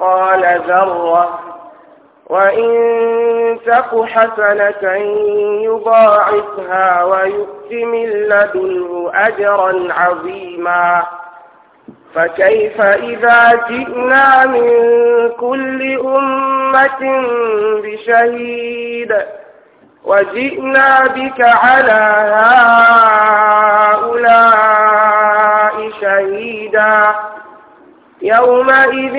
مثقال ذرة وإن تك حسنة يضاعفها ويؤتم من لدنه أجرا عظيما فكيف إذا جئنا من كل أمة بشهيد وجئنا بك على هؤلاء شهيدا يومئذ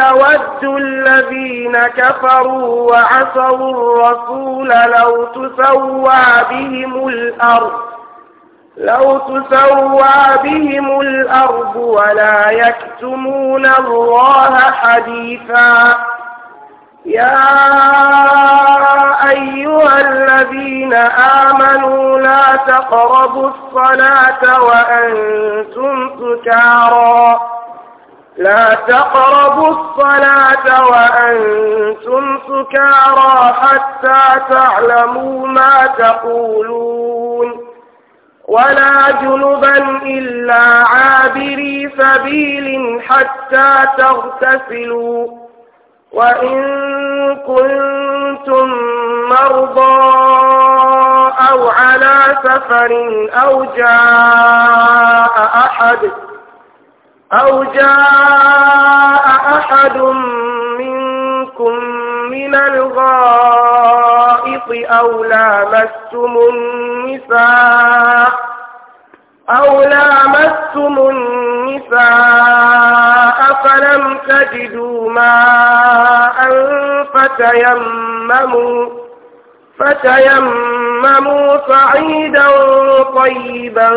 يود الذين كفروا وعصوا الرسول لو تسوى بهم الأرض لو تسوى بهم الأرض ولا يكتمون الله حديثا يا أيها الذين آمنوا لا تقربوا الصلاة وأنتم سكارى لا تقربوا الصلاة وأنتم سكارى حتى تعلموا ما تقولون ولا جنبا إلا عابري سبيل حتى تغتسلوا وإن كنتم مرضى أو على سفر أو جاء أحد أو جاء أحد منكم من الغائط أو لامستم النساء أو لامستم النساء فلم تجدوا ماء فتيمموا فتيمموا صعيدا طيبا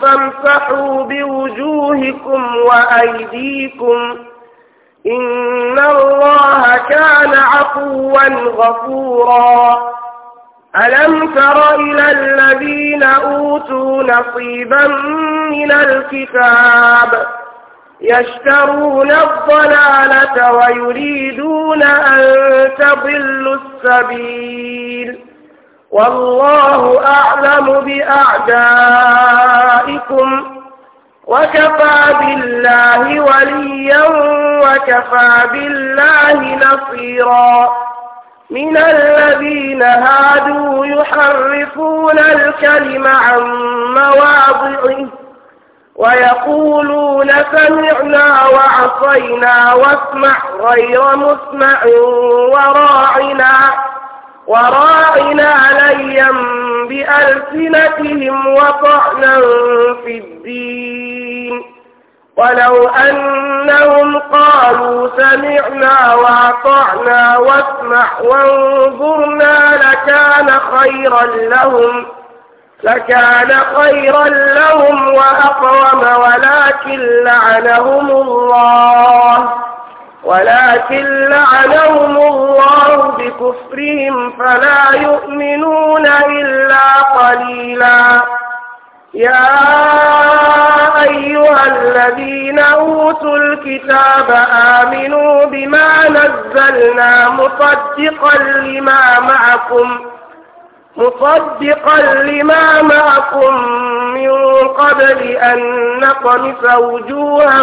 فامسحوا بوجوهكم وأيديكم إن الله كان عفوا غفورا ألم تر إلى الذين أوتوا نصيبا من الكتاب يشترون الضلالة ويريدون أن تضلوا السبيل والله أعلم بأعدائكم وكفى بالله وليا وكفى بالله نصيرا من الذين هادوا يحرفون الكلم عن مواضعه ويقولون سمعنا وعصينا واسمع غير مسمع وراعنا وراعنا ليا بألسنتهم وطعنا في الدين ولو أنهم قالوا سمعنا وأطعنا واسمع وانظرنا لكان خيرا لهم ۖ لكان خيرا لهم وأقوم ولكن لعنهم الله ولكن لعنهم الله بكفرهم فلا يؤمنون إلا قليلا يا أيها الذين أوتوا الكتاب آمنوا بما نزلنا مصدقا لما معكم مصدقا لما معكم من قبل أن نطمس وجوها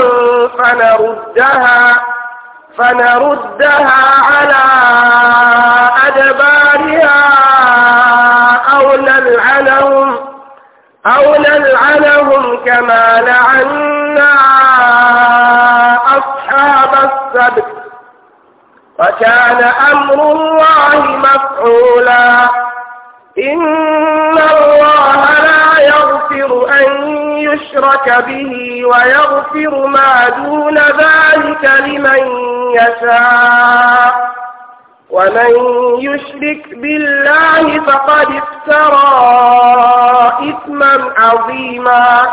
فنردها فنردها على أدبارها أو نلعنهم أو نلعنهم كما لعنا أصحاب السبت وكان أمر الله مفعولا إن الله لا يغفر أن يشرك به ويغفر ما دون ذلك لمن يشاء ومن يشرك بالله فقد افترى إثما عظيما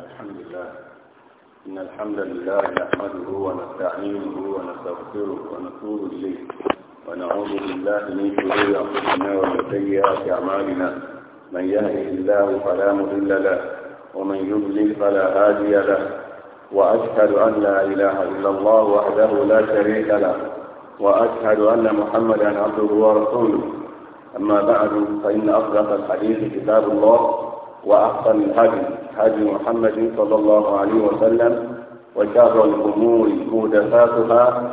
الحمد لله إن الحمد لله نحمده ونستعينه ونستغفره ونتوب إليه ونعوذ بالله من شرور أنفسنا ومن سيئات أعمالنا من يهده الله فلا مضل له ومن يضلل فلا هادي له وأشهد أن لا إله إلا الله وحده لا شريك له وأشهد أن محمدا عبده ورسوله أما بعد فإن أصدق الحديث كتاب الله وأحسن الهدي هدي محمد صلى الله عليه وسلم وشر الأمور مهدفاتها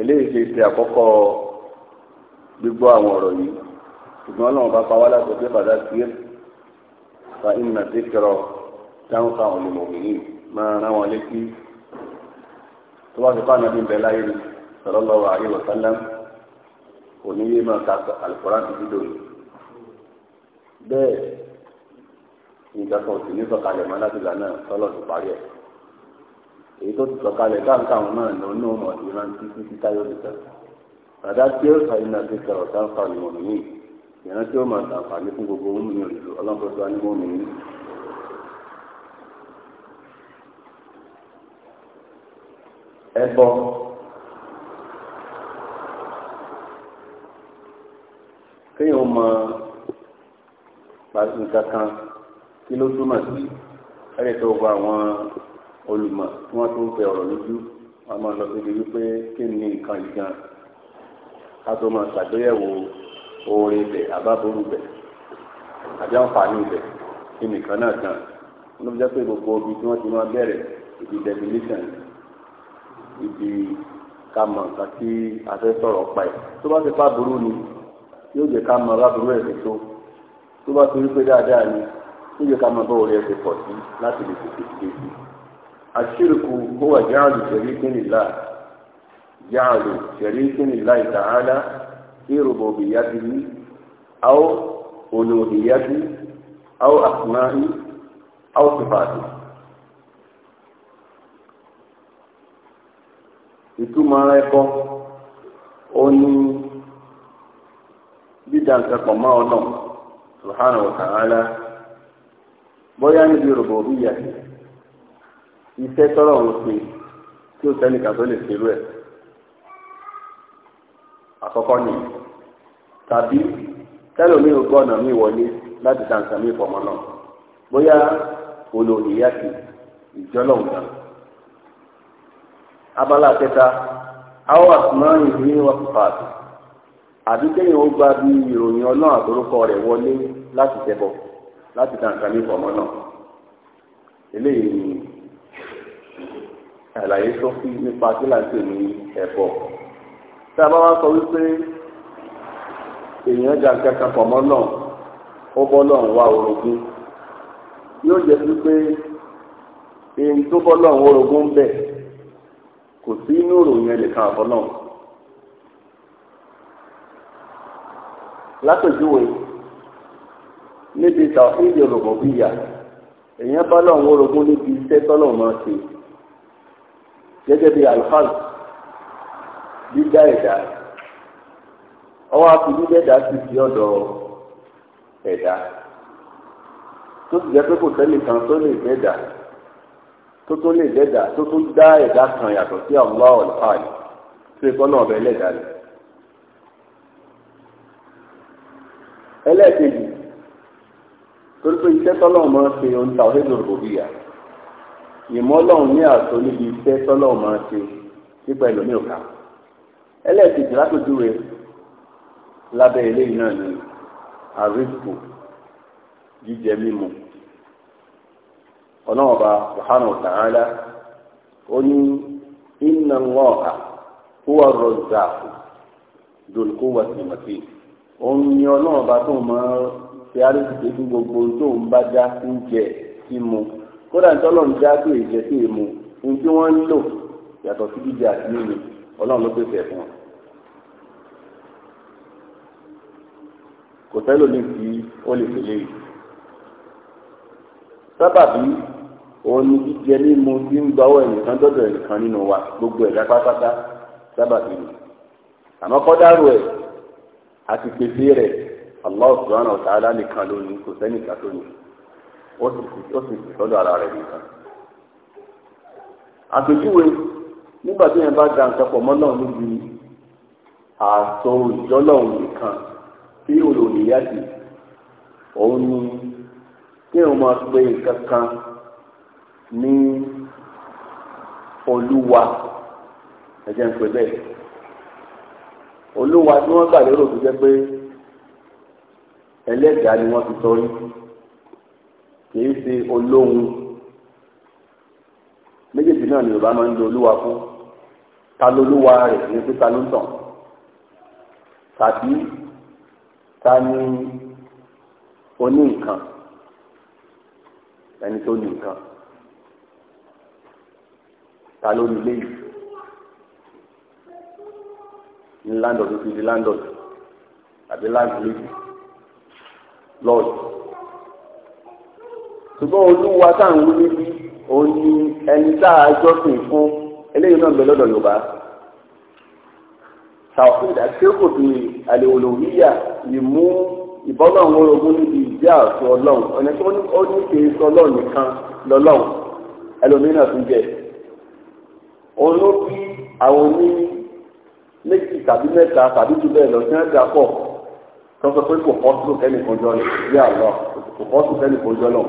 eléyìí ṣe ṣe àkọ́kọ́ gbígbọ́ àwọn ọ̀rọ̀ yìí ṣùgbọ́n ọlọ́run bá pa wá láti ọ̀pẹ́ bàdá sí ẹ̀ fa ìnà tí kẹrọ dáhùn fáwọn olùmọ̀mìnì máa rán wọn létí tó wá sí fáwọn ẹbí láyé ni sallallahu alaihi wasallam oníyé máa ka alukóran ti dídò yìí bẹ́ẹ̀ nǹkan kan sì ní sọ̀kalẹ̀ mọ́ láti ìlànà tọ́lọ̀ ti parí ẹ̀ èyí tó ti sọ̀kalẹ̀ káńkà wọn náà lọ ní ọmọ ìran títí títí ayọ̀ nìkan bàdá tí ó sọ iná ti sọ̀rọ̀ sáǹfà ní ọ̀nà yìí ìran tí ó máa sàǹfààní fún gbogbo ohun mi òjò ọlọ́pọ̀tò anímọ̀ mi ẹbọ kéèyàn mọ pàṣẹ kankan kí ló túmọ̀ sí ẹ̀rẹ́ tó gba àwọn olùmọ̀ tí wọ́n tún fẹ́ ọ̀rọ̀ lójú wọ́n máa lọ síbi wípé kí ni nǹkan yìí gan ká tó máa ṣàgbéyẹ̀wò oore ibẹ̀ àbábọ̀rù ibẹ̀ àbí àǹfààní ibẹ̀ kí nìkan náà gan wọ́n ló fi jẹ́ pé gbogbo ibi tí wọ́n ti máa bẹ̀rẹ̀ ibi definition ibi ká mọ̀ nǹkan tí a fẹ́ sọ̀rọ̀ pa ẹ̀ tó bá ti pa burú ni yóò jẹ́ ká mọ̀ láburú ẹ̀ ti tó tó bá ti rí pé dáadáa ni yóò jẹ́ ká mọ̀ bọ́ọ̀rẹ́ ẹ̀ ti pọ̀ sí láti lè tètè tètè àṣírìkù huwa jáàlù sharikin lillah jáàlù sharikin lillahi ta'ala fi rububiyyatihi aw uluhiyyatihi aw asma'ihi aw sifatihi. ìtumọ̀ ẹ̀kọ́ ó ní dídá nǹkan pọ̀ mọ́ ọ náà subhanahu wa ta'ala bóyá níbi rògbòbíyà yìí iṣẹ́ tọ́rọ̀ ń pè tí ó sẹ́nìkan tó lè ṣerú ẹ̀ àkọ́kọ́ ni tàbí tẹ́lẹ̀ mi ò gbọ́nà mi wọlé láti ta nǹkan mi fọmọ náà bóyá olo ìyáàkì ìjọlọ̀ ń dàn. abala kẹta àwọn àtúmọ̀rin ìdílé wọn kò pààtó àbí kéèyàn ó gba bí ìròyìn ọlọ́run àtòrókọ rẹ̀ wọlé láti tẹ̀bọ̀ láti ta nǹkan mi fọmọ náà eléyìí ni àlàyé tó fi nípa tí là ń pè ní ẹ̀bọ. tá a bá wá sọ wípé èèyàn jà kẹta pọ̀ mọ́ náà ó bọ́ náà wá orogún yóò jẹ́ wípé èyí tó bọ́ náà orogún ń bẹ̀ kò sí inú ìròyìn ẹnìkan àbọ̀ náà. látòjúwe níbi tàwọn ìdí olùkọ́ bíyà èèyàn bá lọ́wọ́ orogún níbi iṣẹ́ tọ́lọ́ máa ṣe gẹ́gẹ́ bí alfan dídá ẹ̀dá ọwọ́ àti dídá ẹ̀dá sì fi ọ̀dọ̀ ẹ̀dá tó sì jẹ́ pé kò sẹ́nìkan tó lè dẹ́dà tó tó lè dẹ́dà tó tó dá ẹ̀dá kan yàtọ̀ sí Allah alfan tó ẹ̀kọ́ náà ọ̀bẹ ẹlẹ́dà rẹ̀ ẹlẹ́ẹ̀kejì torí pé iṣẹ́ tọ́lọ́mọ ṣe ohun tàwọn ẹ̀dùn òbí yàtọ̀ ìmọ̀lọ́run ní àtọ́ níbi iṣẹ́ tọ́lọ́run máa ṣe nípa ẹlòmíì ọ̀ka ẹlẹ́ẹ̀kejì lápèjúwe lábẹ́ eléyìí náà ni àrísìkò jíjẹ mímu ọlọ́ọ̀ba subhanahu wa ta'ala ó ní inna Allaha huwa ar-razzaq dhul quwwati al-matin òun ni ọlọ́ọ̀ba tó máa ṣe àrísìkò fún gbogbo tó ń bá dá ń jẹ sí kódà tọ́lọ̀ ń dá tó ìjẹ́ sí èmu ohun tí wọ́n ń lò yàtọ̀ sí jíjẹ àti mímu ọlọ́run ló pèsè fún wọn. kò tẹ́lò ní ti ó lè tẹ̀lé yìí. sábàbí òun ni jíjẹ mímu gbogbo ẹ̀dá pátápátá sábàbí ni. àmọ́ kọ́dárò ẹ̀ àti pèsè rẹ̀ Allah subhanahu wa ta'ala nìkan kò ó sì ó sì tọ́jú ara rẹ̀ nìkan. àpèjúwe nígbà tí yẹn bá nǹkan pọ̀ mọ́ náà níbi ààtò ìjọ́lọ́hùn nìkan tí olùyàtì òun ni kí máa pe nǹkan kan ní olúwa ẹ̀jẹ̀ wọ́n gbà lérò tó jẹ́ ni wọ́n ti sọ kìí ṣe olóhun méjèèjì náà ni yorùbá máa ń lo olúwa fún ta lolúwa rẹ̀ ní pé ta ló ń tàn tàbí ta ni oní nǹkan ẹni tó ní nǹkan ta ló ní ilé yìí ní landlord tó ti di landlord àbí landlady lord ṣùgbọ́n olúwa tá à ń wí níbí òun ni ẹni tá a jọ́sìn fún eléyìí náà bẹ lọ́dọ̀ yorùbá tàwọn àṣekò bí àlèolòwíyà ìmú ìbọ́lọ́run orogún níbi ìdí àṣọ ọlọ́run ọ̀nà tó ní kì í sọ ọlọ́run nìkan lọ́lọ́run ẹlòmíràn tún jẹ òun ló bí àwọn oní méjì tàbí mẹ́ta tàbí jù bẹ́ẹ̀ lọ sí ẹ̀dá pọ̀ tó sọ pé kò pọ́sùn kẹ́nìkan jọ ní àlọ́ kò pọ́sùn kẹ́nìkan jọ náà.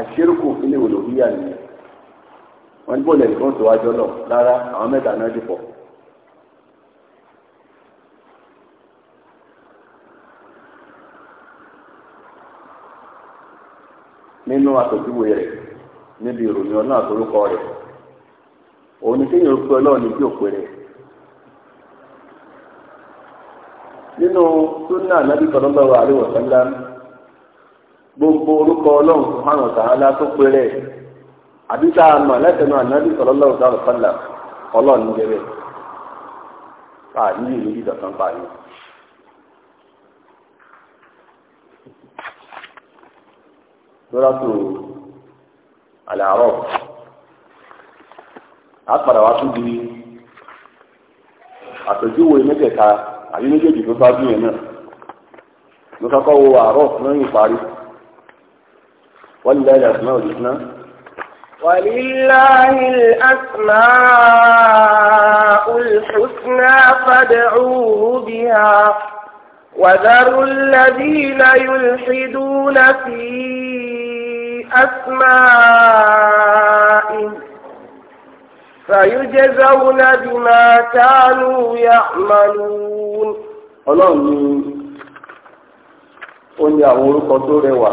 àṣírùkù ilé ìwòlò wíyà nìyẹn wọn níbo lẹ́yìn àwọn náà ti nínú àtòjúwe níbi ìròyìn àtòrúkọ òun ni kéèyàn pé ọlọ́run ní bí òpè nínú súnà gbogbo orúkọ ọlọ́run subhanahu wa ta'ala tó péré àbí tá a ànábì sallallahu alaihi wa ọlọ́run gẹ́gẹ́ a nílò ìlú a padà wá tún di mẹ́tẹ̀ẹ̀ta àbí méjèèjì tó bá yẹn náà wo àárọ̀ lẹ́yìn ìparí. ولله الأسماء الحسنى ولله الأسماء الحسنى فادعوه بها وذروا الذين يلحدون في أسمائه فيجزون بما كانوا يعملون ọlọ́run ni ó ní àwọn orúkọ tó rẹwà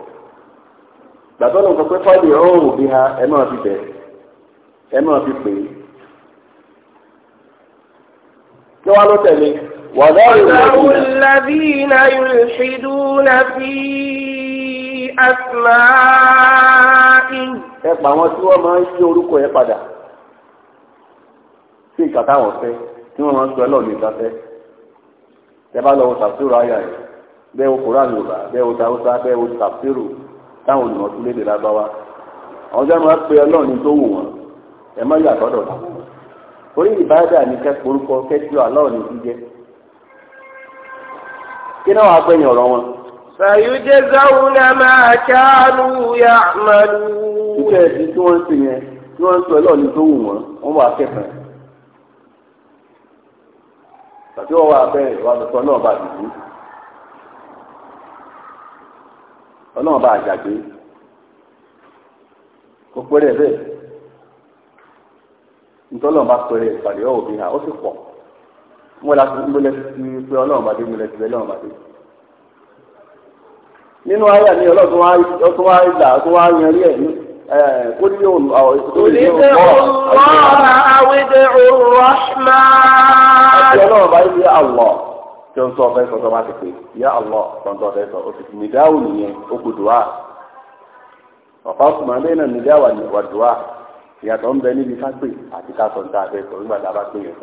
gbàtọ́ ló ń sọ pé fáìlì ọ̀hún bí ha ẹ máa fi bẹ̀ ẹ máa fi pè é. kí wàá ló tẹ̀lé وذروا الذين يلحدون في أسمائه ẹ pa àwọn tí wọ́n máa ń yí orúkọ yẹn padà sí ìkà táwọn fẹ́ tí wọ́n máa ń sọ ẹlọ́ọ̀ lè sáfẹ́ tẹ bá lọ wo ayà yẹn bẹ́ẹ̀ wo kóra yorùbá bẹ́ẹ̀ wo tàwùsá bẹ́ẹ̀ wo tàfsírù táwọn olùmọ̀ tún léde lábáwá àwọn sábà máa pe ọlọ́run ní tó wù wọ́n ẹ má yà orí ìbáradà ní kẹ́kọ̀ọ́ orúkọ aláwọ̀ ní ti kí náà wàá gbẹ̀yìn ọ̀rọ̀ wọn. máa kánú yà ẹ̀sìn tí wọ́n ń sìn yẹn tí wọ́n tó wù wọ́n wọ́n wà kẹfẹ́ tàbí wọ́n wà bẹ́ẹ̀ wà lọ́sọ ọlọ́run bá àjàgbé kò péré bẹ́ẹ̀ ntọ́lọ́run bá péré ìpàdé ọ̀hún bí hàn ó sì pọ̀ múlẹ̀ ti pé ọlọ́run bá dé múlẹ̀ ti pé bá dé. nínú ayé mi tí ó ń sọ ọbẹ̀ ti pè yá Allah tọ́ntọ́ ọbẹ̀ sọ oṣù tí nìdáwò nìyẹn ó kù dùá ọ̀pá ọ̀sùnmọ́ bẹ́ẹ̀ náà nìdáwò wà ìyàtọ̀ ń bẹ níbi ká pè àti ká abẹ́ sọ nígbà tá a bá pè yẹn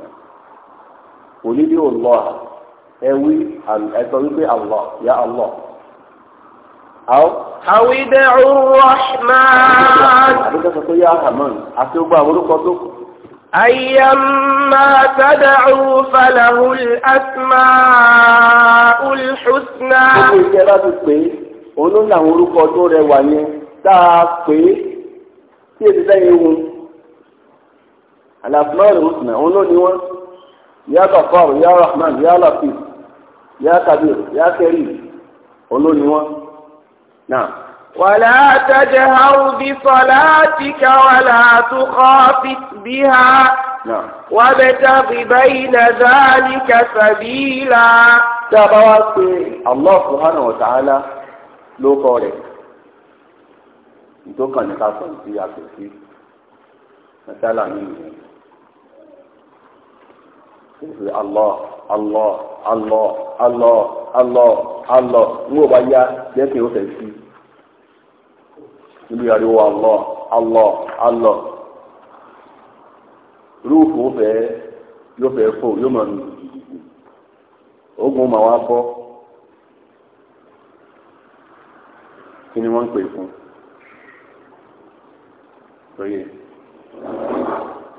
ẹ wí ẹ sọ wípé yá àwìdẹ̀ ọ̀rọ̀ àbíkẹ́ sọ pé àti àwọn orúkọ أيما تدعوا فله الأسماء الحسنى gbogbo ìṣe láti pé òun náà orúkọ tó rẹwà yẹn tá a pé tí èsì sẹ́yìn wù al-asmā'u al-husnā òun náà ni wọ́n yá Ghaffār yá Rahman yá Latīf yá Kabīr yá Karīm òun náà ni wọ́n náà. ولا تجهر بصلاتك ولا تخافت بها نعم وابتغ بين ذلك سبيلا تبارك الله سبحانه وتعالى ló kọ rẹ̀ nítorí kan ní ká sọ̀rọ̀ sí àtòsí mẹ́tàlá ní ìlú ìfẹ́ alọ́ alọ́ alọ́ alọ́ alọ́ alọ́ ń wò wáyá jẹ́ kí o fẹ́ sí i. níbi ariwo alọ alọ alọ rúùfù ó fẹ́ yóò fẹ́ fò yóò mọ nù ogun mà wá bọ kí ni wọ́n ń pè fún lóye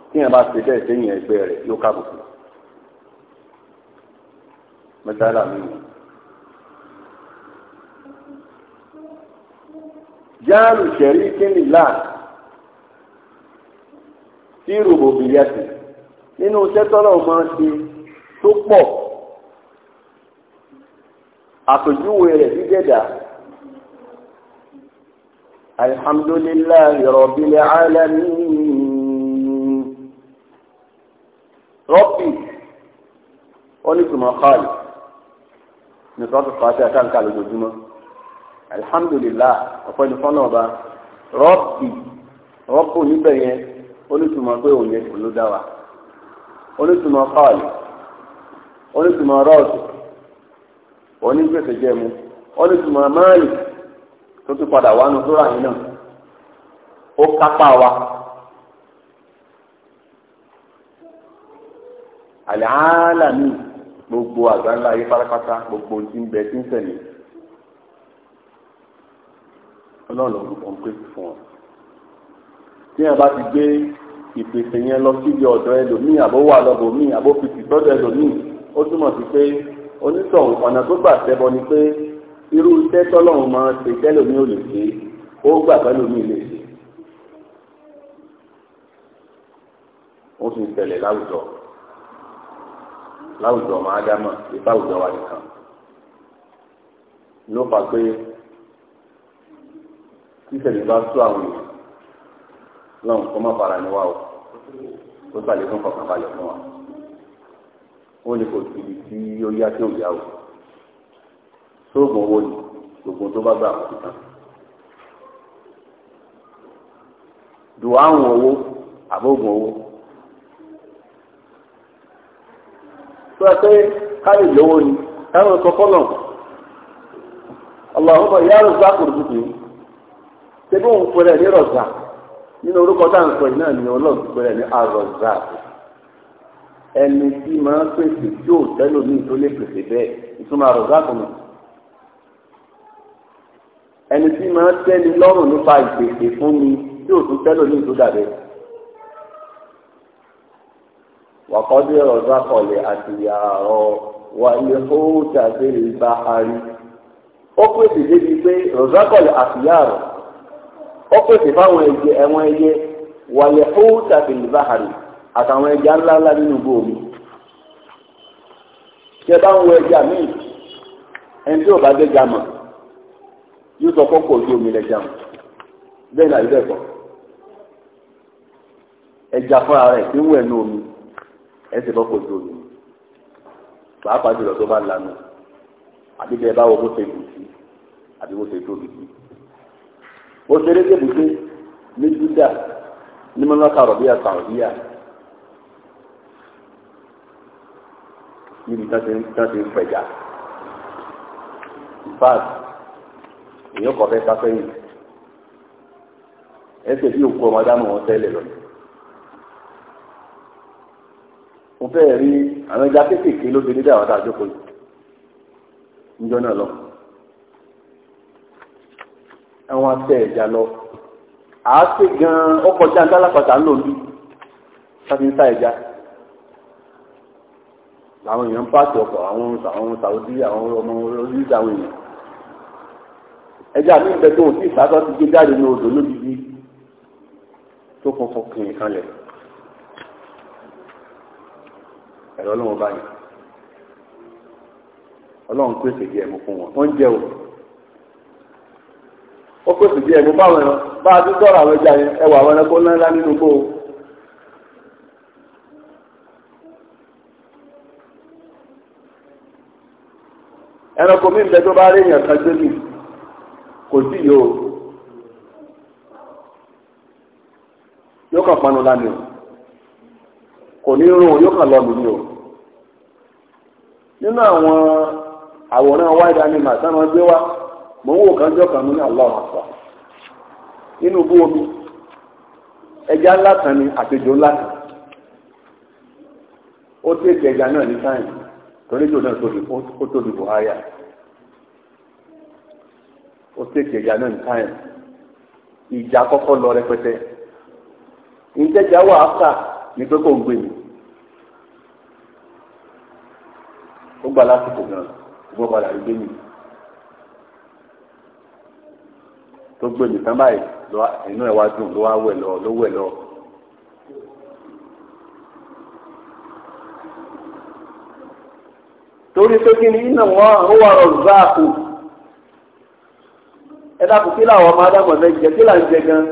tí yẹn bá ṣe bẹ́ẹ̀ sẹ́yìn ẹgbẹ́ rẹ̀ yóò kábùkù mẹ́tàlá mi nù. jáàlù sẹ̀rí kínnílá tí rògbòbìyàtì nínú iṣẹ́ tọ́lọ̀ máa ṣe tó pọ̀ àpèjúwe rẹ̀ dídẹ̀dà alihamdulilayi rabbil alamin rọ́bì wọ́n ní tùmọ̀ káàlì ní sọ́tù pàṣẹ àtàǹkà lójoojúmọ́ alhamdulillah ọ̀pọ̀ ní fọ́nà ọba rọ́ọ̀bì rọ́ọ̀bù níbẹ̀ yẹn onítùmọ̀ pé òun yẹn kò ló dá wa onítùmọ̀ kọ́ọ̀lì onítùmọ̀ rọ́ọ̀tù onígbèsè jẹ́mu onítùmọ̀ máàlì tó ti padà wá nu sóra yìí náà ó kápá wa àlẹ́ gbogbo àgbáńlá ayé pátápátá gbogbo ohun ń bẹ tí ń ṣẹlẹ̀ ọlọ́run ló ń pèsè fún wọn. tí yẹn bá ti gbé ìpèsè yẹn lọ síbi ọ̀dọ̀ ẹlòmíì àbó wà lọ́bọ̀ míì àbó fi tì sọ́dọ̀ ẹlòmíì ó túmọ̀ sí pé onítọ̀hún ọ̀nà tó gbà ṣẹbọ ni pé irú iṣẹ́ tọ́lọ́run máa ṣe tẹ́lòmíì ò lè ṣe ó gbà tẹ́lòmíì lè ṣe. ó sì ń tẹ̀lé láwùjọ láwùjọ máa dá mọ̀ ìfáwùjọ wa nìkan ló fà pé tí ìṣẹ̀lẹ̀ bá tú àwọn èèyàn lọ́run kó má fara ni wá o kó sàlẹ̀ fún fọkànbalẹ̀ fún wa ó ní kò sí tí ó yá tí ò yá o sóògùn owó ni gbogbo tó bá gbà kó tán dùn àwọn owó àbógun owó tó ẹ pé káyọ̀ lówó ni ẹ̀rọ sọ fọ́lọ̀ ọlọ́run bọ̀ yàrá ìgbà kò ṣebí òun pẹ̀lẹ́ ní rọ̀zà nínú orúkọ tá à ń sọ yìí náà ni ọlọ́run pẹ̀lẹ́ ní arọ̀zà ẹni tí máa ń pèsè tí ò tẹ́lò ní ìtò lè pèsè bẹ́ẹ̀ ìtumọ̀ arọ̀zà kù nù ẹni tí máa ń tẹ́ni lọ́rùn nípa ìpèsè fún mi tí ò tún tẹ́lò ní ìtò dàbẹ́ wàkọ́dé rọ̀zà kọ̀lẹ̀ àti yàrá wà ilé ó tàbí ìbá ari ó pèsè débi pé rọ̀zà kọ̀lẹ̀ àti yàrá ó pèsè fáwọn ẹyẹ ẹwọn ẹyẹ wàlẹ̀ ó tàbí ìbáhàrì àtàwọn ẹja ńláńlá nínú bóòmù tẹ bá ń wo ẹja míì ẹni tí ò bá gbẹjà mọ yóò sọ kókò ojú omi lẹjà mọ bẹ́ẹ̀ náà ibẹ̀ kọ ẹja fúnra rẹ̀ tí ń wẹ̀ ní omi ẹsẹ̀ bọ́ kò ojú omi pàápàá jùlọ tó bá lanu àbí bẹ́ẹ̀ bá wo bó ṣe gùn sí àbí bó ṣe tóbi sí ó ṣeré débùté ní júdà ní mọ́nàkà rọ̀bíà sàrọ̀bíà níbi tán ti ń pẹ̀já bad èèyàn kọ̀ fẹ́ sáfẹ́yìn ẹsẹ̀ bí òkú ọmọdé àmọ́ wọn tẹ́lẹ̀ lọ. mo fẹ́ rí àwọn ẹja kéékèèké ló ti ní dáhùn àtàjọpọ̀ yìí níjọ́ náà lọ́wọ́ àwọn atẹ ẹja lọ àáké gan ọkọ jáde alápàtà ń lò ní sáfíńtà ẹja làwọn èèyàn ń pàṣẹ ọkọ àwọn àwọn sàwọdí àwọn ọmọ orílẹ̀ àwọn èèyàn ẹja mi ń bẹ tó òtí ìsàtọ́ ti gbé jáde ní odò lóbìbí tó funfun kìnnì kan lẹ̀ ẹ̀rọ ọlọ́run báyìí ọlọ́run pèsè jẹ́ ẹ̀mú fún wọn wọ́n jẹ́ òkú. ó báwọn ẹran bá a ti sọ̀rọ̀ àwọn ẹja yẹn àwọn ẹranko nínú ẹranko mi ń bẹ tó bá rí èèyàn kan gbé mi kò sí yóò kàn lánàá kò ní rún yóò kàn ni o nínú àwọn àwòrán màtá mò ń wò jọ allah akpa nínú bú omi ẹja ńlá kan ni àtejò ńlá kan ó ẹja náà ní sáyẹn torí jò náà tóbi ó tóbi ó ẹja náà ní sáyẹn ìjà kọkọ lọ rẹpẹtẹ ìjẹjà wà áfà ní pé kò ń gbé mi ó gbà lásìkò náà ó gbọ́ tó gbé mi tán báyìí lọ inú ẹ̀ wá dùn ló wá ni iná wọn ó wà rọ záàkù ẹ dákun kí làwọn ọmọ náà jẹ kí là ń jẹ gan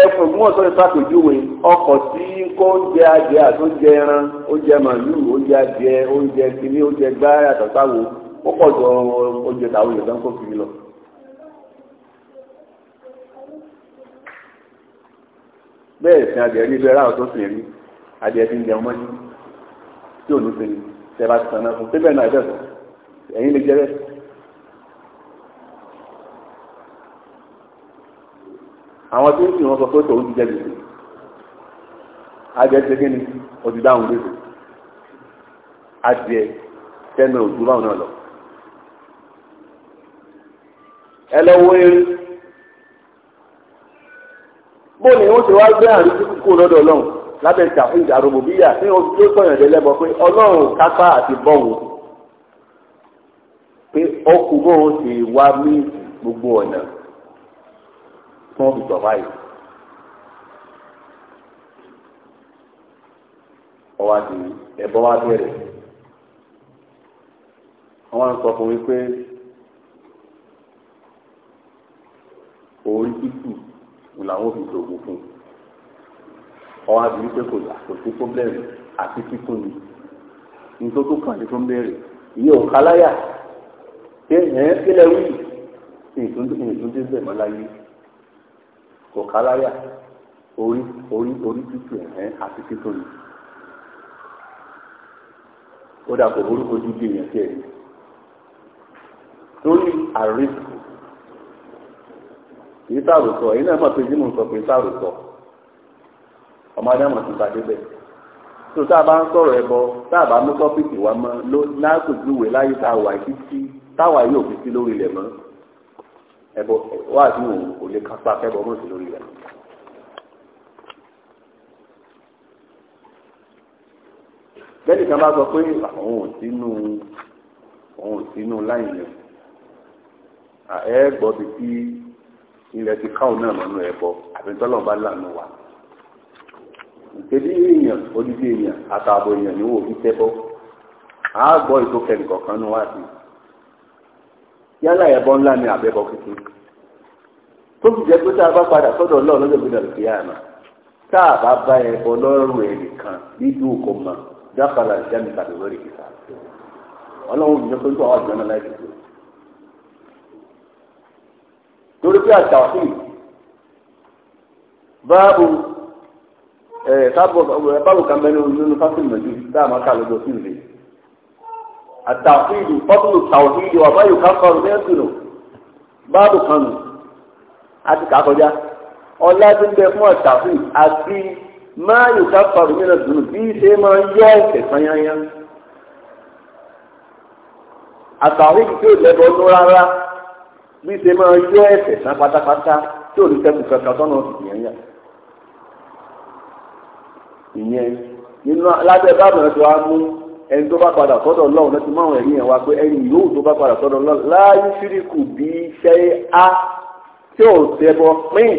ẹfun fún ọ̀sán ìfàkójúwe ọkọ tí kò ń jẹ adìẹ àtúnjẹ ẹran oúnjẹ màlúù oúnjẹ adìẹ oúnjẹ kìíní oúnjẹ gbá yàtọ̀ ó pọ̀ jọ oúnjẹ tàwọn èèyàn tó ń kó kiri bẹ́ẹ̀ sin adìẹ rí bẹ́ẹ̀ ráwọ̀ tó sì rí adìẹ ti ń jẹun mọ́jú tí òun ti ní tẹ bá ti tàn náà fún pépè náà ẹ̀dẹ̀ ẹ̀yin lè jẹ́rẹ́. àwọn tí ń sìn wọn sọ pé tòun ti jẹ gbèsè adìẹ ti kí ni o ti dáhùn gbèsè adìẹ tẹnu òdúrà náà lọ ẹ lọ wọ eré bó ni wọ́n ṣe wá gbé àrí tí kúkú lọ́dọ̀ ọlọ́run lábẹ́ ìtàkùn ìdàrúbò bíyà ní oṣù tó pọ̀yàn dé lẹ́bọ̀ pé ọlọ́run kápá àti bọ́ọ̀wù pé ọkù bóun ṣe wá ní gbogbo ọ̀nà tí wọ́n fi sọ̀ báyìí. ọwọ́ àti ẹ̀bọ wá bẹ̀rẹ̀ wọ́n sọ fún mi pé òun ti làwọn fi ṣògùn fún un ọwọ́ àbí wípé kò yà kò sí pọ́blẹ́mù àti títún ni nítorí tó kàn ní tó ń béèrè ìyẹn ò káláyà ṣé ẹ̀ẹ́n kílẹ̀ wí ìtúndé bẹ̀ mọ́ láyé kò káláyà orí orí orí títù ẹ̀ẹ́n àti títún ni ó dà kò burúkú dídì yẹn tiẹ̀ torí àrísù kì í sàròsọ èyí náà mọ̀ pé jímù sọ pé sàròsọ ọmọdé mọ̀ sí sàdébẹ̀ tó tá a bá ń sọ̀rọ̀ ẹbọ tá a bá mú tọ́pìkì wa mọ́ ló lákòjúwe láyé tá a wà títí táwa yóò fi sí lórí ilẹ̀ mọ́ ẹbọ wà á sí òun kò lè kápá kẹbọ mọ̀ sí lórí ilẹ̀ bẹ́ẹ̀ni kan bá sọ pé òun ò sínú òun ò sínú láyìn yẹn ẹ gbọ́ bí tí. ilẹ̀ ti káwọn náà lọ́nà ẹ̀bọ àbẹ̀tọ́lọ̀ bá lànà wà ìpèdí èèyàn odidi èèyàn àtààbọ̀ èèyàn ni wọ́n fi tẹ́bọ́ a gbọ́ ìtókẹ́ni kọ̀ọ̀kan ní wá sí yálà ńlá ni àbẹ̀bọ kékeré tó fi jẹ́ pé tá a bá padà sọ́dọ̀ ọlọ́run lọ́jọ́ gbọdọ̀ lè fi àná tá a bá bá ẹ̀bọ lọ́rùn ẹ̀ nìkan nídú ìjánu tàbí ọlọ́run ò torí pé àṣà òsì báàbù ẹ báàbù kan bẹ́ẹ̀ nínú fásitì mẹ́jú tá a máa kà lọ́jọ́ sí ìlú àtàwíìlì fọ́tùlù tàwíìlì wà báyìí ká kọrù mẹ́sìlò báàbù kan nù á ti kà kọjá ọlá tó ń bẹ fún àtàwíìlì àti máa yóò ká kọrù mẹ́sìlò bí ṣe máa ń yọ ẹ̀sẹ̀ fanyanya àtàwíìlì tó lẹ́bọ̀ nú rárá bí ṣe máa yọ ẹ̀fẹ̀ sán pátápátá tí ò ní sẹ́kù kankan tọ́nà ìyẹn yà ìyẹn nínú alábẹ́ bábà tó a mú ẹni tó bá padà sọ́dọ̀ lọ́wọ́ náà ti máa ẹ̀rí yẹn wá pé ẹni yòówù tó bá padà sọ́dọ̀ lọ́wọ́ láyé síríkù bí ṣe á tí ò ṣẹbọ pín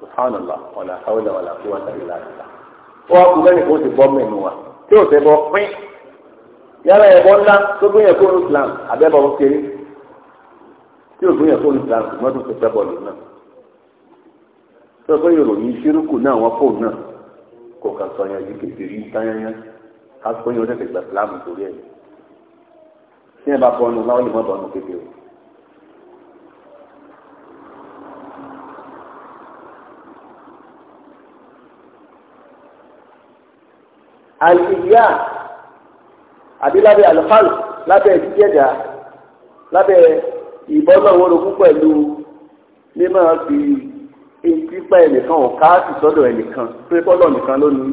subhanallah wàlà hawla wàlà quwwata illa billah wọ́n kú lẹ́yìn kó ti bọ́ mẹ́nu wa tí ò ṣẹbọ pín yálà ẹ̀bọ ńlá tó gbé yẹn kó ní Islam àbẹ́bọ̀ kéré tí òfin yẹn fóònù ta mọ́tò tó fẹ́ bọ́ọ̀lù náà tó fẹ́ ìròyìn ṣírùkù náà wọ́n fóònù náà kò kà sọ yẹn yìí kèké rí tányányá ká pé yẹn ó tẹ̀sẹ̀ gbà sílámù torí ẹ̀ tí yẹn bá bọ́ọ̀nù láwọn lè mọ́ bọ́ọ̀nù kékeré àlìyá àbí lábẹ́ àlùfáàlù lábẹ́ ìdíjẹ́dá lábẹ́ ìbọ́lọ̀ wọn rogún pẹ̀lú mímọ́ fi pípa ẹnìkan ò káàsì sọ́dọ̀ ẹnìkan pé bọ́lọ̀ nìkan lónìí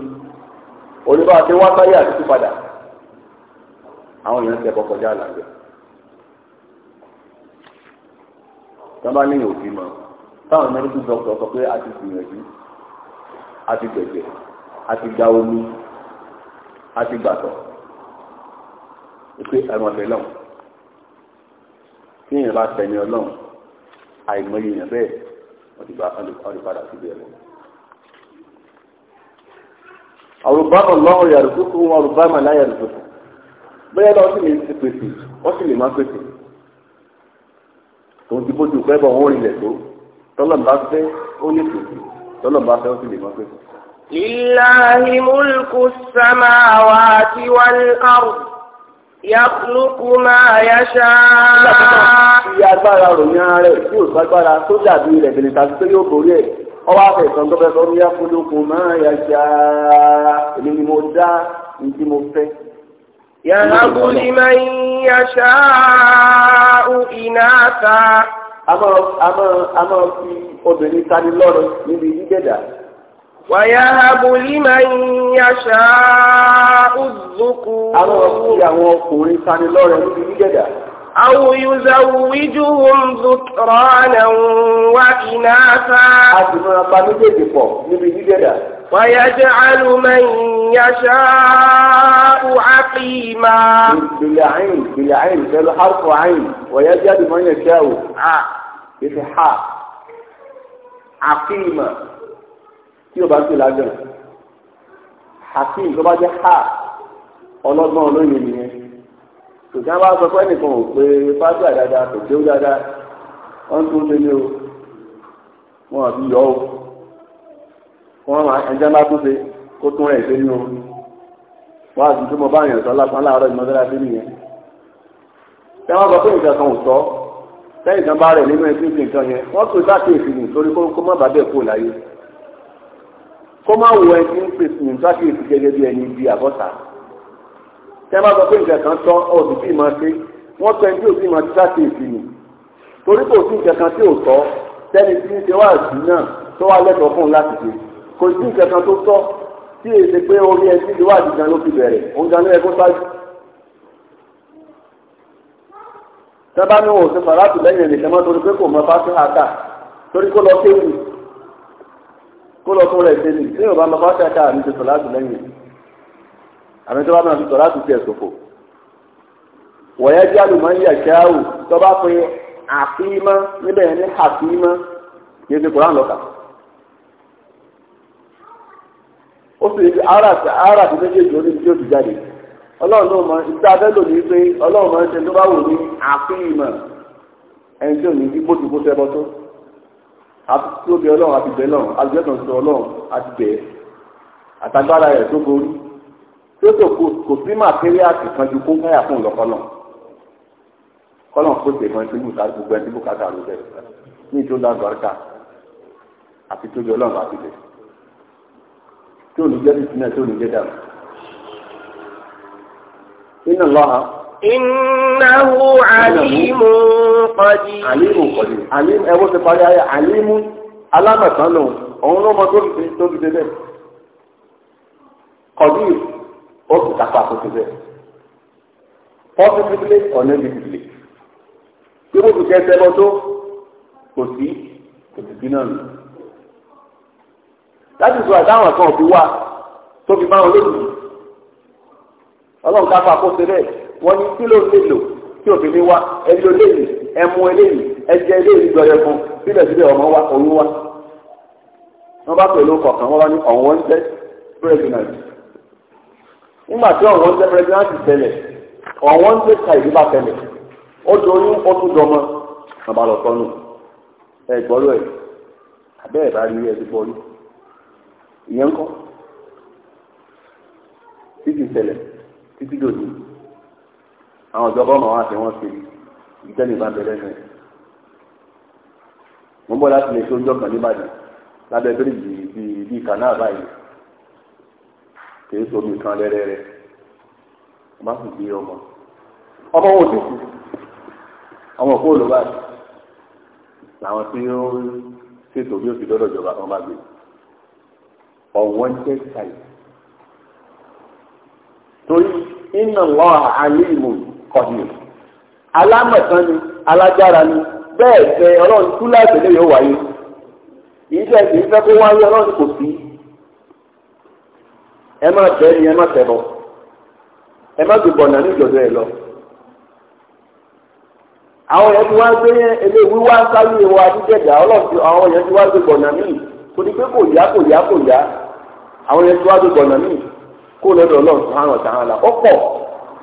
oníbàá ti wá sáyé àti padà àwọn èèyàn tẹ̀ bọ́ kọjá àlàyé tọ́ba lẹ́yìn òbí mọ́ táwọn mẹ́rìndínlẹ́ dọ́kítọ̀ sọ pé a ti gbìyànjú a ti gbẹ̀gbẹ̀ a ti gba omi a ti gbàtọ̀ pé ẹ̀rọ ọ̀tẹ̀ lọ́wọ́ tí èèyàn bá tẹ̀lé ọlọ́run àìmọye èèyàn bẹ́ẹ̀ wọ́n ti gba ọdún padà síbi ẹ̀wọ̀n. àrùbámà lọ́wọ́ yàrùkúkú wọn àrùbámà náà yàrùkúkú bóyá lọ́wọ́ sì lè ti pèsè wọ́n sì lè má pèsè tòun ti bójú pẹ́ bọ̀ wọ́n rìnlẹ̀ tó tọ́lọ́mbà fẹ́ ó lè pèsè tọ́lọ́mbà fẹ́ ó sì lè má pèsè. lillahi mulku samawati wal ard. Yàkùlùkù máa yá ṣáá. Ìyá agbára ròyìn ara rẹ̀ tí ò gbàgbára tó dàbí rẹ̀ bìnrin tàbí pé yóò borí ẹ̀. Ọwọ́ àfẹ̀sán tó fẹ́ sọ ní yàkùlùkù máa yá ṣáá. Èmi ni mo dá ní mo fẹ́. Yàhábù ni máa ń yá ṣáá ìnáta. A máa fi obìnrin tani lọ́rọ̀ níbi dídẹ̀dà. ويهب لمن يشاء الذكور àwọn ọkùnrin àwọn ọkùnrin sani lọ́rẹ̀ níbi gígẹ̀dà. أو يزوجهم ذكرانا وإناثا. a sì máa pa méjèèjì pọ̀ níbi gígẹ̀dà. ويجعل من يشاء عقيما. بالعين بالعين pẹ̀lú حرف عين ويجعل من يشاء ع بفتح عقيما tí o bá tó lájọ hakeem tó bá jẹ ha ọlọ́gbọ́n olóyè nìyẹn tòjá wa sọ pé ẹnìkan ò pé fásitì àdáda kò kéwú dáadáa wọn tún lé ní o wọn àbí yọ o wọn ẹjẹ bá tún ṣe kó tún rẹ ṣe ní o wọn àti tó mọ bá yàn sọ lápá láàárọ̀ ìmọ̀lára sí nìyẹn tí wọn sọ pé nǹkan kan ò sọ lẹ́yìn kan rẹ nínú ẹgbẹ́ nǹkan yẹn wọn tún sáà kéèfì nì torí kó má bàa bẹ́ẹ̀ kó láyé kó má wo ẹni ń pèsè ní sákèsì gẹ́gẹ́ bí ẹni bíi àbọ̀tà tẹ́ bá sọ pé nǹkan kan tọ́ ọ̀dùn tí ì máa ṣe wọ́n tọ́ ẹni tí ò sí máa ti sákèsì nì torí kò sí nǹkan kan tí ò tọ́ tẹ́ni tí ń ṣe wá àdùn náà tó wá lẹ́tọ̀ọ́ fún un láti ṣe kò sí nǹkan kan tó tọ́ tí èsè pé orí ẹni tí wá àdùn ló fi bẹ̀rẹ̀ òun gan ló kó lọ tó rẹ̀ ṣe ni ṣé yorùbá máa fáṣà àmì lẹ́yìn àmì tó bá máa tuntun láti tiẹ̀ ṣòfò wọ̀nyẹ́ bí alùmọ̀ ń yẹ tó bá pe àfímọ́ níbẹ̀ ní àfímọ́ yẹn ti ó sì fi ara àti méjèèjì ó ní tí ó ti jáde ọlọ́run mọ ní pé ọlọ́run tó bá wò ní ẹni tí àti tí ó bẹ ọlọ́run àti bẹ lọ́run àti bẹ́ẹ̀ náà sọ ọlọ́run àti bẹ́ẹ̀ àtagbára rẹ̀ tó borí tí ó tó kò sí màtíríàtì kan ju kó káyà fún ìlọ́kọ́lọ́ kọ́lọ́n kó tẹ̀ kan síbù káàdì gbogbo ẹni tí bùkátà ló bẹ̀ ní ìjọ lágbàrúkà àti tó bẹ ọlọ́run àti bẹ́ẹ̀ tí ò ní jẹ́ bìtì náà tí ní jẹ́ dàrú. inna Allah إنه عليم قدير عليم قدير عليم أبو سفاري آية عليم علامة سنو أولو ما تقول في تقول في ذلك قدير ó sì kápá àkókò bẹ́ẹ̀ positively or negatively tí mo tún kẹ́ sẹ́bọ̀ tó kò sí kò sì sí náà nù. láti sọ àdáwọn kan òbí wa tó fi bá wọn lónìí ọlọ́run kápá àkókò bẹ́ẹ̀ wọ́n ní kílò lélo tí òfin ní wá ẹjọ́ léyìí ẹmu eléyìí ẹjẹ eléyìí jọyọ fún síbẹ̀síbẹ̀ ọmọ wa òun wa wọ́n bá pẹ̀lú kọ̀ọ̀kan wọ́n bá ní ọ̀wọ́n ń jẹ́ president nígbà tí ọ̀wọ́n ń jẹ́ president tẹ̀lẹ̀ ọ̀wọ́n ń jẹ́ ka ìlú bá tẹ̀lẹ̀ ó dorí ó tún dọmọ bàbá lọ sọnù ẹ gbọ́dọ̀ ẹ̀ abẹ́ẹ̀ bá rí ẹ ti gbọ́ rí ìyẹn ń kọ́ títí tẹ̀lẹ̀ títí dòdò àwọn ìjọba ọmọ wa fi wọn ṣe ìtẹ́ni ìbá bẹ̀rẹ̀ náà mo ń bọ̀ láti lè tó ń jọkàn níbàdàn lábẹ́ bíríìjì bíi bíi kànáà báyìí kì í somi kan rẹ́rẹ́rẹ́ má sì gbé ọmọ ọmọ wọn ò tí kú ọmọ òkú olùbàdàn làwọn tí ó ṣètò bí ó ti dọ́dọ̀ ìjọba kan bá gbé unwanted child torí iná lọ́wọ́ àlímù Ala alámọ̀tán ni alágbára ni bẹ́ẹ̀ fẹ́ ọlọ́run kú láìpẹ́ lè yóò wáyé ìṣe ìṣe ìfẹ́ kó wáyé ọlọ́run kò sí ẹ má tẹ́ ni ẹ má tẹ́ ẹ má gbé bọ̀nà ní ẹ lọ. àwọn yẹn ti wá gbé sáyé ọlọ́run àwọn yẹn ti wá gbé bọ̀nà míì kò ní pé kò yá kò yá kò yá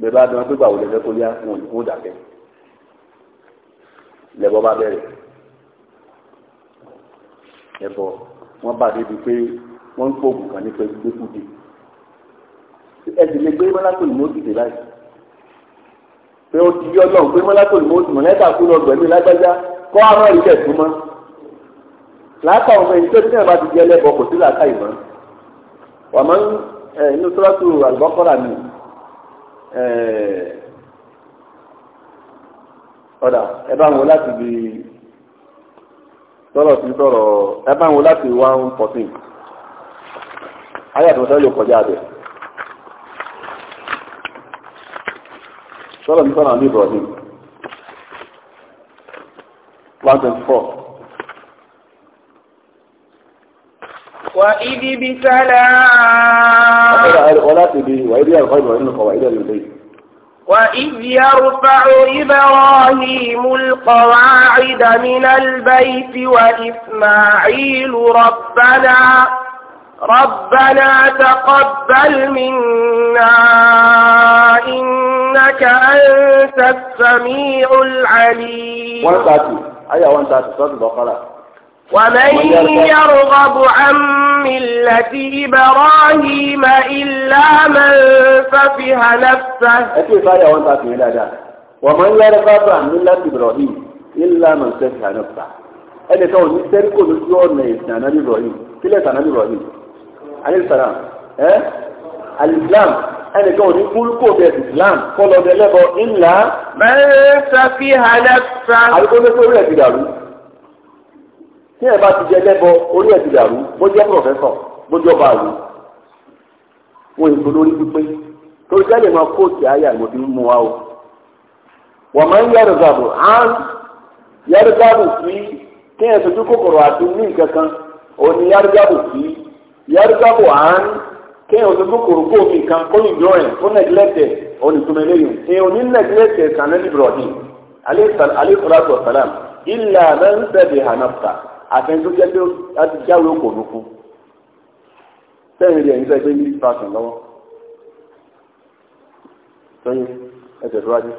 bẹ́ẹ̀ bá dán pípa òun lẹ́fẹ́ kó yá wọn ò ní kó dàkẹ́ lẹ́bọ̀ bá bẹ̀rẹ̀ lẹ́bọ̀ wọ́n bá débi pé wọ́n ń pòògùn kan ní pẹ̀lú gbẹ́kúdé ẹ̀sìn lè gbé mọ́lákò ní mọ́tò dé báyìí pé ó ti yọ náà gbé mọ́lákò ní mọ́tò mọ́ lẹ́tà kú lọ gbẹ̀mí lágbájá kọ́ àwọn ẹ̀rí tó mọ́ láàkà ọmọ ẹni tó tẹ́lẹ̀ bá ti jẹ́ lẹ́bọ̀ kò sí làákà ìmọ̀ wàmọ́ inú sọ́lá Eh, ọ̀dà ẹ bá wọn láti bí tọ́lọ̀ sí sọ̀rọ̀ ẹ láti one fourteen ayé àtúntò lè kọjá abẹ tọ́lọ̀ sí sọ̀rọ̀ àbí Ibrahim one twenty four. وإذ بسلام ولا تبي وإذ يرفع إبراهيم القواعد من البيت وإذ يرفع إبراهيم القواعد من البيت وإسماعيل ربنا ربنا تقبل منا إنك أنت السميع العليم 130 أي 130 صوت البقرة ومن يرغب عن ملة إبراهيم إلا من سفه نفسه ومن يرغب عن ملة إبراهيم إلا من سفه نفسه ẹnì kan ò ní sẹ́ríkò lójú ọ̀nà ìsìn ànábì Ibrahim sílẹ̀ sànábì Ibrahim alisalaam ẹ́ alislam ẹnì kan ò ní kúrúkò bẹ́ẹ̀ islam kọ́ lọ́dẹ lẹ́bọ̀ ńlá. mẹ́rin sọ fi hàn ẹ́ sá. àbíkó ló tó rẹ̀ ti dàrú tí ẹ bá ti jẹ lẹ́bọ orí ẹ̀ ti dàrú bó jẹ́ pọ̀fẹ́sọ̀ bó jọba àlù wọn èso lórí pípé torí jáde máa kóòtù àyà ló fi ń mu wa o wọ́n máa ń yẹ̀rù gàbù á ń yẹ̀rù gàbù sí kí ẹ sojú kòkòrò àti ní nǹkankan òun ni yẹ̀rù gàbù sí yẹ̀rù gàbù á kí ẹ sojú kòkòrò kó kan kó ìjọ ẹ̀ kó nẹ̀gílẹ̀tẹ̀ òun ni túnmẹ̀ lẹ́yìn ẹ̀ òun ni nẹ̀gílẹ̀tẹ̀ kàn ní Ibrahim alayhi salatu wa salam illa man sabiha nafsa àtẹnudó jẹ́ pé láti jáwé òkò ló fún sẹ́yìn rẹ̀ nígbà pé yìí fàṣàn lọ́wọ́ sẹ́yìn ẹsẹ̀ tó wájú.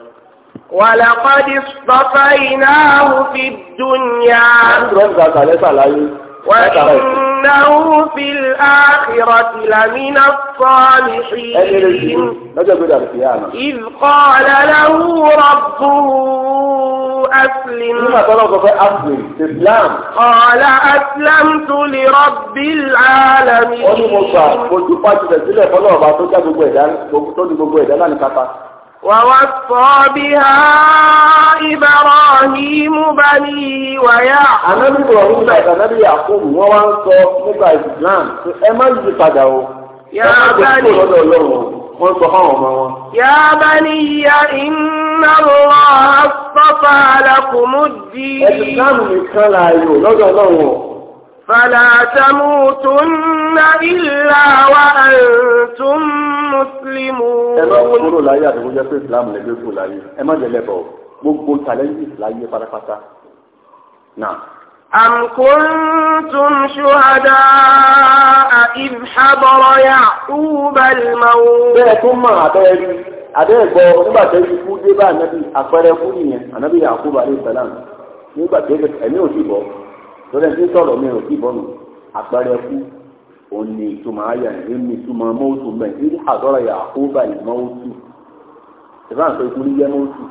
wàlàkọ́dì sọ́fà ìnáhùn fi dùn yá. wọ́n ti rọ́ọ̀nù gbàgbà láyé. وإنه في الآخرة لمن الصالحين إذ قال له ربه أسلم قال أسلمت لرب العالمين ووصى بها إبراهيم بنيه ويعقوب النبي إبراهيم بقى النبي يعقوب ووصى nípa Islam ẹ má yí padà o يا بني wọ́n sọ fáwọn ọmọ wọn. Ya baniya inna Allah astafa lakumud din. Ẹ̀sìn sáàmù nìkan láàyò lọ́dọ̀ náà wọ̀. فلا تموتن إلا وأنتم مسلمون. ẹ má kúrò láyé àtẹ̀wọ́n jẹ́ pé islam lè gbé kúrò láyé ẹ má jẹ́lẹ̀ bọ̀ gbogbo challenges láyé pátápátá. أم كنتم شهداء إذ حضر يعقوب الموت. bẹ́ẹ̀ tún mọ̀ abẹ́ rí abẹ́ gbọ́ nígbà tó yí kú dé bá ànábì àpẹẹrẹ fún nìyẹn ànábì yàkúbà alayhi salam nígbà tó yẹ ẹ̀mí ò sì bọ̀ torí tí sọ̀rọ̀ mi ò kí bọ́nu àpẹẹrẹ kú òní ìtumọ̀ ayà ní ìtumọ̀ mọ́tò mẹ́ ní àdọ́rọ̀ yà kó báyìí mọ́tò ìfáà pé ikú níjẹ́ mọ́tò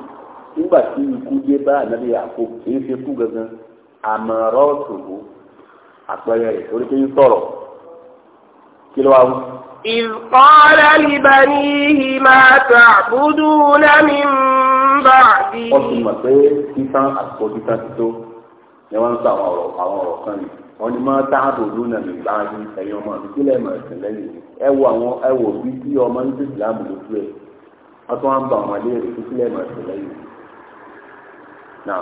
nígbà tí ikú dé bá ànábì àkó kìí ṣe kú gangan àmọ̀rọ̀ tòwó àpẹẹrẹ rẹ̀ torí pé sọ̀rọ̀ kí ló wá wú. إذ قال لبنيه ما تعبدون من بعدي. ó sì mọ̀ pé títán àkókò títán ni wọ́n ń sọ àwọn ọ̀rọ̀ àwọn ọ̀rọ̀ kan yìí wọ́n ní máa dáàbò lónà mi bá yín ẹ̀yin ọmọ mi sílẹ̀ mọ̀ ẹ̀sìn lẹ́yìn ẹ wo àwọn ẹ wo bí bí ọmọ ń tètè láàmú lójú ẹ̀ wọ́n tún wá ń bọ àwọn léèrè tó sílẹ̀ mọ̀ ẹ̀sìn lẹ́yìn mi.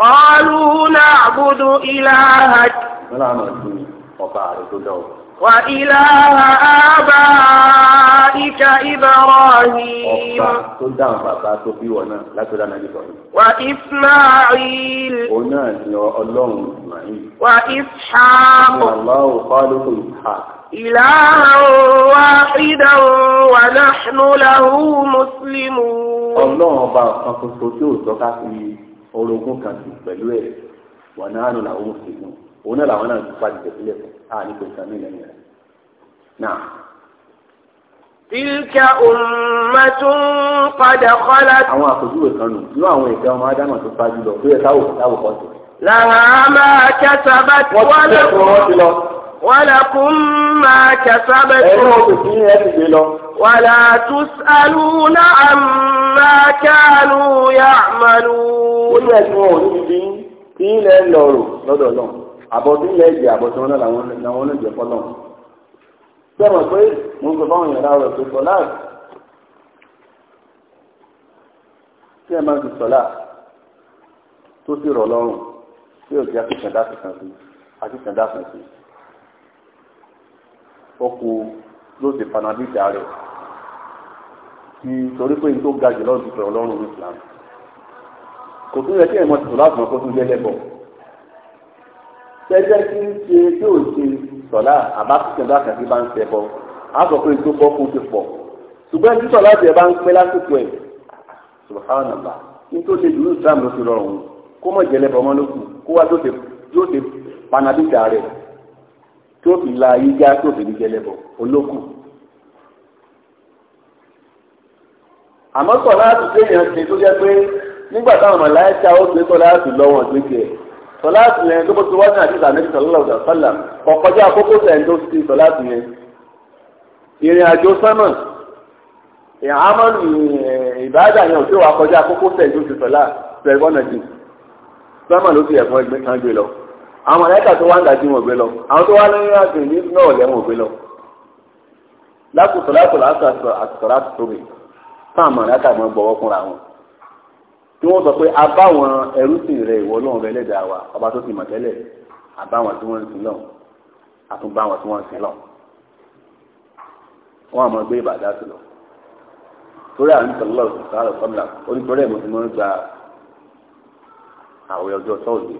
qalu na'budu ilaha. wọ́n làwọn ọ̀sìn ọba àrẹ tó وإلى آبائك إبراهيم وإسماعيل وإسحاق إلها واحدا ونحن له مسلمون ọlọ́run ọba kan tuntun tí ò sọ ká fi orogún kan sí pẹ̀lú ẹ̀ wọ̀nà àrùn làwọn mùsùlùmí òun náà làwọn náà ti pa jùlọ sílẹ̀ fún a ní pèsè àmì ìlànà rẹ̀ náà. tilka ummatun qad khalat. àwọn àpèjúwe kan nù nínú àwọn ìdá ọmọ ádámà tó pa jùlọ tó yẹ káwọ káwọ kọ sí. laha ma kasabat wọ́n ti tẹ̀ wọ́n ti lọ. walakum ma kasabat. ẹ̀rọ òkùnkùn yẹn ti gbé lọ. wala tus'aluna amma kanu ya'malun. ó ní ẹ̀sùn òní bíi kí ilẹ̀ ń lọ rò lọ́dọ̀ náà àbọ̀dún ilẹ̀ èdè àbọ̀dún náà làwọn olóòjẹ́ fọ́lọ́ sẹ́wọ̀n pé mo ń sọ fáwọn èèyàn láwọ̀ pé sọ́lá tí ẹ máa ń fi sọ́lá tó sì rọ̀ lọ́rùn tí ò jẹ́ akíkàndá kìkan sí akíkàndá kan sí ọkọ̀ ló ti panadíjà rẹ̀ kí torí pé n tó ga jù lọ́dún pẹ̀lú ọlọ́run Islam kò tún yẹ kí ẹ̀ mọ̀ sọ́lá àtúnmọ̀ kó tún jẹ́ lẹ́bọ̀ọ́ tẹ́jẹ́ kí ń ṣe tí ò ṣe sọ̀lá àbáṣiṣẹ́ bá kàkí bá ń ṣe bọ́ a sọ pé tó bọ́ kó ti pọ̀ ṣùgbọ́n tí sọ̀lá tiẹ̀ bá ń pẹ́ lásìkò ẹ̀ subhanallah ní tó ṣe ìlú islam ló fi rọrùn kó mọ̀ jẹ́lẹ̀ bọ́ mọ́lókù kó wá yóò ṣe panabíta rẹ̀ tó fi la ayé já tó fi ní jẹ́lẹ̀ bọ́ olókù. àmọ́ sọ̀lá àtúnṣe yẹn ṣe tó jẹ́ pé nígbà táwọn mọ̀láyà ṣá ó gbé sọ̀lá àtúnlọ́wọ̀n gbé tiẹ̀ sọláàtì yẹn tó bó ti wájú àti ìsàmẹ́jì sọlọ́lá ọ̀dà sọ́là ọ̀kọjá àkókò tẹ̀yìn tó ti sọláàtì yẹn ìrìn àjò sánmà àmọ́ eh, ìbáàdà yẹn ò tí ò wá kọjá àkókò tẹ̀yìn tó ti sọlá pẹ̀lúbọ́nà jì sánmà ló fi ẹ̀fọn ẹgbẹ́ kan gbé lọ àwọn ẹ̀ka tó wá ń dàjú wọn gbé lọ àwọn tó wá lórí àjò ní náà lẹ́wọ̀n gbé lọ lákòóso lákòóso tí wọ́n sọ pé a bá wọn rẹ ìwọ ọlọ́run rẹ lẹ́dàá wa ọba tó ti mọ̀ tẹ́lẹ̀ a tí wọ́n ń sin lọ a tí wọ́n ń sin lọ wọ́n àmọ́ gbé ìbàdàn sí lọ torí àwọn ìtọ́lọ́ sàrọ̀ kọ́mìlà onítorí ẹ̀ mo ti mọ́ ń gba àwẹ̀ ọjọ́ sọ́ọ̀dì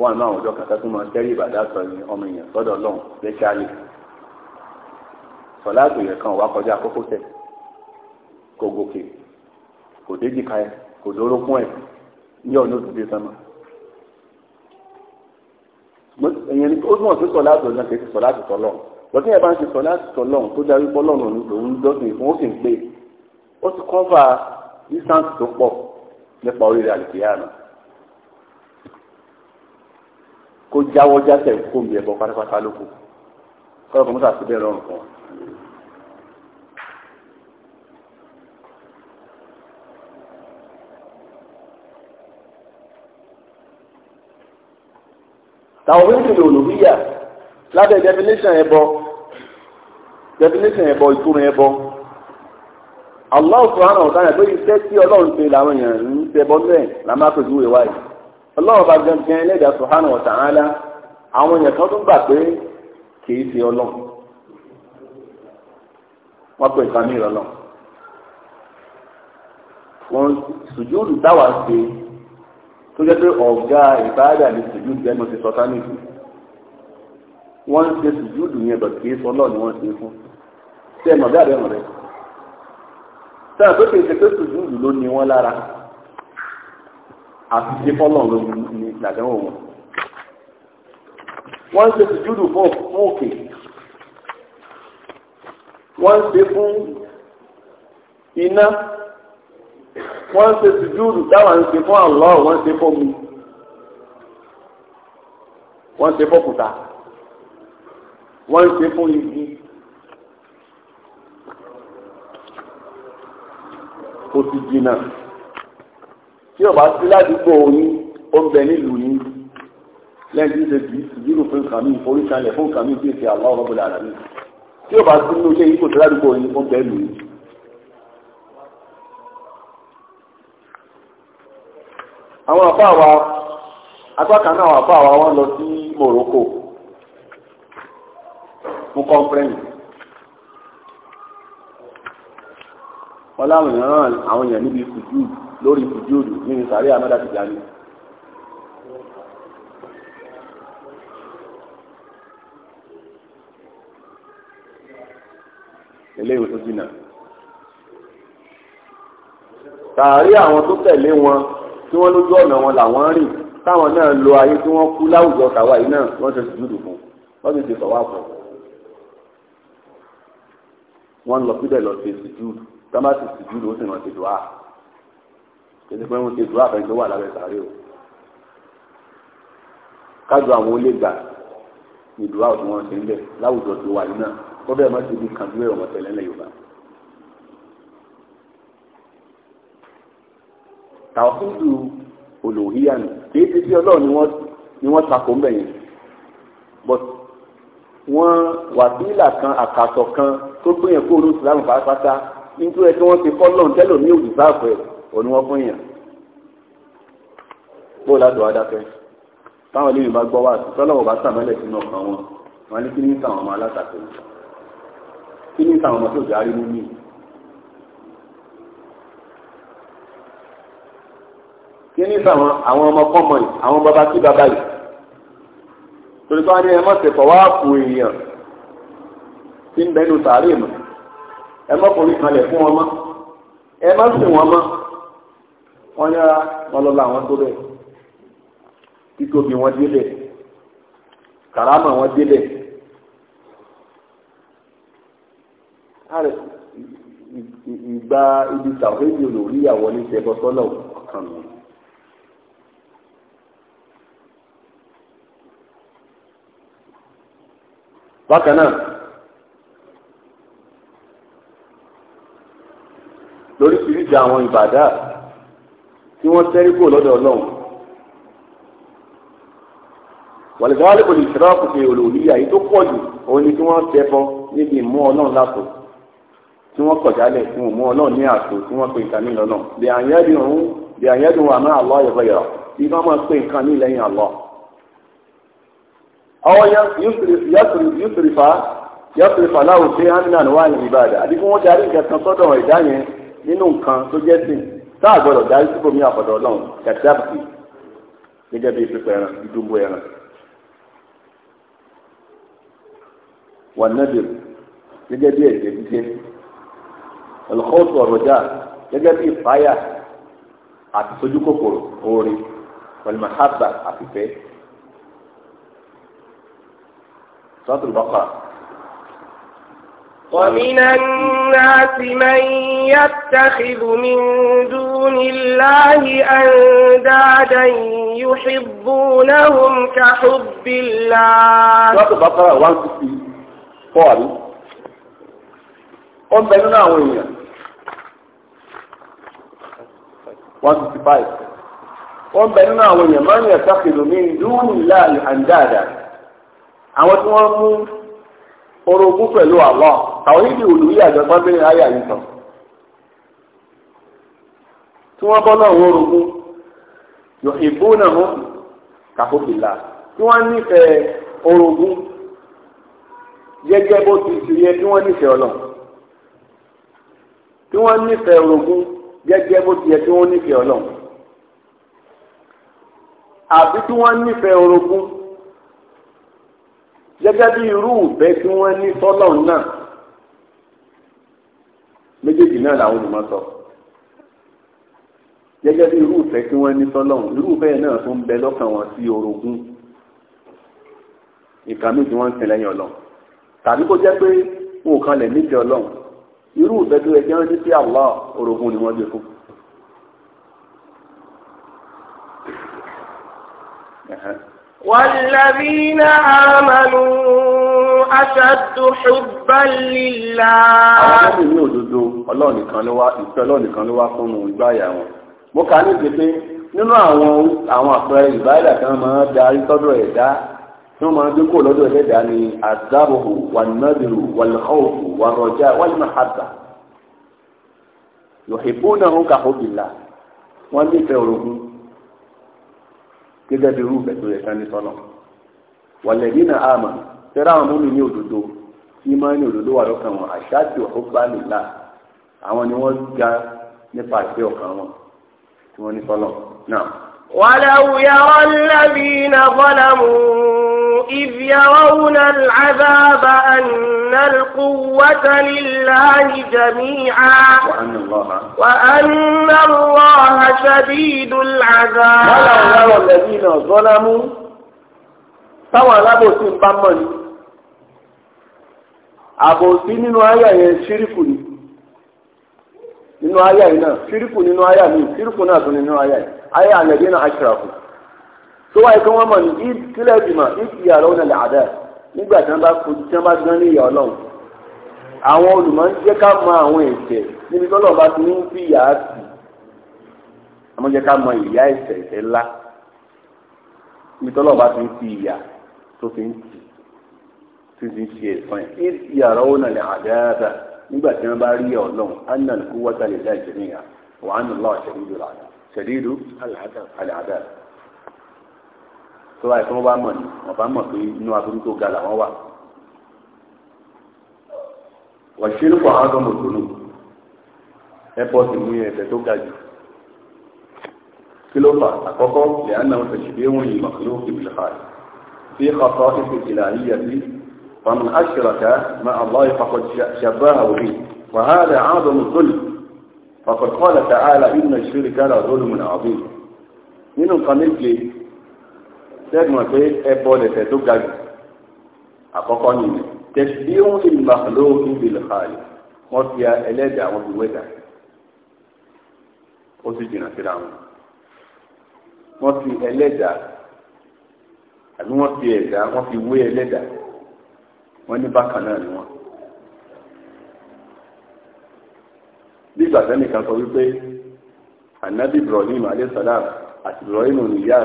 wọ́n wà àwọn ọjọ́ kàtà tó máa tẹ́rí ìbàdàn sọ ní ọmọ èèyàn sọ́dọ̀ ọlọ́run lẹ́kẹ́álẹ̀ kò déjìká ẹ kò dórókún ẹ ní ọ̀nà òdìdí sánmà ìyẹn ó túmọ̀ sí sọ láti ọ̀nà kì í sọ láti tọ̀ lọ́n lọ́tí ẹ̀ bá ń ṣe sọ láti tọ̀ lọ́n tó darí pọ́ lọ́nà lòún dọ́sìn ìfún ó sì ń pè ó ti kọ́fà dísáǹsì tó pọ̀ nípa oríire àlùkìyà náà kó jáwọ́ jásẹ̀ kó mi ẹ̀bọ pátápátá lóko kọ́ ọ̀kan mọ́tà sí rọrùn fún tàwíìdì lòlùwíyà lábẹ́ definition ẹbọ definition ẹbọ ìtumọ̀ ẹbọ Allah subhanahu wa ta'ala pé iṣẹ́ tí ọlọ́run ṣe làwọn èèyàn ń ṣẹbọ lẹ́ẹ̀ la máa pèjú ìwé wáyé ọlọ́run bá gangan ẹlẹ́dàá subhanahu wa ta'ala àwọn èèyàn kan tún gbà pé kìí ṣe ọlọ́run wọ́n pè nǹkan mìíràn wọ́n sùjúdù táwa ṣe tó jẹ́ pé ọ̀gá ìbáàdà ní sùjúdù ẹnu ti sọ sánìkù wọ́n ń ṣe sùjúdù yẹn bọ̀ kì í sọ lọ́ọ̀ ni wọ́n ṣe fún ṣé ẹ̀mọ̀ bí àbẹ̀mọ̀ rẹ̀ sáà tó kéde pé sùjúdù ló ní wọ́n lára àti ṣe fọ́lọ̀ ló ní làdánwò wọn wọ́n ń ṣe sùjúdù fún òkè wọ́n ń ṣe fún iná wọ́n ń ṣe sùjúùdù táwọn ń ṣe fún Allah wọ́n ń ṣe fún mi wọ́n ń ṣe fún kùtà wọ́n ń ṣe fún igi kò sì jìnnà tí ọba sí ládùúgbò yín ó ń bẹ nílùú yín lẹ́yìn tí ń ṣe sùjúùdù fún kàmí ìforíkalẹ̀ fún kàmí tí ń ṣe Allah ọ̀rọ̀ bọ̀dà àlàyé tí ọba sí inú iṣẹ́ yìí kò sí ládùúgbò yín ó ń bẹ nílùú yín. àwọn àbá wa agbákan náà àbá wa wọ́n lọ sí Morocco fún conference wọ́n láwọn èèyàn ràn àwọn èèyàn níbi fùjúù lórí fùjúù nínú sàárẹ̀ amẹ́dà tìjàní. eléyìí tó jìnnà sàárẹ̀ àwọn tó tẹ̀lé wọn tí wọ́n lójú ọ̀nà wọn làwọn rìn táwọn náà lo ayé tí wọ́n kú láwùjọ tàwa yìí náà wọ́n ṣe sùdúdù fún wọ́n ti ṣe tọ̀wá fún wọ́n lọ síbẹ̀ lọ ṣe sùdúdù tọ́mà ti sùdúdù ó sì ràn ṣe dùá kìí pé wọ́n ṣe dùá àbẹ̀ tó wà lábẹ́ sàárè o kájọ àwọn olè gbà ní dùá òtún wọn ṣe ń bẹ̀ láwùjọ tó wà yìí náà ó bẹ́ẹ̀ mọ́ síbi kàdúrà ọmọ tẹ̀lẹ́lẹ̀ Yorùbá. tàwọ́kùdù olùhíyàní kìí ti sí ọlọ́run ni wọ́n takò ń bẹ̀yẹn but wọ́n wàbílà kan àkàtọ̀ kan tó gbìyànjú kó olóṣù láàmú pátápátá nítorí ẹ tí wọ́n ti fọ́lọ́run tẹ́lọ̀ ní òdìbá àpẹ òní wọ́n fún yàn bó ládùn adáfẹ́ táwọn eléyìí bá gbọ́ wá sí tọ́lọ́wọ́ bá sàmẹ́lẹ̀ sínú ọkàn wọn wọn ní kí ní tàwọn ọmọ alátakò kí ní tàwọn ọmọ tó járe mú míì kíní sàwọn àwọn ọmọ kọ́mọ yìí àwọn bàbá kí bàbá yìí torí bá ní ẹ má ṣe fọwọ́ àpò èèyàn tí ń bẹnu sàárè mọ́ ẹ má forí kalẹ̀ fún wọn mọ́ ẹ má sìn wọn mọ́ wọn yára ah, wọn lọ la àwọn tó bẹ̀ títóbi wọn délẹ̀ kàrámà wọn délẹ̀ ìgbà ibi tàwọn èdè olórí ìyàwó ní ṣẹbọ sọlọ ọkàn mi. bákan náà lóríṣiríṣi àwọn ìbàdà tí wọ́n tẹ́rí kò lọ́dọ̀ ọlọ́run wàlùdáwálé kò lè ṣẹlẹ̀ ọkùnrin ṣe olùwòlíyà yìí tó pọ̀ jù òun ni kí wọ́n tẹ́fọ níbi ìmú ọlọ́run lápò tí wọ́n kọ̀ jálẹ̀ fún òmú ọlọ́run ní àtò tí wọ́n pe nǹkan ní lọ́nà bí àyẹ́dùn àmọ́ àlọ́ yọ̀bọ̀yọ̀ tí wọ́n máa pe nǹkan ní lẹ́yìn àlọ́ ọwọ́ yusrifa yusrifa láwù sí hannah wà ní ìbàdà àbí kí wọ́n darí nǹkan kan sọ́dọ̀ ẹ̀dá yẹn nínú nǹkan tó jẹ́ sìn táà gbọ́dọ̀ darí síbòmí àfọ̀dọ̀ ọlọ́run kàtàbùkì gẹ́gẹ́ bí pípẹ́ ẹran ìdúgbò ẹran. wànádìr gẹ́gẹ́ bí ẹ̀jẹ̀ jíjẹ́ ẹ̀lọ́kọ́sù ọ̀rọ̀jà gẹ́gẹ́ bí ìpáyà àti sojúkòkòrò orin pẹ̀lú màhábà àfìfẹ́. صوت البقاء ومن الناس من يتخذ من دون الله أندادا يحبونهم كحب الله صوت البقرة 164 قم بيننا وين 165 قم بيننا وين من يتخذ من دون الله أندادا àwọn tí wọ́n mú orogún pẹ̀lú Allah àwọn níbi olùyí àjọpọ̀ bẹ́ẹ̀ ayé àyíkọ́ tí wọ́n bọ́ náà wọ́n orogún yọ ìbú náà hàn kàfófìlà tí wọ́n nífẹ̀ẹ́ orogún gẹ́gẹ́ bó ti ṣe yẹ kí wọ́n nífẹ̀ẹ́ ọlọ́run tí wọ́n nífẹ̀ẹ́ orogún gẹ́gẹ́ bó ti yẹ kí wọ́n nífẹ̀ẹ́ ọlọ́run àbí tí wọ́n nífẹ̀ẹ́ orogún gẹ́gẹ́ bí irú ìfẹ́ tí wọ́n ní sọ́lọ́run náà méjèèjì náà làwọn olùmọ̀ sọ gẹ́gẹ́ bí irú ìfẹ́ tí wọ́n ní sọ́lọ́run irú ìfẹ́ náà tó ń bẹ lọ́kàn wọn sí orogún nǹkan mi tí wọ́n ń sin lẹ́yìn ọlọ́run tàbí kó jẹ́ pé wọn ò kan lè nífẹ̀ẹ́ ọlọ́run irú ìfẹ́ tó yẹ kí wọ́n ní sí Allah orogún ni wọ́n gbé fún un. والذين آمنوا أشد حبا لله. àwọn ọmọ òdodo ọlọ́run nìkan ló wá ìfẹ́ ọlọ́run nìkan ló wá fún ìgbáyà wọn. mo kà ní pépé nínú àwọn àwọn àpẹẹrẹ ìbáyà kan máa darí sọ́dọ̀ ẹ̀dá tí wọ́n máa ń dínkù lọ́dọ̀ ẹ̀dá ni azabuhu wanadiru walhawfu warọjà walimahaba. yòhìbùnà ń kà ó wọ́n nífẹ̀ẹ́ orogún gẹ́gẹ́ bí irú ìfẹ́ tó yẹ ká sọ́nà wàlẹ́bí na àmà tẹ́lá àwọn mọ́mí ní òdodo tí máa ní òdodo wà lọ́kàn wọn nìlá àwọn ni wọ́n ga nípa ìfẹ́ ọ̀kan wọn tí wọ́n ní sọ́nà náà. wàlẹ́ àwùyá ọ̀lẹ́bí náà mú إذ يرون العذاب أن القوة لله جميعا وأن الله, وأن الله شديد العذاب ولا يرى الذين ظلموا táwọn alábòsí ń bá mọ̀ ní àbòsí nínú àyà yẹn ṣíríkù ni nínú àyà yìí náà ṣíríkù nínú àyà mi ṣíríkù náà tún nínú àyà yìí àyà àlẹ́dínà àṣíràkù tó wáyé kí wọ́n mọ̀ ní kílẹ̀ ìgbìmọ̀ ìkìyà lọ́wọ́ náà làdá nígbà tí wọ́n bá fojú tí wọ́n bá gán ní ìyà ọlọ́run àwọn olùmọ̀ ń jẹ́ ká mọ àwọn ẹ̀ṣẹ̀ níbi tí ọlọ́run bá ti ń fi ìyà àmọ́ jẹ́ ká mọ ńlá níbi tí bá ti ń fi ìyà tó fi ń tì tí ń ṣe ẹ̀fọn náà nígbà tí bá rí tó wáyé tí wọ́n bá mọ̀ ní wọ́n bá mọ̀ pé inú aburú tó ga làwọn wà. wàṣírí kọ àwọn ọmọ òṣòro ẹbọ sì mú ẹ̀fẹ̀ tó ga jù kí ló fà àkọ́kọ́ lè á náà fẹ̀sì bí wọ́n yìí màkìló kìbìlì fà fi xɔsɔ ife ìlà yíyà sí fàmù àṣìràkà má àlọ́ ìfakọ̀ ṣàbá àwòrán wàhálà àádọ́ mùsùlùmí fàkọ̀ kọ́lá tààlà ìnà ìṣirí kára rólùmùnà àbí nínú kan méje tẹ́gùn mọ̀ pé ẹbọ lẹ̀fẹ̀ tó ga jù àkọ́kọ́ nìyẹn tẹ̀sí ń lè mà lóhùn ìbílẹ̀ fààyè wọ́n fi ẹlẹ́dàá wọn fi wẹ́dà ó sì jìnnà síra wọn wọ́n fi ẹlẹ́dàá àbí wọ́n fi ẹ̀dá wọ́n fi wé ẹlẹ́dàá wọ́n ní bákan náà ni wọ́n. bí gbàtẹ́nì kan sọ wípé ànábì Ibrahim alayhisalaam àti Ibrahim oníyá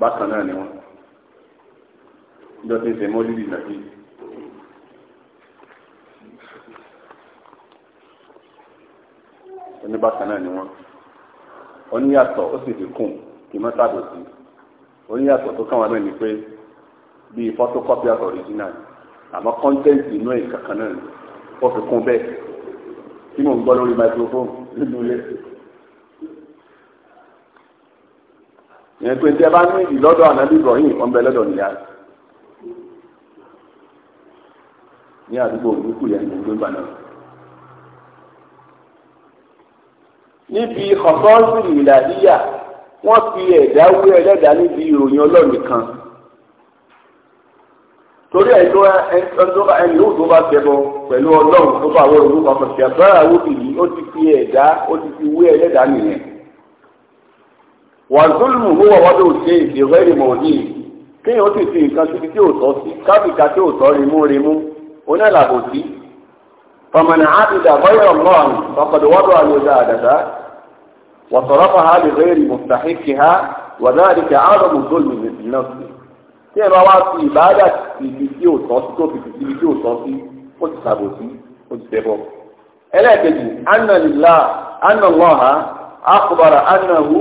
bákan náà ni wọ́n níjọ́ tí ń ṣe mọ́lídì nàbí. oníbàkan náà ni wọ́n oníyàtọ̀ ó sì fi kùn kì í mọ́ sábò sí oníyàtọ̀ tó kàn wá náà ni pé bíi photocopy of original àmọ́ kọ́ńtẹ́ǹtì inú ẹ̀ kankan náà ni wọ́n fi kún bẹ́ẹ̀ tí mò ń gbọ́ lórí microphone nínú ilé. ìyẹn pé tí ẹ bá ní ìlọ́dọ̀ ànábì Ibrahim ọ̀nbẹ lọ́dọ̀ nìyá ní àdúgbò òdúkù yẹn ní gbígbà náà. níbi ọ̀sọ́ọ̀sì ìlàdíyà wọ́n fi ẹ̀dá wé ẹlẹ́dàá níbi ìròyìn ọlọ́run nìkan. torí ẹni yóò tó bá tẹ̀bọ pẹ̀lú ọlọ́run tó bá wọ orúkọ ọ̀sọ̀sì àbára òbí ó ti fi ẹ̀dá ó ti fi wé ẹlẹ́dàá nìyẹn. wàzúlùmù wọ́n wọ́n tó ṣe ìdèrè ìmọ̀ ní kéèyàn sì fi nǹkan síbi tí ò tọ́ sí kábìkà tí ò tọ́ rimú rimú onílàbò sí fọmọnà ábìdà bọ́yọ̀ mọ́ọ̀n fọkọ̀dọ̀ wọ́dọ̀ àlòdà àdàdà wọ̀sọ̀rọ̀fà ha lè rẹ́ rí mùsàhíkì ha wàdáàdìkà àrùn mùsùlùmí nìsí náà sí. tí ẹ bá wá sí ìbáàdà síbi tí ò tọ́ sí tó fi síbi tí ò tọ́ sí ó ti sàbò sí ó ti tẹ́bọ̀. ẹlẹ́ẹ̀kejì annalilá annalọ́ha akubara annahu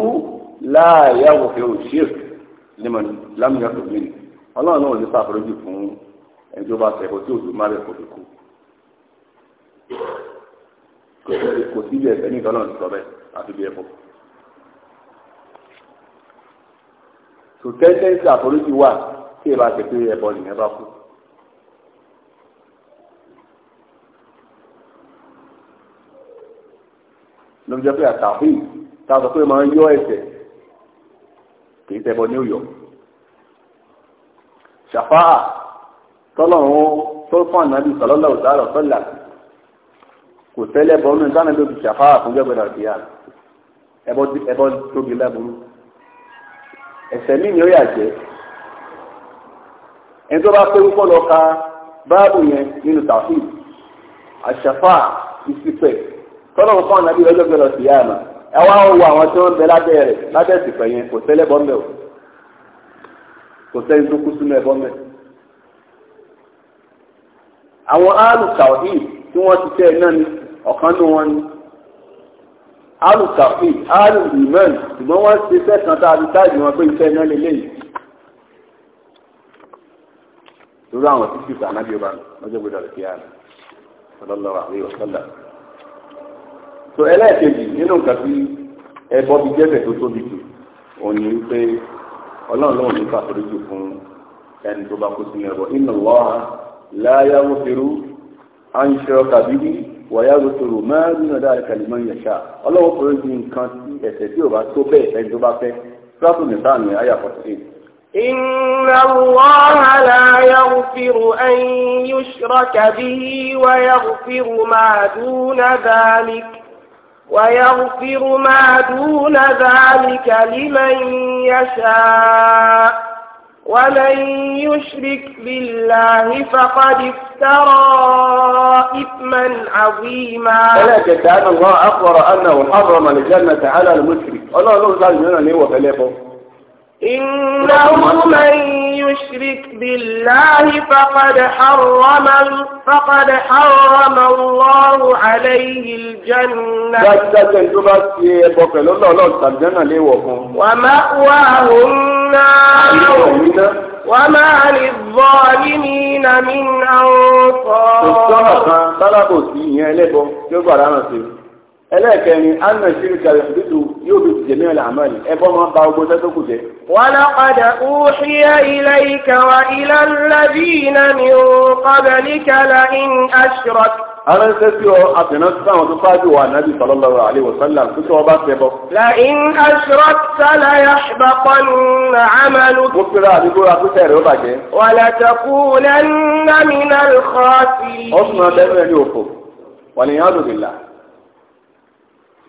láàyà wòfẹ́ òṣèré liman lam yakun min ọlọ́run náà ní sàfúrójì fún ẹni tó bá ṣẹ̀kọ́ tí òjò má bẹ̀ kò fi kú kò sí ibi ẹ̀sẹ̀ ní ìtọ́nà ti sọ bẹ́ẹ̀ àti ibi ẹ̀fọ́. tòtẹ́tẹ́ sí àforíjì wà tí ìbá ṣe pé ẹ̀bọ nìyẹn bá kú. ló ń jẹ́ pé àtàwí tá a sọ pé máa ń yọ ẹ̀sẹ̀ kì í ṣẹbọ ní òyọ ṣàfáà tọlọ́run tó fún ànábì sọlọlọ ọdarọ sọlá kò tẹ́lẹ̀ bọ nínú sáà níbi ṣàfáà fún gbẹgbẹdà sí à ẹbọ tóbi láburú ẹsẹ mímí ó yà jẹ ẹni tó bá pé wípọ lọ ka báàbù yẹn nínú tàfíì àṣàfáà ìsìpẹ tọlọ́run fún ànábì lọ́jọ́ gbẹdà sí àná ẹ wá ń wo àwọn tí wọ́n bẹ lábẹ́ rẹ̀ lábẹ́ ìsìnkà yẹn kò sẹ́lẹ̀ bọ́m̀bẹ̀ o kò sẹ́ni tó kú sínú ẹ̀ bọ́m̀bẹ̀. àwọn áàlù tàwíì tí wọ́n ti tẹ́ iná ni ọ̀kan nù wọn ni áàlù tàwíì áàlù ìmọ̀n ṣùgbọ́n wọ́n ti fẹ́ kan tá a fi táàdì wọn pé iṣẹ́ iná lélẹ́yìí. lórí àwọn tí kìí sànà bí ó bá lọ́jọ́ gbọdọ̀ rẹ̀ kí so ẹlẹ́ẹ̀kejì nínú nǹkan tí ẹbọ bíi jẹ́sẹ̀ tó tóbi jù òun ni pé ọlọ́run lóun ní fàtòríjù fún ẹni tó bá kó sínú ẹbọ inna Allah la yaghfiru an yushraka bihi wa yaghfiru ma duna dhalika liman yasha ọlọ́run forí ju nǹkan tí ẹ̀ṣẹ̀ tí ò bá tó bẹ́ẹ̀ ẹni tó bá fẹ́ sọ́kùn nìkan ní àyà fọ́tí إن الله لا يغفر أن يشرك به ويغفر ما دون ذلك ويغفر ما دون ذلك لمن يشاء ومن يشرك بالله فقد افترى إثما عظيما ولكن كان الله أخبر أنه حرم الجنة على المشرك الله لو زال ليه هو إنه من يشرك بالله فقد حرم فقد حرم الله عليه الجنة ومأواه النار وما للظالمين من أنصار ẹlẹ́ẹ̀kẹrin anna ṣíríkà yọ̀dúdú yóò fi jẹ̀mí ọ̀la àmàlì ẹbọ máa ba ogun tẹ́tọ́ kù jẹ́. wọn padà ó ṣí ẹ ilẹ̀ ìkẹwà ilẹ̀ ńlábí iná ni ó kọ́bẹ̀ ní kẹlẹ̀ in aṣọ. ara ń sẹ́sí ọ àtẹ̀nà sáwọn tó fáájú wa nàbí sallallahu alaihi wasallam tó sọ ọba tẹ bọ. la aṣọ sálà yà bàbá àmàlù. mo fi ra àdúgbò akúṣẹ́ rẹ̀ ó bàjẹ́. wàlẹ̀ tẹ̀kùn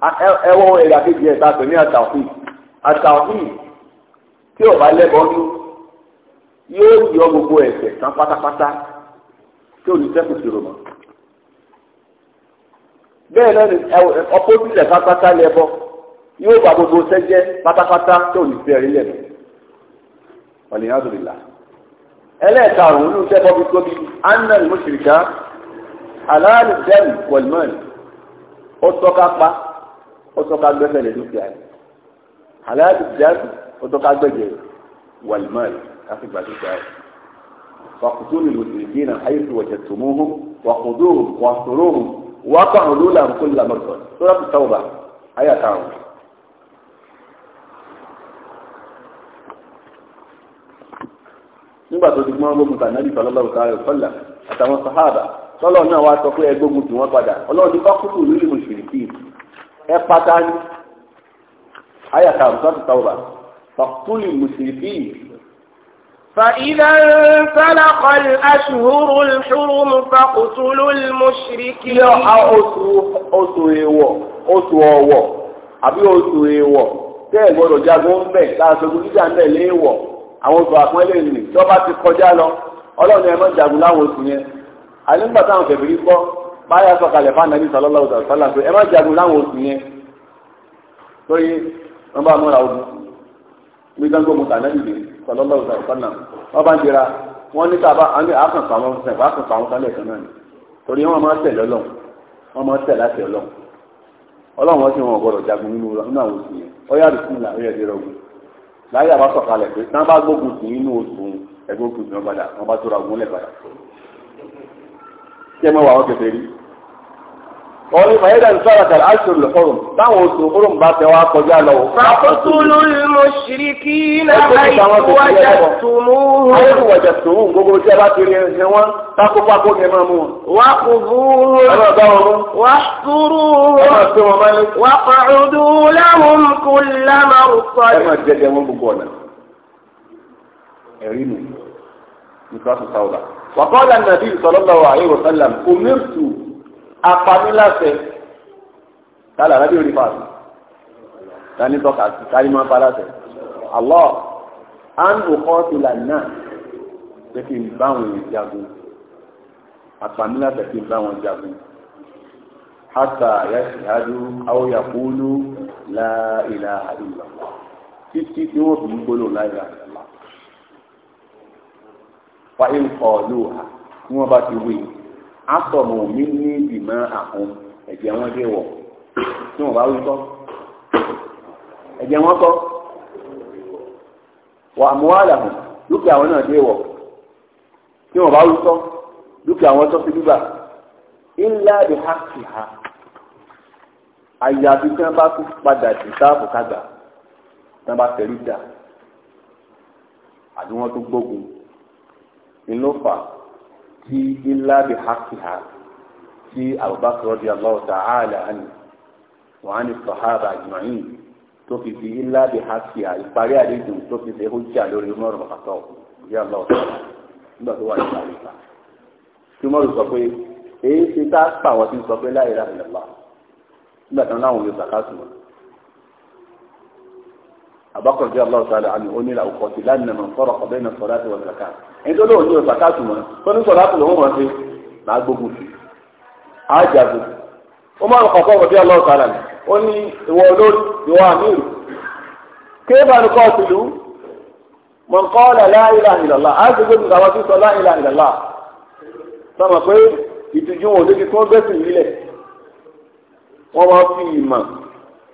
ẹwọ́ ẹ̀yà kejì ẹ̀ ta pè ní àtàwí àtàwí tí ó bá lẹ́bọ̀ ní yóò yọ gbogbo ẹ̀ṣẹ̀ tán pátápátá tí olùsẹ́kù ti rò mọ́. bẹ́ẹ̀ náà ni ọpọ́sílẹ̀ pátápátá lẹ́bọ̀ yóò bá gbogbo sẹ́jẹ́ pátápátá tí olùsẹ́ rí lẹ́nu wàlíyàdùrìlà ẹlẹ́ẹ̀karùn-ún ló ń bọ́bí tóbi annal mushrika halal dẹ́m wọ̀lmọ́ọ̀lì ó tọ́ka pa ó tọ́ ká gbẹ́sẹ̀ lé dúkìá yìí aláàbì jáde ó tọ́ ká gbẹ́jẹ̀ wàlímọ́ọ̀lì káfí gba dúkìá yìí wàkùtù ní mùsùlùmí náà ayé ti wọ̀jẹ̀ tó mú hún wàkùtù wàsòrò hún wákà òlú làwọn kò lànà sọ sọ́dọ̀ tó tàwọn bá ayé àtàwọn. nígbà tó ti gbọ́n gbógun tà nábì sallallahu ta'ala alaihi wasallam àtàwọn sàhábà tọ́lọ́ náà wá sọ pé ẹgbógun tí wọ́n padà ọlọ́run bá kúrò lórí mùsùlùmí ẹ pátá ní ayàtà ọ̀sọ́tù tàwọ̀bà fàkúlì mùsùlùmí. فإذا انسلق الأشهر الحرم فاقتلوا المشركين. yọ a oṣù oṣù èèwọ̀ oṣù ọ̀wọ̀ àbí oṣù èèwọ̀ tẹ́ ẹ̀ gbọ́dọ̀ jagun ń bẹ̀ láàṣọ́gun jíjà ń bẹ̀ léèwọ̀ àwọn oṣù àpọ́nlé nì tó bá ti kọjá lọ ọlọ́run ẹ̀ mọ́ jagun láwọn oṣù yẹn àyẹ̀ńgbà táwọn kẹfìrí gbọ́ báyà ya fún anabi sọlọ́lá ọ̀sán sọlá pé ẹ má jagun láwọn oṣù yẹn lóye wọn bá múra ogun bí gbàgbọ́ mu tànàbì lè sọlọ́lá wọn bá ń jẹra wọn ní sábà àmì sálẹ̀ kan náà ni torí wọn máa tẹ̀lé ọlọ́run wọn máa tẹ̀lé àti ọlọ́run ọlọ́run wọn sì wọn gbọdọ̀ jagun wọ́n ní fàyẹ́dà ní sọ́ra kàlá aṣọ́rù lọ́kọ́rùn táwọn oṣù òkúrùn bá tẹ wá kọjá lọ. fàkótóló ló ṣìríkì náà àìkú wájà tùmú. àìkú wájà tùmú gbogbo tí a bá ti rìn ní wọn pákópákó ni máa mú wọn. wà á kú búrú. ẹ máa bá wọn mú. wà á túrú. ẹ máa tó wọn mọ́lẹ̀. wà á fàrúdú láwọn kò lámà rúkọ. ẹ máa jẹjẹ wọn gbogbo ọ̀nà. ẹ̀rí mi nípa sọ̀tàwọ̀dà. wà apamílàsẹ̀ tálà rábí orí fàásù tani tọ́ka sí kárí máa falàsẹ̀ àlọ́ àǹdù kọ́ọ̀tìlà náà jẹ́ kí n bá wọn jagun apamílàsẹ̀ kí n bá wọn jagun hátà yàtìhádú àwòyàkúlú láìlà ìlà títí tí wọ́n fi ń gbólóhùn láìlà ìlà fa ìkọ̀ọ̀lù ha tí wọ́n ti wí asọ̀mù mi ní ìmọ̀ àhún ẹ̀jẹ̀ wọn dé wọ̀ tí wọn bá wí kọ́ ẹ̀jẹ̀ wọn kọ́ wà á mú wàhálà hàn dúkìá wọn náà dé wọ̀ tí wọn bá wí kọ́ dúkìá wọn tọ́ sí bíbà ńlá lè ha kì ha àyàfi tí wọn bá tún padà sí sáàpù kàgbà tí wọn bá tẹ̀lé ìjà àbí wọn tún gbógun ńlọ́fà. tí ilá bi hakiha tí abubakar radiyallahu ta'ala anhu wa ani sahaba ajma'in tó fi di ilá bi hakiha fi ṣe hujja lórí umar bàtọ tó wà ní àríkà tí umar sọ pé èyí ti tá a pa àwọn tí ń àbákọ̀ jẹ́ aláwọ̀ sálẹ̀ àmì onílà ọkọ̀ sí lánàá mọ̀ fọ́rọ̀ ọ̀bẹ́ iná sọ̀rọ̀ àti wọ̀sàkà ẹni tó lóun ní ọ̀sàkà tù wọn tó ní sọ̀rọ̀ àtùwọ̀n wọn ṣe máa gbógun sí i àjàgbé ó máa ń kọ̀kọ́ ọ̀bẹ́ aláwọ̀ sálẹ̀ ó ní ìwọ olórí ìwọ àmírù kéèbà ní kọ́ ọ̀sìlú mọ̀ nǹkan ọ̀là láìlà ìlàlá àgbègbè mi làwọn fi sọ láìlà ìlàlá sọmọ pé ìtìjú wọn ò débi kí wọ́n gbẹ́sìn nílẹ̀ fi ìmọ̀ wọ́n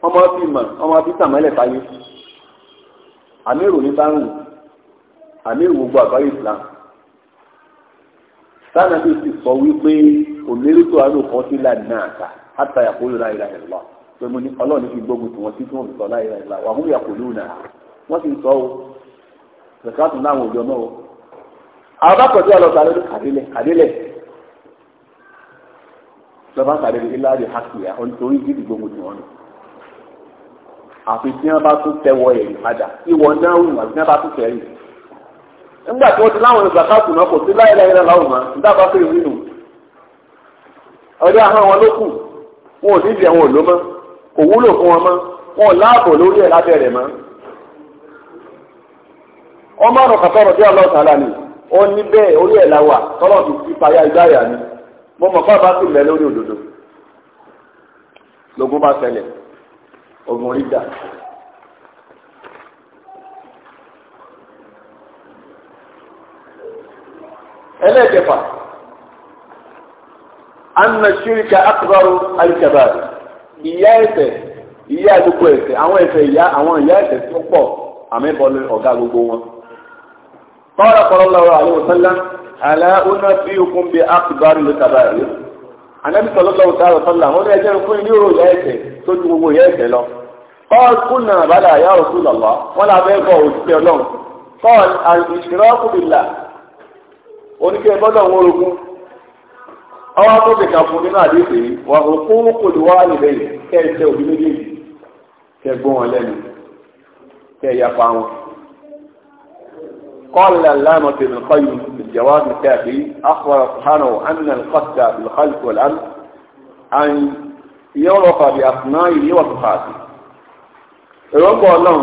máa fi ìmọ̀ wọ́n máa fi sàmọ́lẹ̀ fáyé àmírù ní báńgù àmírù gbogbo àgbáyé Islam sanabi sì sọ wípé òmìniritò àánú kan sí lànà àtà àtà yàkóló láyé láyé lọ pé mo ní ọlọ́ọ̀ni fi gbógun tí wọ́n sí tí wọ́n fi sọ láyé láyé lọ wàhùn yàkóló náà wọ́n sì sọ o zakatu náà wò jọmọ́ o àwọn bá pẹ̀lú ọlọ́ta lọ́dún kàdélẹ̀ kàdélẹ̀ lọ́ba kàdélẹ̀ ilá rẹ̀ hàkìyà ọ̀ntorí gidi gbógun tí wọ́n lọ. àfi tí wọ́n bá tún tẹ̀wọ́ ẹ̀rí padà ìwọ náà wù àti tí wọ́n bá tún tẹ̀rí. nígbà tí wọn ti láwọn ìgbàkátù náà kò sí láyéláyé náà láwùn mọ́ nígbà bá fèrè nínú. ọdẹ ahọ́n wọn ló kù wọn ò àwọn òló kò wúlò fún wọn mọ́ wọn ò láàbò lórí ẹ̀ lábẹ́rẹ̀ mọ́. ọmọ ó ní bẹ́ẹ̀ orí ẹ̀ tọ́lọ́ ogun rídà ẹlẹ́ẹ̀kẹfà anna shirika akbaru alikabari ìyá ẹ̀ṣẹ̀ ìyá gbogbo ẹ̀ṣẹ̀ àwọn ẹ̀ṣẹ̀ ìyá àwọn ìyá ẹ̀ṣẹ̀ tó pọ̀ àmẹbọlẹ ọgá gbogbo wọn. qala sallallahu alaihi wasallam anabi sọlọlọ ọtaarọ sọlá wọn ẹjẹ fún ilé òrò yẹ ẹsẹ tó ju gbogbo yẹ ẹsẹ lọ kọ́ọ̀l kùnà àbálà yà òkú lọ́lọ́ wọn là bẹ́ẹ̀ bọ̀ òṣìṣẹ́ ọlọ́run kọ́ọ̀l àìsìrọ́ kùbìlà oníkẹ́ bọ́dọ̀ wọn orogún ọwọ́ tó bìkà fún nínú àdéhùn yìí wọn kò kú kòlù wá nílẹ̀ yìí kẹ́ ẹ jẹ́ òbí méjèèjì kẹ́ gbọ́ wọn lẹ́nu kẹ́ ẹ yapa wọn. قال العلامة ابن القيم في الجواب الكافي أخبر سبحانه أن القصد بالخلق والأمر أن يعرف بأسمائه وصفاته ìrọ́pọ̀ ọlọ́run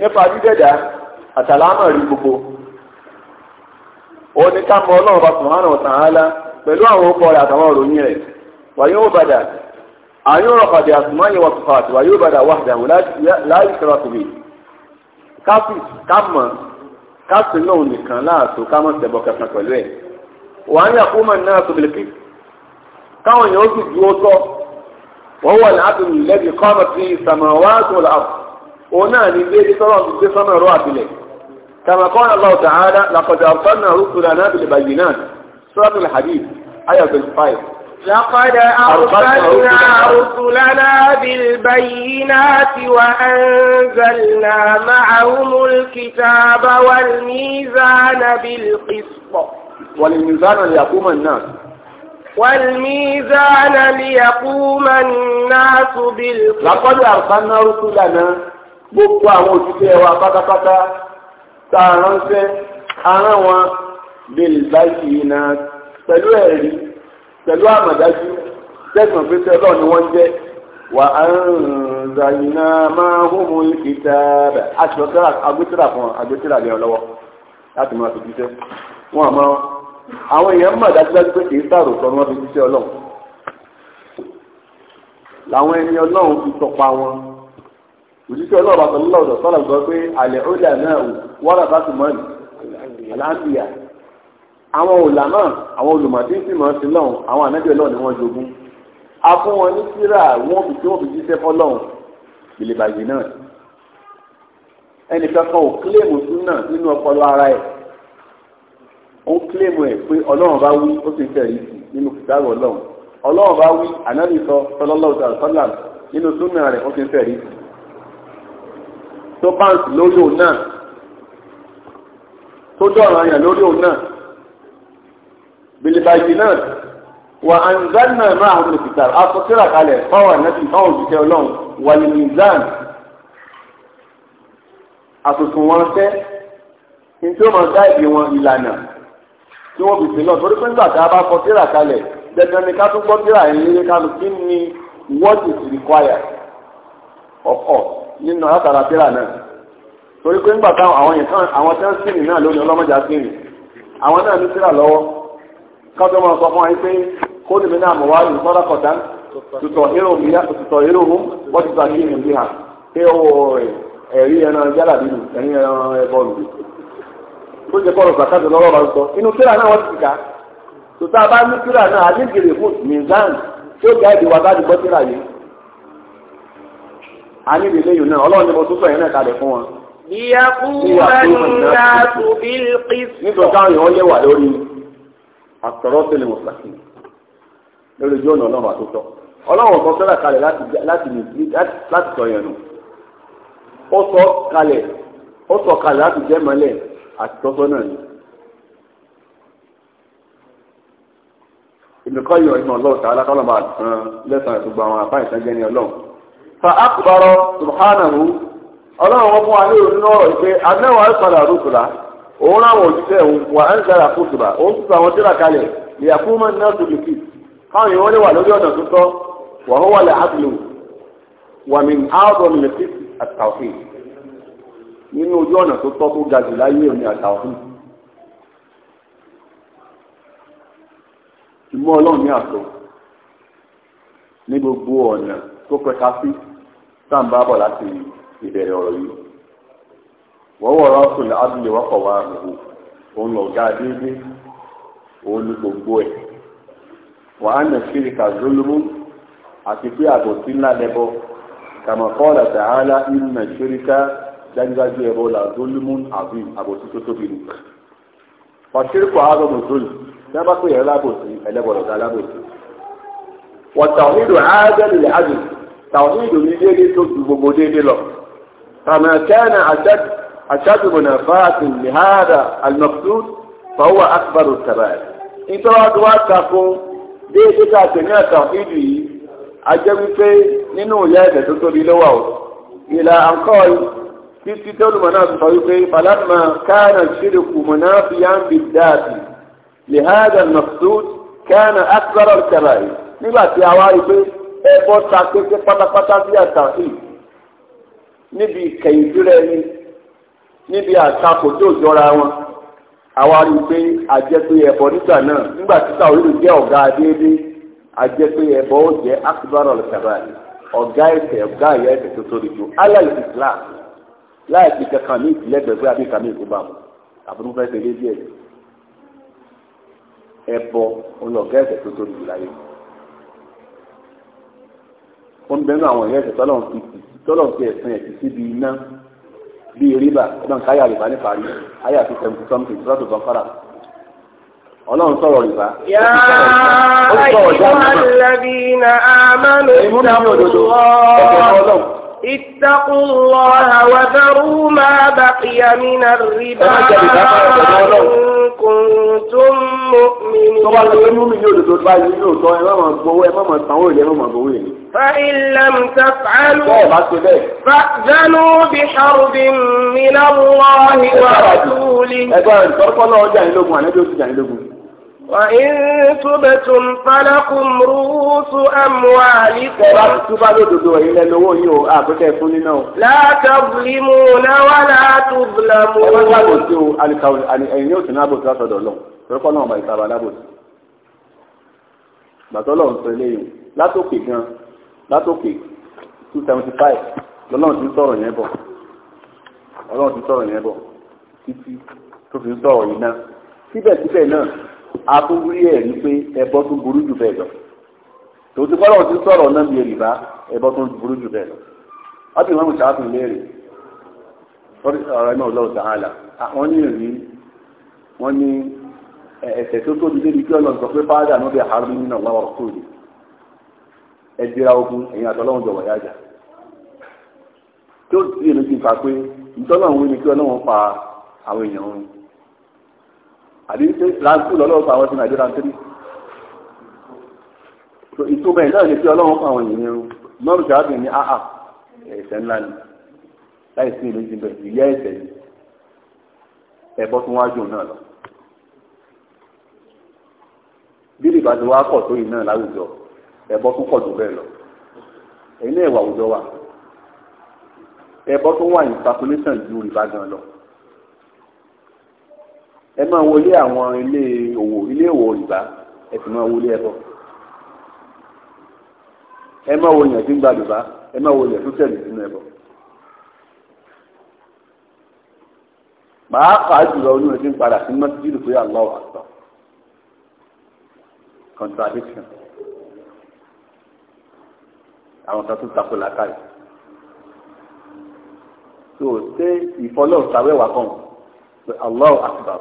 nípa dídẹ̀dà àtàlámọ̀ rí gbogbo ó ní ká mọ ọlọ́run bá subhanahu wa ta'ala pẹ̀lú àwọn ọkọ rẹ̀ àtàwọn òròyìn rẹ̀ wàyí ó bàdà àyún ọ̀pàdé àsùnmáyé wà sùfàtì wàyí ó bàdà wàhàdà la yushraku bihi káfí kámọ̀ káfí náà nìkan láàtó kámọ̀ ṣẹbọ kankan pẹ̀lú ẹ̀ wà á ní àkómọ̀ náà tó bìlẹ̀ pé káwọn yòó sì dúró tọ́ wọ́n wà ní àtúnyìn lẹ́bi kọ́mọ̀ sí ìsàmọ̀wá tó là òun náà ní ilé لقد أرسلنا رسلنا بالبينات وأنزلنا معهم الكتاب والميزان بالقسط والميزان ليقوم الناس والميزان ليقوم الناس بالقسط لقد أرسلنا رسلنا gbogbo àwọn òṣìṣẹ́ wa pátápátá tá a ránṣẹ́ wọn bèlè báyìí náà pẹ̀lú ẹ̀rí pẹ̀lú àmọ̀dájú tẹ̀sán pé tẹ́lọ̀ ni wọ́n jẹ́ wà á ń zàyìnà máa hóhùn ìkìtà rẹ̀ aṣọ́tẹ́rà agbẹ́tẹ́rà fún agbẹ́tẹ́rà lẹ́yìn lọ́wọ́ láti máa fi jíṣẹ́ wọn àmọ́ àwọn èèyàn mọ̀ dájúdájú pé kì í sàrò sọ ni wọ́n fi jíṣẹ́ ọlọ́run làwọn ẹni ọlọ́run fi tọpa wọn òjíṣẹ́ ọlọ́run bàtà lọ́wọ́ sọ́lá gbọ́ pé àlẹ́ ó dà náà wọ́n rà bá tùmọ́ọ̀lì àlàáfíà àwọn òlàmà àwọn olùmọ̀tíńtì máa ń sin lọ́hùn àwọn ànájẹ́ náà ni wọ́n jogún a fún wọn ní síra wọn fi tí wọ́n fi jíṣẹ́ fọ́lọ́hùn ìlébàgbé náà ẹnìkankan ò kílèmù súnà nínú ọpọlọ ara ẹ̀ ó ń kílèmù ẹ̀ pé ọlọ́run bá wí ó sì ń tẹ̀lé sí nínú kìtàrọ̀ ọlọ́run ọlọ́run bá wí ànábì sọ sọlọ́lọ́ sọlá nínú súnà rẹ̀ ó sì ń tẹ̀lé sí tó báǹsì lórí òun náà tó dọ̀ràn àyàn lórí òun náà bilibaji náà wà anzalna máa hàn lè fìtà asọ́síra kalẹ̀ fáwọn ànábì fáwọn òṣìṣẹ́ ọlọ́run wà ní mizan àtùtù wọn fẹ́ ní tí ó máa dá ìdí wọn ìlànà tí wọ́n fi sílọ̀ torí pé nígbà tá a bá kọ síra kalẹ̀ dandan ni ká tún gbọ́ síra yẹn lé kálu kí ni what is required of nínú látara síra náà torí pé nígbà táwọn àwọn yẹn àwọn tí náà lónìí ọlọ́mọdé á sìn àwọn náà ní síra lọ́wọ́ kájọ máa sọ fún wa pé kóòdù mi náà mọ̀ wá yìí sọ́dọ̀ kọ̀dá tutọ̀ hero mu wọ́n ti sàkí ìrìn bí hàn pé ó ẹ̀rí ẹran yálà bílù ẹ̀rí ẹran bọ́ọ̀lù tó jẹ́ bọ́ọ̀lù sàkájọ lọ́wọ́ bá ń sọ inú kíra náà wọ́n ti kà tó tá bá ní kíra náà adéǹkèrè fún mizan tó ga èdè wa láti gbọ́ kíra yìí a ní ìdílé yìí náà ọlọ́run ni mo tún sọ yẹn náà kalẹ̀ fún wọn. ìyàkú àtọ̀rọ́sẹ̀ lè wọ̀ sàkín lórí ojú ọ̀nà ọlọ́run àtúntọ́ ọlọ́run kan sọ́dà kalẹ̀ láti láti sọ yẹn nù ó sọ kalẹ̀ ó sọ kalẹ̀ láti jẹ́ mọ́lẹ̀ àtúntọ́sọ́ náà ni. ìmìkọ́ yìí ọ̀yìn ọlọ́run tààlà kọ́ lọ́ba àtàn lẹ́sàn-án ẹ̀tùgbà àwọn àbá ìtànjẹ́ ni ọlọ́run. fa akbarọ subhanahu ọlọ́run wọn fún wa ní òun náà ọ̀rọ̀ ìpè anáwó àìsàn àrùkùrà òun ráwọn òṣìṣẹ́ òun wà á ń sára kùtùbà òun tún àwọn tíra kalẹ̀ ìyàkú máa ń ná sójú kì káwọn èèyàn lè wà lórí ọ̀nà tó tọ́ wà ó wà lẹ̀ ábùlù wà mí áàbọ̀ mi lè fi àtàwọ̀fì nínú ojú ọ̀nà tó tọ́ tó ga jù láyé òní àtàwọ̀fì. ìmọ̀ ọlọ́run ní àtọ̀ ní gbogbo ọ̀nà tó pẹ̀ka sí sáà ń bá bọ̀ láti ìbẹ̀rẹ̀ ọ̀rọ̀ yìí wọ́wọ́ rọ́ọ̀sù làbílẹ̀ wọ́pọ̀ wà lòwò òun lọ̀gá déédé òun ní gbogbo ẹ̀ wà á nà sí ìka zulumu àti pé àbòsí ńlá lẹ́bọ kàmọ̀kọ́lá tààlà ìnà ṣíríkà dájúdájú ẹ̀bọ là zulumu àbí àbòsí tó tóbi nù. ọ̀ṣíríkọ̀ àárọ̀ mùsùlùmí tí wọ́n bá pè é lábòsí ẹlẹ́bọ̀ lọ̀gá lábòsí. wọ̀tàwídò áádẹ́lẹ̀ àjò tàwídò ní déédé tó gbogbo déédé lọ. kàmọ̀kẹ́nà أشد منافاة لهذا المقصود فهو أكبر الكبائر إن ترى دعاء تقوم دي تكا تنيا توحيدي أجمي في ننو يادة تطولي لواو إلى أن قال في ستول مناف طريقي فلما كان الشرك منافيا بالذات لهذا المقصود كان أكبر الكبائر نبات يا وارفي إيه بوتا كيكي فتا فتا فيها توحيد نبي كيدرني níbi àtakò tó jọra wọn àwa rí i pé àjẹpé ẹ̀bọ nígbà náà nígbà tí sàwúrò jẹ́ ọ̀gá déédéé àjẹpé ẹ̀bọ ó jẹ́ akíbarọ̀ lẹ́sàbáyé ọ̀gá ẹ̀sẹ̀ ọ̀gá ìyá ẹ̀sẹ̀ tó tóbi jù alẹ́ islam láì fi kankan ní ìpìlẹ̀ gbẹ̀gbẹ́ àbí kàmí ìkúbà mu àbúrò fẹ́ ṣe déédéé ẹ̀bọ ọlọ́gá ẹ̀sẹ̀ tó tóbi jù láyé bíi rìbá ọlọ́run káyà rìbá ní parí ayé àti seventy something tó bọ́kọ́rà ọlọ́run sọ̀rọ̀ rìbá. yá ayélujára lẹ́bi na amánu ìtàkùnlọ́ ìtàkùnlọ́ àwàdàrú máa bàkìyà mí na rìbá kuntum mu'minin. tọ́ba ló ń mi ní òdòdó báyìí ní òótọ́ ẹ má máa gbowó ẹ má máa sanwó ẹ má máa gbowó ìlẹ́. فإن لم تفعلوا فأذنوا بحرب من الله ورسوله وإن تبتم فلكم رؤوس أموالكم لا تظلمون ولا تظلمون Tọ́lọ́pọ̀ náà ọmọ ìtara alábòsí. Bàtọ́lọ́ ń sọ eléyìí látòkè gan-an látòkè two seventy five lọ́lọ́run ti ń sọ̀rọ̀ yẹn bọ̀ ọlọ́run ti sọ̀rọ̀ yẹn bọ̀ títí tó fi ń sọ̀rọ̀ yìí náà síbẹ̀síbẹ̀ náà a tún rí ẹ̀rí pé ẹbọ tún burú jù bẹ́ẹ̀ lọ tòun ti kọ́lọ́run ti sọ̀rọ̀ náà èrìbá ẹbọ tún burú jù bẹ́ẹ̀ lọ wọ́n ti wọ́n mú sáà fún léèrè ọ̀rọ̀ wọ́n ní wọ́n ní tó tóbi débi ẹ ogun ẹ̀yin àtọ́lọ́run jọ̀wọ́ yá jà tí ó ti fà pé ìtọ́lọ́run wí ni kí ọlọ́run pa àwọn èèyàn wọn àdínkù láńkù lọ́lọ́run pa àwọn ti nàìjíríà tẹ́lẹ̀ ìtumọ̀ ẹ̀ náà ni kí ọlọ́run pa àwọn èèyàn wọn mọ́rù jáde ní áhà ẹ̀ṣẹ̀ ńlá ni láì sí èmi ti ìyá ẹ̀ṣẹ̀ ni ẹ̀bọ́ tó wájú náà lọ bí ìbàdàn wa pọ̀ tó yìí náà láwùjọ ẹbọ tún pọ̀ jù bẹ́ẹ̀ lọ èyí náà ẹ̀wà àwùjọ wa ẹbọ tún wà ní circulation ju rìbá gan lọ ẹ máa wọlé àwọn ilé òwò ilé òwò rìbá ẹ sì máa wọlé ẹbọ ẹ máa wọ yàn tí ń gba rìbá ẹ máa wọ yàn tó tẹ̀lé sínú ẹbọ. pàápàá jùlọ onú ẹ ti ń padà sí mọ́tíjìlì pé àlọ́ àtọ̀ contradiction àwọn kan tún takò làákàyè tó ṣe ìfọlọ́ọ̀sáwẹ́wà kan Allahu akbar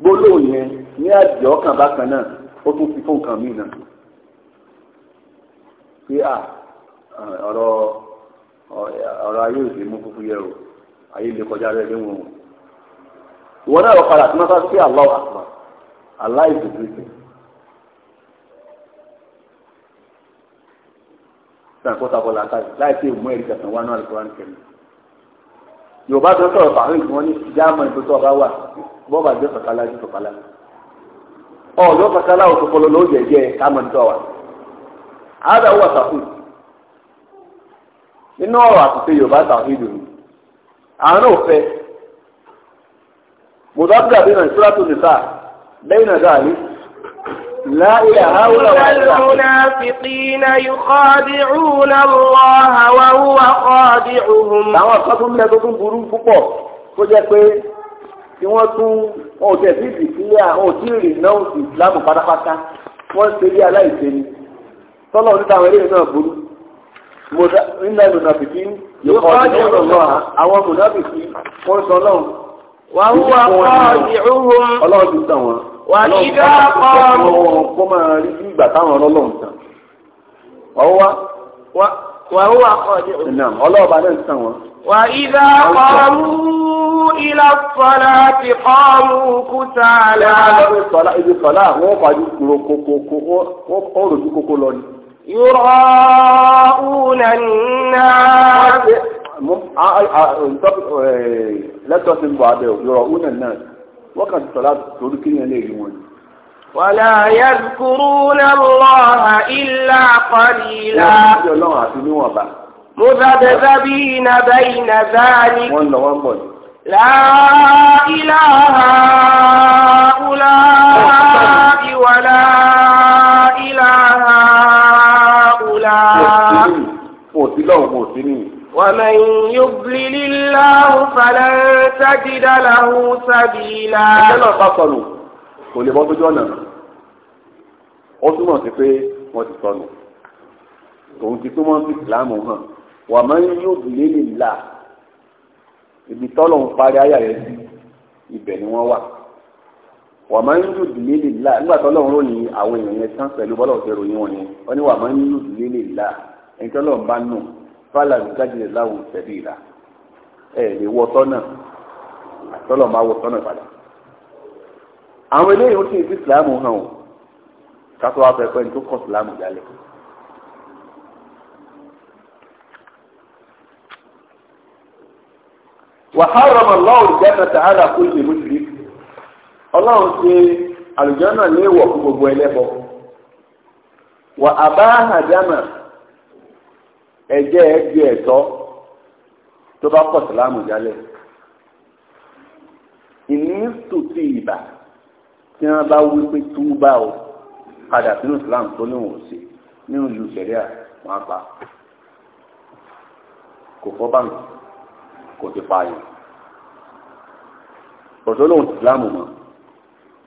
gbólóhùn yẹn ní àjẹ́ ọkàn bákan náà ó tún fi fún nǹkan míì náà pé à ọ̀rọ̀ ọ̀rọ̀ ayé òde mú fúfú yẹ o ayé lè kọjá rẹ léwọ̀n o ìwọ náà lọ padà tí wọ́n bá sí Allahu akbar aláìsèkúrẹ́sẹ̀. sàkóso làákàyè láì sí ìmú ẹ̀rí kẹsàn-án wánú àlùkòrán kẹrin yorùbá tó sọ̀rọ̀ fàáhùn ìgbìmọ̀ ní jáàmù tó tọ́ ọba wà bọ́ọ̀bà jẹ́ sọ̀kálá jù sọ̀kálá ọ̀dọ́ sọ̀kálá òṣòfòlò ló jẹ́ jẹ́ kámọ̀ ní tọ́wà ádà wà sàkù nínú ọ̀rọ̀ àtúnṣe yorùbá sàkù ìdùnnú àánú òfẹ́ mùsàkùdà bí nàìjíríà tó nìta lẹ́yìn nàìjíríà yìí لا إله إلا هو المنافقين يخادعون الله وهو خادعهم àwọn akọ́tún mílẹ̀ tó tún burú púpọ̀ tó jẹ́ pé tí wọ́n tún wọn ò tẹ̀sí ìdìsílẹ̀ àwọn òtí ìrìn náà sí ìsìlámù pátápátá wọ́n ṣe rí aláìṣe ni tọ́lọ̀ níta àwọn eléyìí náà burú nílẹ̀ mùnàfìkì yóò kọ́ ọdún lọ́wọ́ àwọn mùnàfìkì wọ́n sọ náà wà ní ìdá pàrọ̀. kó máa rí ìgbà táwọn ọlọ́run tàn. ọwọ́ wa wà ó wà kọ́ ọdẹ òun. ọlọ́ọ̀bá náà ń tàn wọ́n. wà ìdá pàrọ̀ ilà sọ́lá ti kọ́ọ̀rù kúta àlá. ibi sọ́lá wọ́n fàájú kúrò kókó wọ́n rò ju kókó lọ ni. yúrọ̀ọ́ùnà náà. lẹ́tọ̀ọ̀sì ń bọ̀ abẹ́ yúrọ̀ọ́ùnà náà wákàtí sọ̀lá torí kéèyàn lè rí wọn ni. wàlá yadhkuruna Allaha illa qalila. wọ́n ti ọlọ́run àti níwọ̀nba. mudhabdhabina bayna dhalik. wọ́n lọ wọ́n bọ̀ ni. la ilaha ula'i wala ilaha ula'i. mo sí lọ́wọ́ mo sí nìyí. ومن يضلل الله فلن تجد له سبيلا ẹ̀ṣẹ́ náà bá sọnù kò lè bọ́ sójú ọ̀nà ó túmọ̀ sí pé wọ́n ti sọnù òun ti túmọ̀ sí ìsìláàmù hàn ومن يضلل الله ibi tọ́lọ̀ ń parí ayà rẹ̀ sí ibẹ̀ ni wọ́n wà ومن يضلل الله nígbà tọ́lọ̀ ń ròyìn àwọn èèyàn yẹn tán pẹ̀lú bọ́lọ̀ ṣe ròyìn wọn yẹn wọ́n ní ومن يضلل الله ẹni tọ́lọ̀ ń bá nù fàlà nìkájìlẹ̀ láwùn tẹ̀lé ìlà ẹ̀ lè wọ sọ́nà àtọ́lọ̀ máa wọ sọ́nà padà. àwọn eléyìí ó sì fi ìsìláàmù hàn ó kátó wá fẹ́ pẹ́ni tó kọ̀ ìsìláàmù jálẹ̀. وحرم الله الجنة على كل مشرك ọlọ́run ṣe àlùjànnà léèwọ̀ fún gbogbo ẹlẹ́bọ wà ẹ̀jẹ̀ ẹ̀ di ẹ̀tọ́ tó bá kọ̀ sílámù jálẹ̀ ìníṣù ti ìbà tí wọ́n bá wí pé túbà o padà sínú islam tó ní òun ṣe nínú ìlú sẹ̀ríà wọ́n á pa kò fọ́ báńkì kò ti pààyàn ọ̀tọ́ lòun ti islam mọ́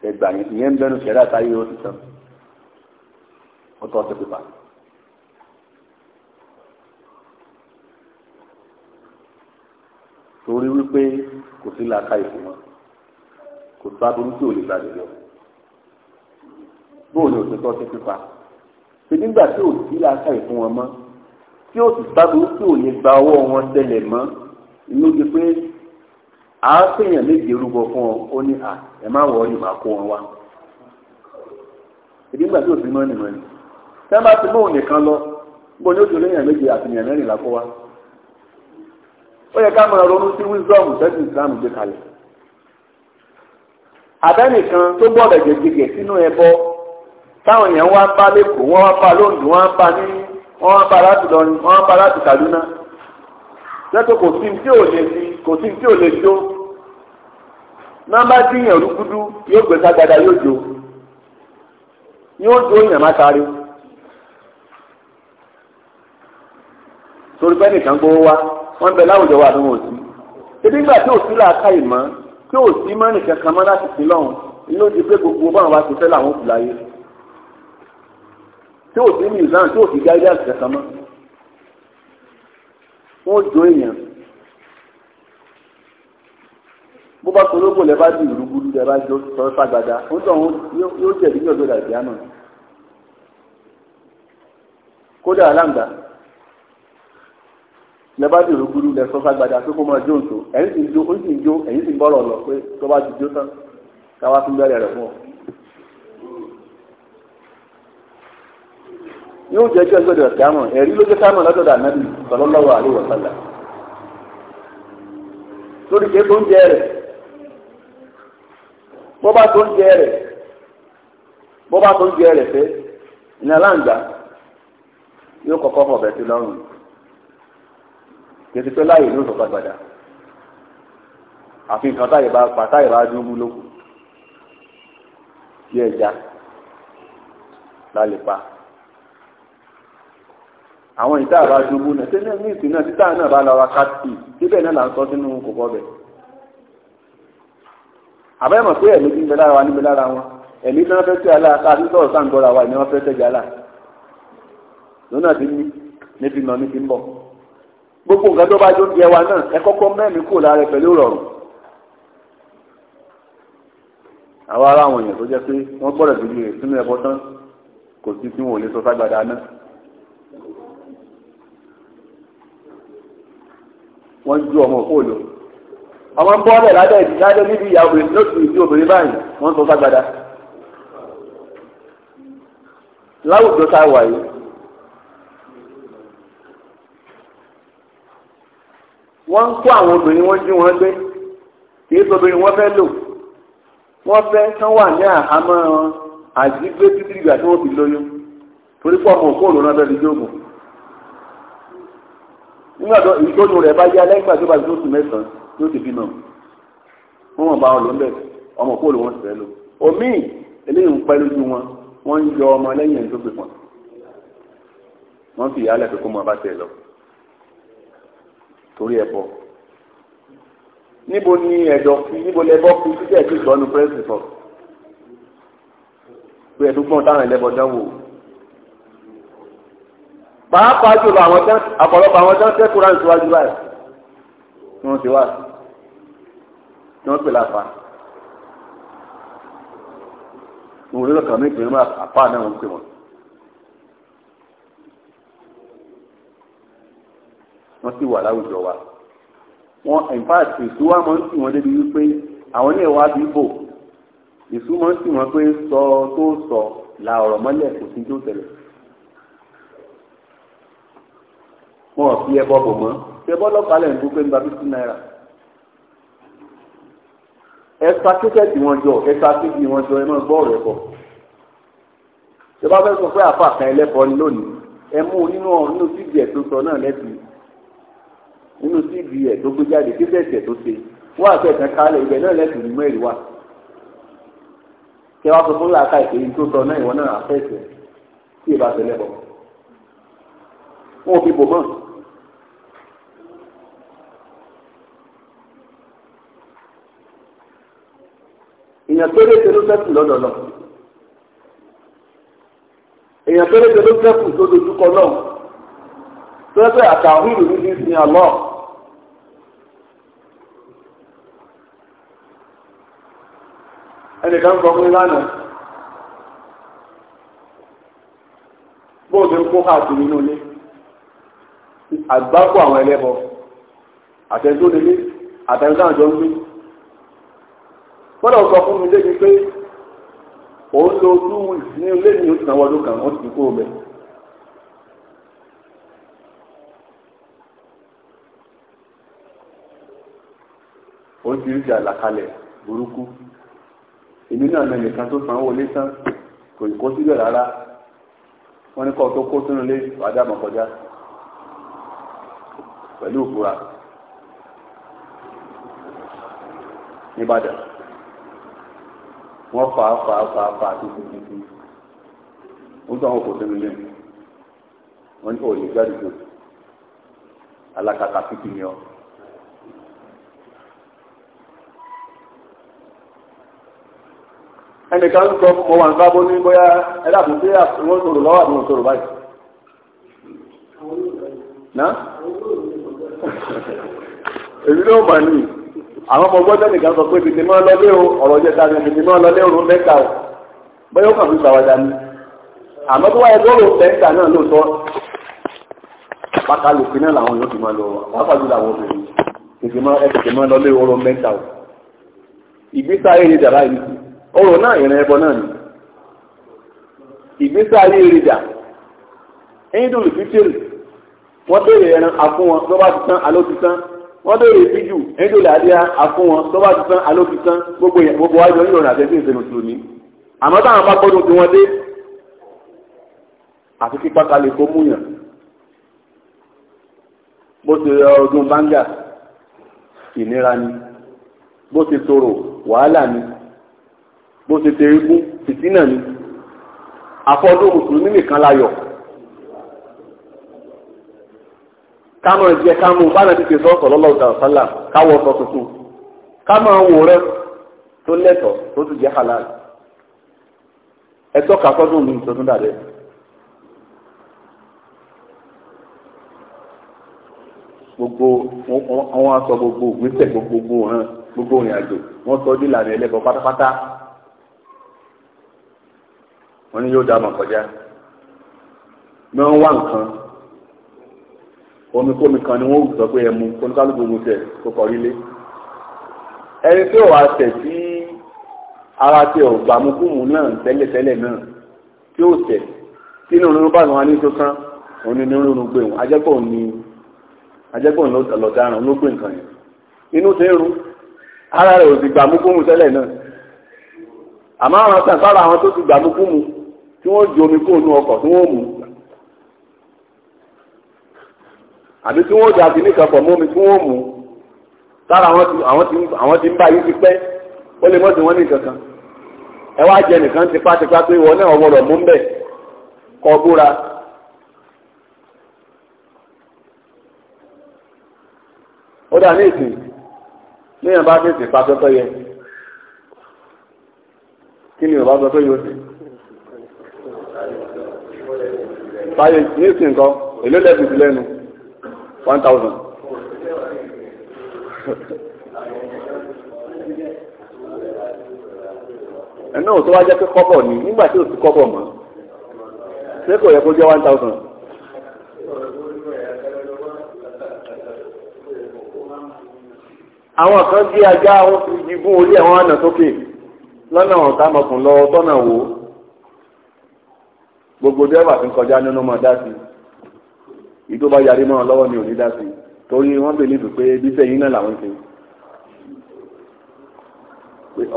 ẹgbàá yẹn ń bẹnu sẹ̀ríà táyé ó ti tán ọtọ́ ti pípa. torí wípé kò sí làákà ìfúnmọ́ kò bá burú tí ò lè gbàdé lọ bóò ni òtítọ́ ti pípa ṣe nígbà tí ò sí làákà ìfún wọn mọ́ tí ò sì bá burú tí ò lè gba ọwọ́ wọn tẹlẹ̀ mọ́ inú di pé à ń pèèyàn méje rúbọ fún ọ ó ní à ẹ má wọ ọyìn máa kó wọn wá ṣe nígbà tí ò sí mọ́ nìmọ́ ni tí bá ti mú òun nìkan lọ bóò ni ó ti léèyàn méje àti èèyàn mẹ́rìnlá kó wá ó yẹ ká máa ronú sí wisdom tẹ́sí islam gbé kalẹ̀ àbẹ́nìkan tó gbọ́dọ̀ gẹ̀gẹ̀gẹ̀ sínú ẹbọ táwọn èèyàn wá bá lẹ́kọ̀ọ́ wọ́n wá bá lóńdó wọ́n bá ní wọ́n bá láti lọrin wọ́n bá láti Kaduna lẹ́tọ̀ kò sí tí ò lè fi kò sí tí ò lè jó nọ́mbà díyàn rúgúdú yóò gbé sagbada yóò jó yóò jó èèyàn má sáré torí bẹ́ẹ̀ nìkan gbowó wá wọ́n bẹ láwùjọ wa àdúgbò sí. ṣébí ìgbà tí òsì là ká ìmọ̀ tí òsì mọ́ nìkan kan mọ́ láti sí lọ́hùn ló di pé gbogbo báwọn bá ti fẹ́ làwọn òkú láyé. tí òsì ní ìlànà tí òsì gáídà sí kankan mọ́. wọ́n jó èèyàn. bó bá sọ lóko lẹ́ bá di ìlú gbúdú lẹ́ bá jó sọ fagbada ó dọ̀ yóò jẹ̀bi ní ọ̀dọ̀ dàbí àná. kódà aláǹgbá. lẹ́bàá dèrò gbúdú lẹ sọ́sá gbadá kó máa jó nǹkan ẹ̀yìn sì ń jó ó sì ń jó ẹ̀yìn sì ń bọ́rọ̀ lọ pé tó bá ti jó tán káwá tún bẹ̀rẹ̀ rẹ̀ fún ọ. yóò jẹ́ jẹ́ ẹ̀rí ló jẹ́ ànábì lórí tó ń jẹ kìí pé láyè ló sọ̀kà gbàdá àfi nǹkan táyè bá pa táyè bá dúró mú lóko bí ẹja la lè pa àwọn ìta àbá dúró mú náà sẹ́ni ní ìsìn náà títà náà bá lọ́ra káàtì síbẹ̀ náà là ń sọ sínú kòkó ọbẹ̀ àbẹ́ mọ̀ pé ẹ̀mí ti lára wa níbi lára wọn ẹ̀mí tí wọ́n fẹ́ sí alára ká ní sọ̀rọ̀ sáǹgbọ́ra wa ni wọ́n fẹ́ tẹ̀jà láà lónà ti ní ní ti nà ń bọ̀ gbogbo nǹkan tó bá jó di ẹwà náà ẹ kọ́kọ́ mẹ́mí kò lára pẹ̀lú rọrùn àwa ará àwọn èèyàn tó jẹ́ pé wọ́n gbọ́dọ̀ dìbò rẹ̀ sínú ẹbọ tán kò sí tí wọn ò lè sọ ságbádá náà wọ́n ju ọmọ kó lò ọmọ ń bọ́ ọ́bẹ̀ lábẹ́ ìdílé níbi ìyá obìnrin lóṣù ìdí obìnrin báyìí wọ́n sọ ságbádá láwùjọ tá wà yìí wọ́n ń kó àwọn obìnrin wọ́n jí wọ́n gbé kì í sọ obìnrin wọ́n fẹ́ lò wọ́n fẹ́ kán wà ní àhámọ́ àjígbé títí ìgbà tí wọ́n fi lóyún torí pé ọmọ òkú òlòrán abẹ́ fi jóògùn nígbà tó ìtọ́jú rẹ̀ bá yá lẹ́yìn ìgbà tó bá ti tó sùn mẹ́sàn-án yóò ti bímọ wọ́n mọ̀ bá wọn lò ń bẹ̀ ọmọ òkú òlòrán sì fẹ́ lò omi eléyìí ń pẹ́ lójú wọn wọ́n ń yọ ọmọ lẹ́yìn ẹ̀ tó gbé pọ̀n wọ́n fi ìyá alẹ́ fi kó mọ abá lọ torí ẹbọ níbo ni ẹdọ fi níbo ni ẹbọ fi títẹ tí ìgbọnu pẹrẹsì sọ pé ẹdúgbọn táwọn ẹlẹbọ dánwò pàápàá jùlọ àwọn tán àpọ̀lọpọ̀ àwọn tán tẹkùrà ń síwájú báyìí tí wọn ti wá tí wọn pè láfa ìwòlélọ́kàn mi pè é má àpá náà ń pè wọn. wọ́n sì wà láwùjọ wa wọ́n in fact èso wa máa ń tì wọ́n débi wípé àwọn ní ẹ̀wà bíbò èso máa ń tì wọ́n pé sọ tó sọ la ọ̀rọ̀ mọ́lẹ̀ kò sí tó tẹ̀lé wọn ò fi ẹbọ bò mọ́ ṣe bọ́ lọ́pàá lẹ́nu tó pé ń gba fifty naira ẹ̀ka kíkẹ́ẹ̀tì wọn jọ ẹ̀ka kíkẹ́ẹ̀tì wọn jọ ẹ máa gbọ́ ọ̀rọ̀ ẹ̀kọ́ ṣe bá fẹ́ sọ pé àfa kan ẹlẹ́kọ̀ọ́ ni lónìí ẹ mú nínú nínú fídíẹ̀ tó sọ náà lẹ́bi nínú cv ẹ̀ e tó gbé jáde kí bẹ́ẹ̀ tó ṣe wọ́n àti ẹ̀sán kálẹ̀ ibẹ̀ náà lẹ́sìn ní mẹ́rin wà kí wọ́n sọ fún làákà ìpèyí tó sọ náà ìwọ náà àfẹ́sẹ̀ tí ì bá tẹ̀lé bọ̀ wọn ò fi bò mọ́. èèyàn tó lè tẹ̀lé sẹ́kù lọ́dọọlọ èèyàn tó lè tẹ̀lé sẹ́kù tó dojú kọ náà tẹ́lẹ̀ àtàwọn ìlú ní ní àlọ́. ẹnìkan gbọ́ pé lánàá bóòdù ń kó káàkiri inú ilé àgbákò àwọn ẹlẹ́bọ àtẹ̀tò nílé àtẹ̀tò àjọ ń gbé fọ́lọ̀ sọ fún mi débi pé òun lo ojú ní ilé ní oṣù náà wọlé kan wọ́n ti kúrò bẹ́ẹ̀. oríṣiríṣi àlàkalẹ̀ burúkú èmi náà na nìkan tó san ilé tán kò ì síbẹ̀ rárá wọ́n ní kọ́ tó kó sínú ilé àdàmọ̀ kọjá pẹ̀lú òfura nìbàdàn wọ́n fà á fà á fà á fà á wọ́n tó ẹnìkan ń sọ mọ wà ń bá bó ní bóyá ẹlẹ́dàbùn tí wọ́n sọ̀rọ̀ lọ́wọ́ àbí wọ́n sọ̀rọ̀ báyìí. ná èmi ló mà ní àwọn ọmọ gbọ́dọ̀ nìkan sọ pé tètè máa lọlé o ọ̀rọ̀ jẹ́ tani tètè máa lọlé o mẹ́ta o bóyá ó kàn fi gbàwádà ni àmọ́ tó wáyé gbọ́dọ̀ mẹ́ta náà lóòótọ́ pátá lòfin náà làwọn yóò fi máa lọ wàá pàdé làwọn obìnrin tètè máa ẹ tètè máa lọlé o ọ̀rọ̀ mẹ́ta o ìgbésà ayé ni dàrá yìí ọ̀rọ̀ náà ìrìn ẹbọ náà ni ìgbésẹ̀ ayé rìdà ẹ̀yìn tó lè fi tèrè wọ́n béèrè ẹran àfún wọn tó bá ti tán aló ti tán wọ́n béèrè fíjù ẹ̀yìn tó lè adéhà àfún wọn tó bá ti tán aló ti tán gbogbo yẹn gbogbo wájú ọ̀yìn ọ̀rọ̀ àtẹ̀sí ìṣẹ̀lẹ̀ mùsùlùmí àmọ́ táwọn bá gbọ́dọ̀ tí wọ́n dé àti kí pákálẹ̀ kó múyàn bó ti rẹ ọdún báńgà ìnira ni bó ti tòrò wàhálà ni bó ṣe ṣe rígún títí náà ni àfọdún mùsùlùmí nìkan láyọ̀ kámọ ìjẹ kámọ bánà ti ṣe sọ́ọ̀sọ̀ lọ́lọ́wọ́ dàrúsálà káwọ́ sọ tuntun kámọ àwọn rẹ tó lẹ́tọ̀ tó ti jẹ́ halal ẹ̀tọ́ kàfọ́dún mi tuntun dàdẹ́. gbogbo wọn aṣọ gbogbo ìgbésẹ̀ gbogbo hàn gbogbo ìrìn àjò wọn sọ ọdún ìlànà ẹlẹ́bọ pátápátá wọ́n ní yóò dá ọmọ kọjá ní wọ́n wá nǹkan omi kómi kan ni wọ́n wù sọ pé ẹ mu kó ní kálukú mu tẹ̀ kó kọrí lé ẹni tí ò wá tẹ̀ sí ara tí ò gbàmúkúmù náà tẹ́lẹ̀tẹ́lẹ̀ náà tí ó tẹ̀ tí inú rúnú bá wọn ní tó kán òun ni inú rúnú gbé wọn ajẹ́pọ̀ ni ajẹ́pọ̀ ló lọ́daràn ló gbé nǹkan yẹn inú ti ń rú ara rẹ̀ ò sì gbàmúkúmù tẹ́lẹ̀ náà àmọ́ àwọn tàn sára àwọn tó ti gbàmúkúmù tí wọ́n ju omi kóònù ọkọ̀ tí wọ́n mú àbí tí wọ́n dàbí nìkan pọ̀ mọ́ omi tí wọ́n mú tára àwọn ti ń bá yín ti pẹ́ ó lè mọ́tò wọn ní kankan ẹ wá jẹ nìkan tipátipá pé ìwọ náà ọwọ́ mú bẹ́ẹ̀ kọ búra. ó dà ní ìsìn léèyàn fèsì pa tọ́tọ́ yẹ kí ni ìwọ bá tọ́tọ́ yóò sìn. fàyè ní ìsìn nǹkan èlé lẹ́bùn sí lẹ́nu one thousand. ẹ̀nà tó wá jẹ́ pé kọ́bọ̀ ni nígbà tí ò sí kọ́bọ̀ mọ́ ṣé kò yẹ kó jẹ́ one thousand. àwọn kan jí ajá wọn fi jí gún orí ẹ̀wọ̀n àná sókè lọ́nà ọ̀tá mọ̀kùn lọ tọ́nà wò gbogbo dẹ́wà tí ń kọjá nínú mọ̀ dá sí i tó bá yarí mọ́ lọ́wọ́ ni ò ní dá sí i torí wọ́n bèlè pé bí sẹ́yìn náà làwọn ṣe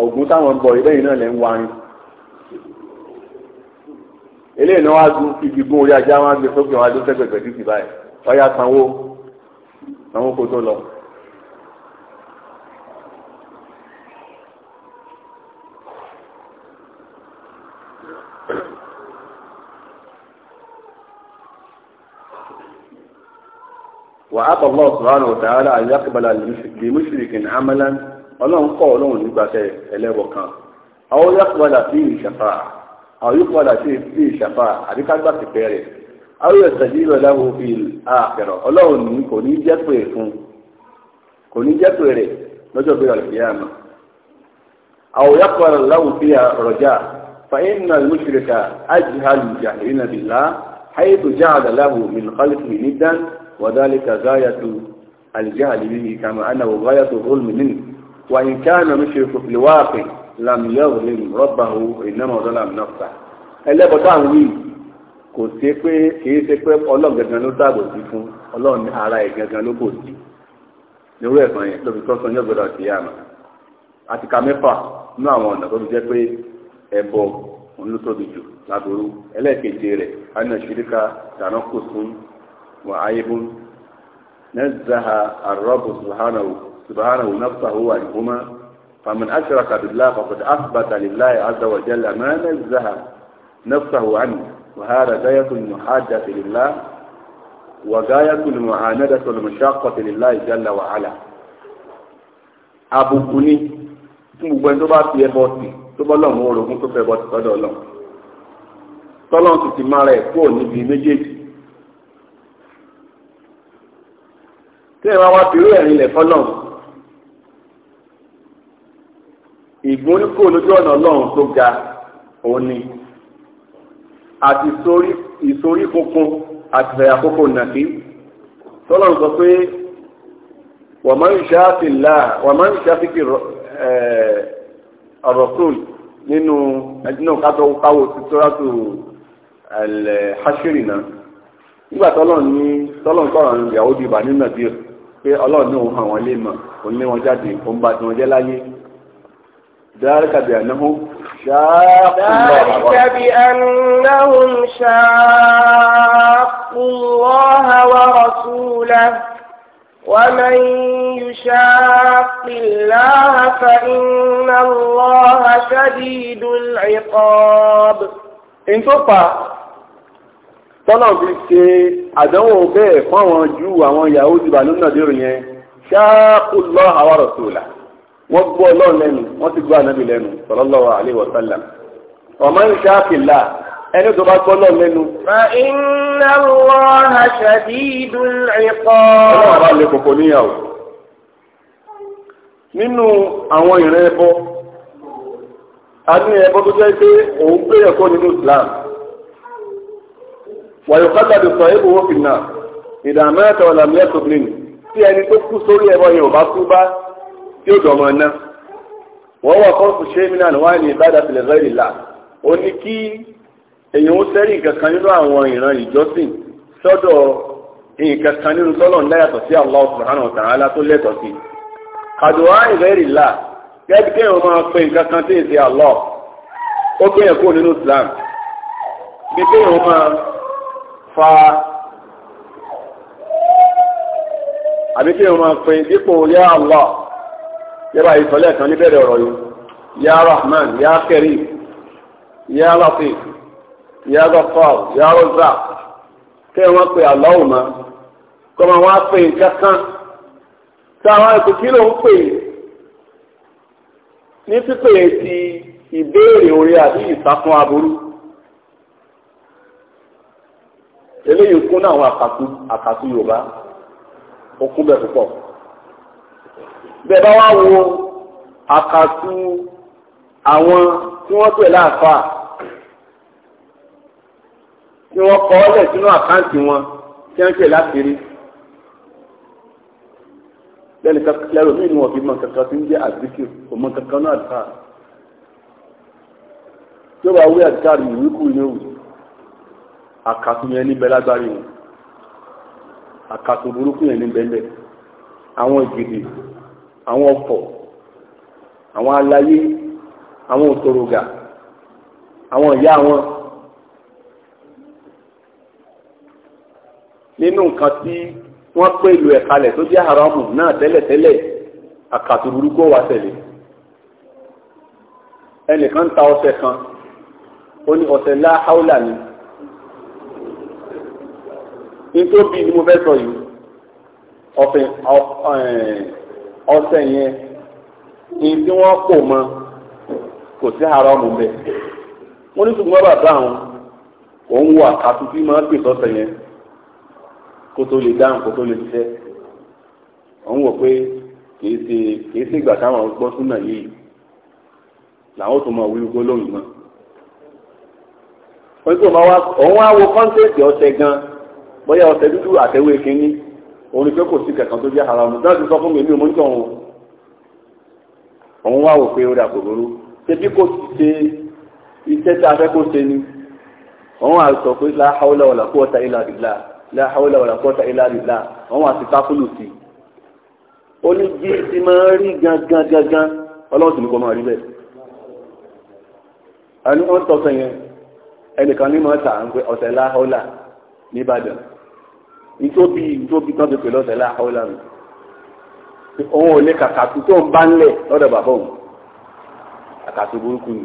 ògùn táwọn bọ̀ ìbẹ́yìn náà lẹ́ ń warin eléyìí náà wá gún igi gún orí ajá wọn á gbé sókè wọn á dó sẹ́gbẹ̀gbẹ̀ títì báyìí ọyá sanwó sanwó kó tó lọ. وأبى الله سبحانه وتعالى أن يقبل لمشرك عملا ولن قولون يبقى إليه أو يقبل فيه شفاعة أو يقبل فيه شفاعة هذه كانت بس كبيرة أو يستجيب له في الآخرة ولن كوني جتوي فون كوني جتوي ري نجو بيو القيامة أو يقبل له فيها رجاء فإن المشرك أجهل جاهلين بالله حيث جعل له من خلقه ندا وذلك غاية الجهل به كما أنه غاية الظلم منه وإن كان مشرك في الواقع لم يظلم ربه إنما ظلم نفسه rọba tá à kò ṣe pé kìí ṣe pé ọlọ́run gangan ló dáàbò sí fún ọlọ́run ara ẹ̀ gangan ló bò sí nírú ẹ̀sán yẹn tó fi tọ́sán yóò sí àmà àti ka mẹ́fà nú àwọn ọ̀nà tó fi jẹ́ pé ẹ̀bọ òun ló tóbi jù ẹlẹ́ẹ̀kejì وعيب نزه الرب سبحانه سبحانه نفسه عنهما فمن أشرك بالله فقد أثبت لله عز وجل ما نزه نفسه عنه وهذا غاية المحاجة لله وغاية المعاندة والمشاقة لله جل وعلا أبو ni fún gbogbo ẹni tó bá fi ẹbọ sí tó bá lọ́wọ́ orogún tó fẹ́ bọ́ sí sọ́dọ̀ ọlọ́run tọ́lọ́run sì ti máa rẹ̀ kúrò níbi méjèèjì tí ìwà wa fi rú ẹ̀rin lẹ̀ fọ́lọ̀ ìgbón kò lójú ọ̀nà ọlọ́run tó ga òun ni àti ìsorí funfun àti ìfẹ̀yà kókó nàkí tọ́lọ́run sọ pé wọ́n máa ń ṣáàfìlà wọ́n máa ń ṣáàfìkì ọ̀rọ̀kùn nínú ẹ̀dínà káwọ́ títọ́rọ́tù ẹ̀lẹ̀ hashiri náà nígbà tọ́lọ́run ní tọ́lọ́run tọ́lọ́run ìyàwó dìbà nínú nàbíyà pé ọlọ́run náà hàn wọ́n lè mọ̀ òun lé wọn jáde òun bá tí wọ́n jẹ́ láyé الله ورسوله ومن يشاق الله فإن الله شديد العقاب. إن تقع tọ́lọ̀ fi ṣe àdánwò bẹ́ẹ̀ fún àwọn jù àwọn Yahudi bàánú nàdérò yẹn ṣáàkù lọ àwọn rọ̀tòlà wọ́n gbọ́ ọlọ́run lẹ́nu wọ́n ti gbọ́ ànábì lẹ́nu sallallahu alaihi wasallam ọmọ ìṣáàkìlá ẹni tó bá gbọ́ ọlọ́run lẹ́nu. fa inna Allaha shadidul iqab. ọlọ́run bá lè kókó níyàwó. nínú àwọn ìran ẹbọ a ẹbọ tó jẹ́ pé òun gbé ẹ̀kọ́ nínú Islam wàyọ̀kọ́tàdù sọ ibò wọ́n fi nà ìdààmú ẹ̀tọ́ ọ̀làmú ẹ̀tọ́ bìlín tí ẹni tó kú sórí ẹ̀rọ yẹn ò bá kú bá tí ó dọ̀mọ̀ ná. wọ́n wà kọ́ fún ṣé mìíràn wá ní ìbádà tilẹ̀ rẹ́rì là ó ní kí èyàn ó sẹ́rí nǹkan kan nínú àwọn ìran ìjọsìn sọ́dọ̀ nǹkan kan nínú tọ́lọ̀ ńláyàtọ̀ sí Allah subhanahu wa ta'ala tó lẹ́tọ̀ sí. kàdùwá ìrẹ́rì là gẹ́gẹ́ bí wọ́n máa pe nǹkan kan tí ì fa àbí kí wọ́n pè dípò yá Allah yẹ́bà ìtọ́lẹ̀ kan níbẹ̀rẹ̀ ọ̀rọ̀ yìí yá Rahman yá Karim yá Latif yá Ghaffar yá Razzaq kí wọ́n pè Allahu mọ́ kọ́ máa wá pè kankan táwọn ètò kí ló ń pè ní pípè ti ìbéèrè orí àbí ìsàkún aburú. eléyìí kún náà àwọn àkàtú àkàtú yorùbá ó kún bẹ́ẹ̀ púpọ̀ bẹ́ẹ̀ bá wá wo àkàtú àwọn tí wọ́n pè láàfà tí wọ́n kọ́ ọ́lẹ̀ sínú àkáǹtì wọn tí wọ́n pè láfiri lẹ́nu lẹ́rù mí ni wọ́n fi mọ kankan tí ń jẹ́ àdìkì kò mọ kankan náà àdìkà tí ó bá wí àdìkà rí ìwé kù ní òwú àkàtò yẹn níbẹ̀ lágbárí wọn àkàtò burúkú yẹn níbẹ̀ ńbẹ̀ àwọn ìgbèdè àwọn ọ̀pọ̀ àwọn aláyé àwọn òtòrògà àwọn ìyá wọn nínú nǹkan tí wọ́n pè lu ẹ̀kalẹ̀ tó jẹ́ haramu náà tẹ́lẹ̀tẹ́lẹ̀ àkàtò burúkú wà tẹ̀lé ẹnìkan ta ọṣẹ kan ó ní ọṣẹ láháúlà ni nítòbí ni mo fẹ́ sọ yìí ọ̀fẹ́ ọ̀sẹ̀ yẹn ní tí wọ́n kò mọ kò sí ara ọmọ bẹ́ẹ̀ wọ́n ní ṣùgbọ́n bàbá àwọn òun wo àkàtú tí máa ń pè sọ́sẹ̀ yẹn kó tó lè dáhùn kó tó lè ṣiṣẹ́ òun wò pé kìí ṣe kìí ṣe ìgbà táwọn gbọ́ súnà yìí làwọn tó máa wí gbólóhùn mọ́. wọ́n tó máa wá òun á wo kọ́ńtẹ́ẹ̀tì ọ̀sẹ̀ gan-an bóyá ọ̀sẹ̀ dúdú àtẹ̀wé kínní orin pé kò sí kankan tó jẹ́ haram náà ti sọ fún mi mi ò mọ̀ nítorí òun òun wá wò pé ó dà kò lóró ṣé bí kò ti ṣe iṣẹ́ tí a fẹ́ kó ṣe ni òun àti pé la hawla wala quwwata illa billah la hawla wala quwwata illa billah òun àti sáfúlù sí i ó ní bí ti máa rí gangan gangan ọlọ́run sì ní kó máa rí bẹ́ẹ̀ àní wọ́n tọ́sọ yẹn ẹnìkan ní máa ń pé ọ̀sẹ̀ la hawla ní Ìbàdàn ìtóbi ìtóbi tó ti pè lọ́sẹ̀ láàkọ́ ìlànà òun ò lè kàkàtú tó ń bá ń lẹ̀ lọ́dọ̀ bàbá òun kàkàtú burúkú ni.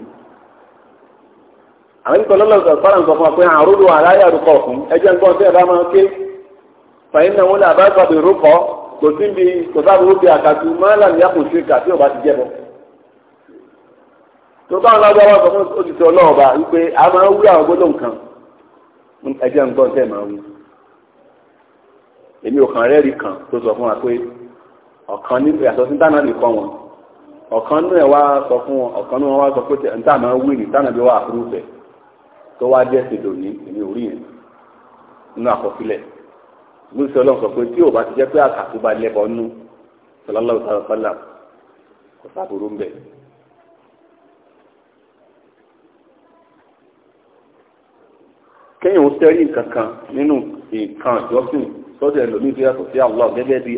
àwọn ìtọ́ lọ́lọ́sọ̀ fọ́nrán sọ fún wa pé àrùdù àráyà rúkọ̀ fún ẹjẹ́ ń gbọ́n sí ẹ̀dá máa ké fàyín náà wọn lè àbá sọ̀bì rúkọ̀ kò sí bí kò sábà ó bí àkàtú máa làm yá kò sí kà tí òbá ti jẹ́ bọ́. tó bá ń lọ bá wà sọ fún òṣìṣẹ́ ọlọ́ọ̀bà wípé a máa ń wí àwọn gbọ́dọ̀ nǹkan ẹjẹ́ ń gbọ́n sí ẹ̀ máa wí èmi ò kàn rẹ́ẹ̀rí kan tó sọ fún wa pé ọ̀kan ní ìyàtọ̀ sí dáná nìkan wọn ọ̀kan nínú ẹ̀ wá sọ fún wọn ọ̀kan nínú wọn wá sọ pé níta máa ń wí ní dáná bí wọ́n àfúrúfẹ́ tó wá jẹ́ ṣèdò ní èmi ò rí yẹn nínú àkọsílẹ̀ ló sọ lọ́n sọ pé tí ò bá ti jẹ́ pé àkàtúbà lẹ́bọ̀ nú sallallahu alaihi wasallam kò sábòrò ń bẹ̀. kéèyàn ń sẹ́rí nǹkan kan nínú nǹkan ìjọsìn lọ́dọ̀ ẹlòmíì tó yàtọ̀ sí Allah gẹ́gẹ́ bí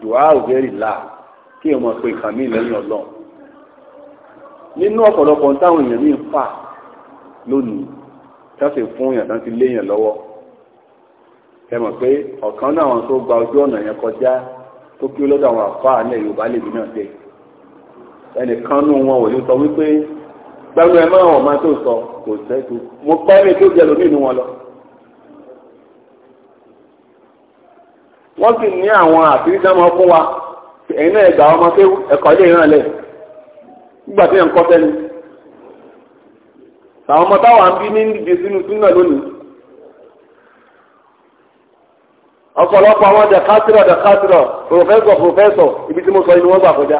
dùá òbẹ́rì là kí èèmọ̀ pé nǹkan mí lẹ́yìn ọlọ́run nínú ọ̀pọ̀lọpọ̀ táwọn èèyàn mí ń fà lónìí tẹ́sí fún èèyàn tán ti léèyàn lọ́wọ́ ẹ mọ̀ pé ọ̀kan náà àwọn tó gba ojú ọ̀nà yẹn kọjá tó kí lọ́dọ̀ àwọn àfáà ní Yorùbá lèmi náà dé ẹnìkan nú wọn ò lè sọ wípé gbẹ́rù ẹ máa wọ̀ máa tó sọ kò sẹ́tù mo pẹ́ mi tó jẹ lómi inú wọn lọ. wọ́n sì ní àwọn àfirídámọ́ fún wa ẹ̀yin náà ẹgbàá ọmọ kéwú ẹ̀kọ́ ilé ìran lẹ̀ nígbà tí yẹn ń kọ́ àwọn ọmọ táwọn àbí ní dìde sínú lónìí ọ̀pọ̀lọpọ̀ àwọn dẹ̀kátìrọ̀ dẹ̀kátìrọ̀ pòfẹ́sọ̀ pòfẹ́sọ̀ ibi tí mo sọ inú wọn gbà kọjá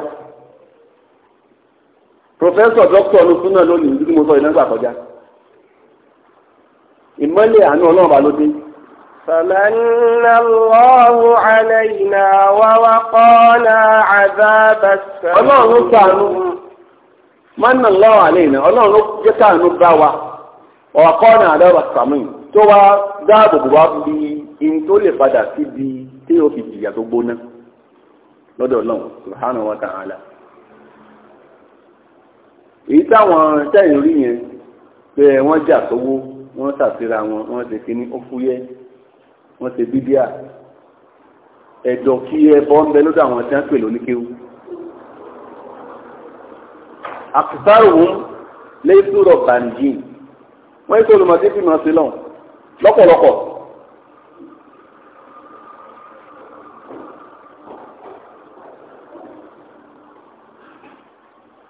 pòfẹ́sọ̀ dọ́kítọ̀ ló lónìí ibi tí فمن الله علينا ووقانا عذاب السموم ọlọ́run من الله علينا ọlọ́run jẹ́ wa ووقانا عذاب السموم tó wá dáàbò bò wá bí in tó lè padà síbi tí ó fi jìyà tó gbóná lọ́dọ̀ náà èyí táwọn rí yẹn pé wọn jà sówó wọ́n wọn ṣe kíní ó wọ́n ṣe bíbíà ẹ̀dọ̀ kí ẹbọ ń bẹ lọ́dọ̀ àwọn tí wọ́n pè lóníkéwú àkùsárùn lẹ́sùrọ̀ bàǹjìn wọ́n ètò olùmọ̀tí fi mọ̀ sí lọ́n lọ́pọ̀lọpọ̀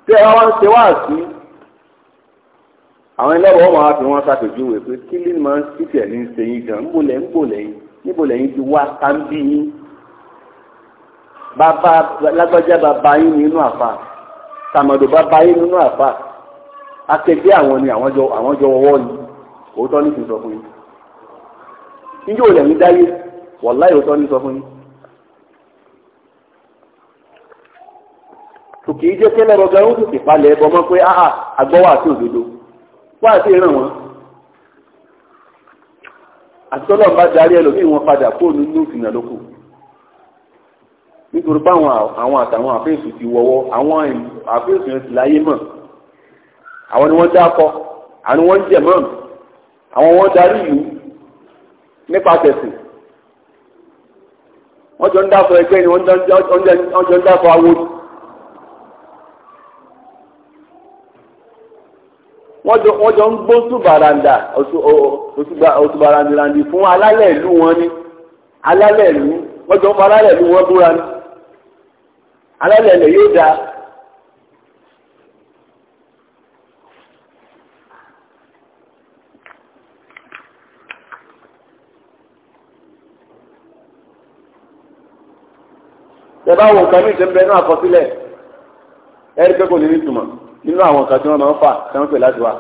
tí ẹ wá ń ṣe wáàsí àwọn ẹlẹ́wọ̀n wọn máa fi wọn ṣàpèjúwe pé kí lè máa ń títẹ̀ ní sẹ́yìn gan níbo lẹ́yìn níbo lẹ́yìn níbo lẹ́yìn ti wá sáńbí yín bàbá lágbájá bàbá yín nínú àfa tàmọ̀dò bàbá yín nínú àfa akẹgbẹ́ àwọn ni àwọn jọ àwọn jọ wọ́wọ́ ni òótọ́ ní ti sọ fún yín níjó lẹ́yìn dáyé wọ̀láì òótọ́ ní sọ fún yín. tòkì í jẹ́ kẹ́lẹ́ rọgbẹ́rún tòkì palẹ̀ ẹbọ mọ́ pé áhà àgbọ́wà òdodo wá àti ìran wọn àtọ́lọ́ bá darí ẹlòmíì wọn padà fóònù ní òfìnà lóko nítorí pé àwọn àtàwọn àfẹ́sù ti wọ́wọ́ àwọn àfẹ́sù yẹn ti láyé mọ̀ àwọn ni wọ́n dákọ àwọn wọ́n jẹ̀ mọ́ àwọn wọ́n darí ìlú nípa tẹ̀sìn wọ́n jọ ń dákọ ẹgbẹ́ ni wọ́n jọ ń dákọ awo wọ́n jọ ń gbó tùbàràǹdà òtùbàràǹdìràǹdì fún alálẹ̀ ìlú wọn ni alálẹ̀ ìlú wọ́n jọ ń fa alálẹ̀ ìlú wọn búra ni alálẹ̀ ilẹ̀ yóò dáa. tẹ bá nǹkan ìṣẹ́ ń bẹ inú àkọsílẹ̀ pé kò ní ní nínú àwọn nǹkan tí wọ́n máa ń fà tí wọ́n pè láti wá.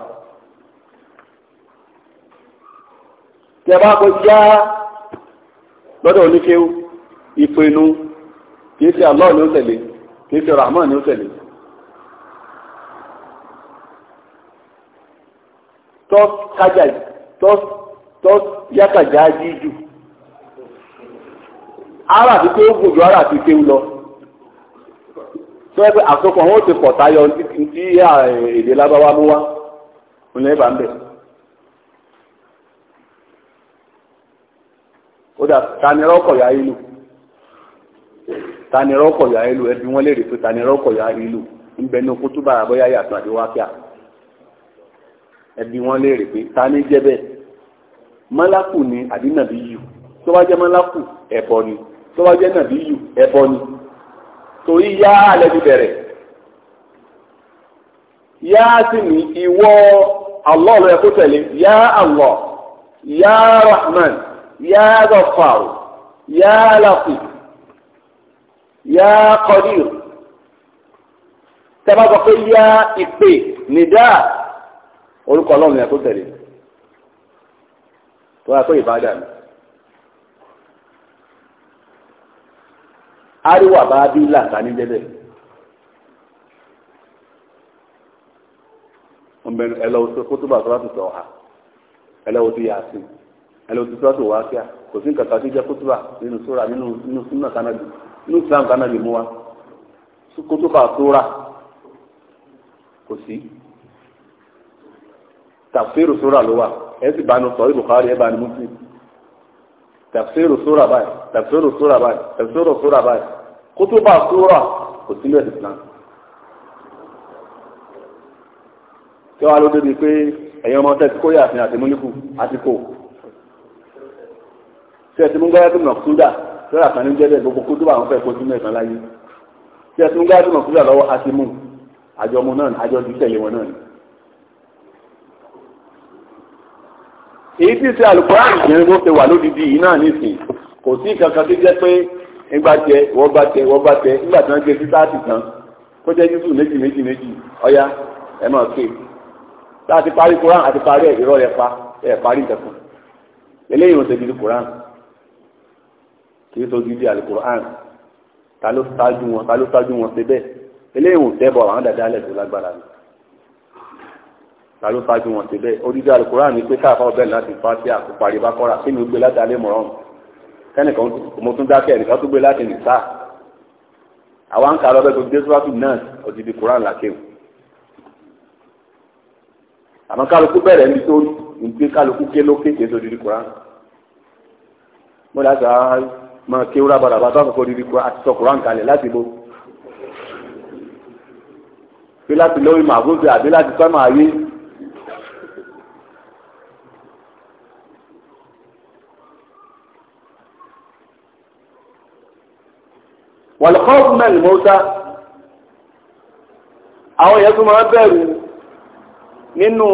tí a bá kó já lọ́dọ̀ oníkéwú ìpinnu kìí ṣe Allah ni ó tẹ̀lé kìí ṣe Rahman ni ó tẹ̀lé. tọ́ kájà tọ́ tọ́ yàtàjà jíjù ara àti kéwú gbòjò ara àti kéwú lọ. tọ́wọ́ pé àsopọ̀ wọn ó ti pọ̀ tayọ tí èdè lábáwá mú wá ònà ń ó dà tanirọ́ ya yá ìlú tanirọ́ kọ̀ ẹbí wọn léèrè pé tanirọ́ kọ̀ yá ìlú ń bẹ ní okú túbà àbọ̀yá yàtọ̀ àdéwákíà ẹbí wọn pé mọ́lákù ni àdínàbí yù mọ́lákù ni nàbí yù torí yá lẹ́bi bẹ̀rẹ̀ yá sì ní ìwọ Allah ló yẹ kó tẹ̀lé yá Allah yá Rahman yá Ghaffar yá Latif yá Qadir tẹ́lá sọ pé yá ìpè nìdá orúkọ ọlọ́run yẹ kó tẹ̀lé tó yà pé ìbádà àríwá bá bí làtà ní débẹ̀. ọmọbìnrin ẹlẹ́wọ̀ tó kótó bàtà láti tọ̀ ha ẹlẹ́wọ̀ tó yà á sí ẹlẹ́wọ̀ tó tó tó wá kíá kò sí nǹkan kan tó jẹ́ kótó bà nínú sóra nínú nínú súnà kánábì nínú islam kánábì mú wa kótó bà sóra kò sí tafsir sóra ló wà ẹ sì bá nu sọ ibùkárí kótóbà sóra kò sí lẹ́sìn Islam. tí wàá ló débi pé ẹ̀yin ọmọ tẹ́tí kó yàtìn àti múlíkù àti kò tí ẹ ti mú gáyà tó nà kúdà lọ́la kan ní jẹ́lẹ̀ gbogbo kótóbà àwọn fẹ́ kó sínú ẹ̀sán láyé tí ẹ ti mú gáyà tó nà kúdà lọ́wọ́ àti mú àjọ ọmọ náà àjọ ti tẹ̀lé wọn náà ni. èyí tí ṣe àlùkò àrùn ìgbìyànjú tó wà lódìdí yìí náà nísìnyí kò sí kankan tó jẹ́ pé ńgbà tẹ wọ́n bá tẹ wọ́n bá tẹ ńgbà tí wọ́n gbé sítáàtì tán kó jẹ́ jùsù méjì méjì méjì ọ̀yá ẹ̀ máa ké tá a ti parí koran àti parí ẹ̀ irọ́ rẹ̀ pa ẹ̀ parí ìtẹ̀kùn eléyìí wọn ṣe gidi koran kì í ṣe gidi alukoran ta ló ṣáájú wọn ta ló ṣáájú wọn ṣe bẹ́ẹ̀ eléyìí wọn tẹ́ bọ̀ àwọn dàda alẹ́ tó lágbára ni ta ló ṣáájú wọn ṣe bẹ́ẹ̀ odidi alukoran ni pé káàkó bẹ́ẹ̀ láti fa sí àkóparí bá kọ́ra kí ni ó gbé látàlẹ́ mọ̀rán ẹnìkan mo tún dákẹ́ ẹnìkan tó gbé láti nìta àwa ń ka lọ́bẹ̀ tó dé sọ́wọ́tù náà òdìdí koran làkèw àmọ́ kálukú bẹ̀rẹ̀ ní tó ń gbé kálukú ké lókè kéde òdìdí koran mo dá sọ máa ké wúrà bàrà bàtà àkọ́kọ́ òdìdí koran àti sọ koran kalẹ̀ láti bo pé láti lọ́wọ́ ìmọ̀ àgógè àbí láti sọ́mọ̀ ayé. wàlúkọ́ọ̀bù mẹ́rin mọ́tà àwọn èèyàn tó máa bẹ̀rù nínú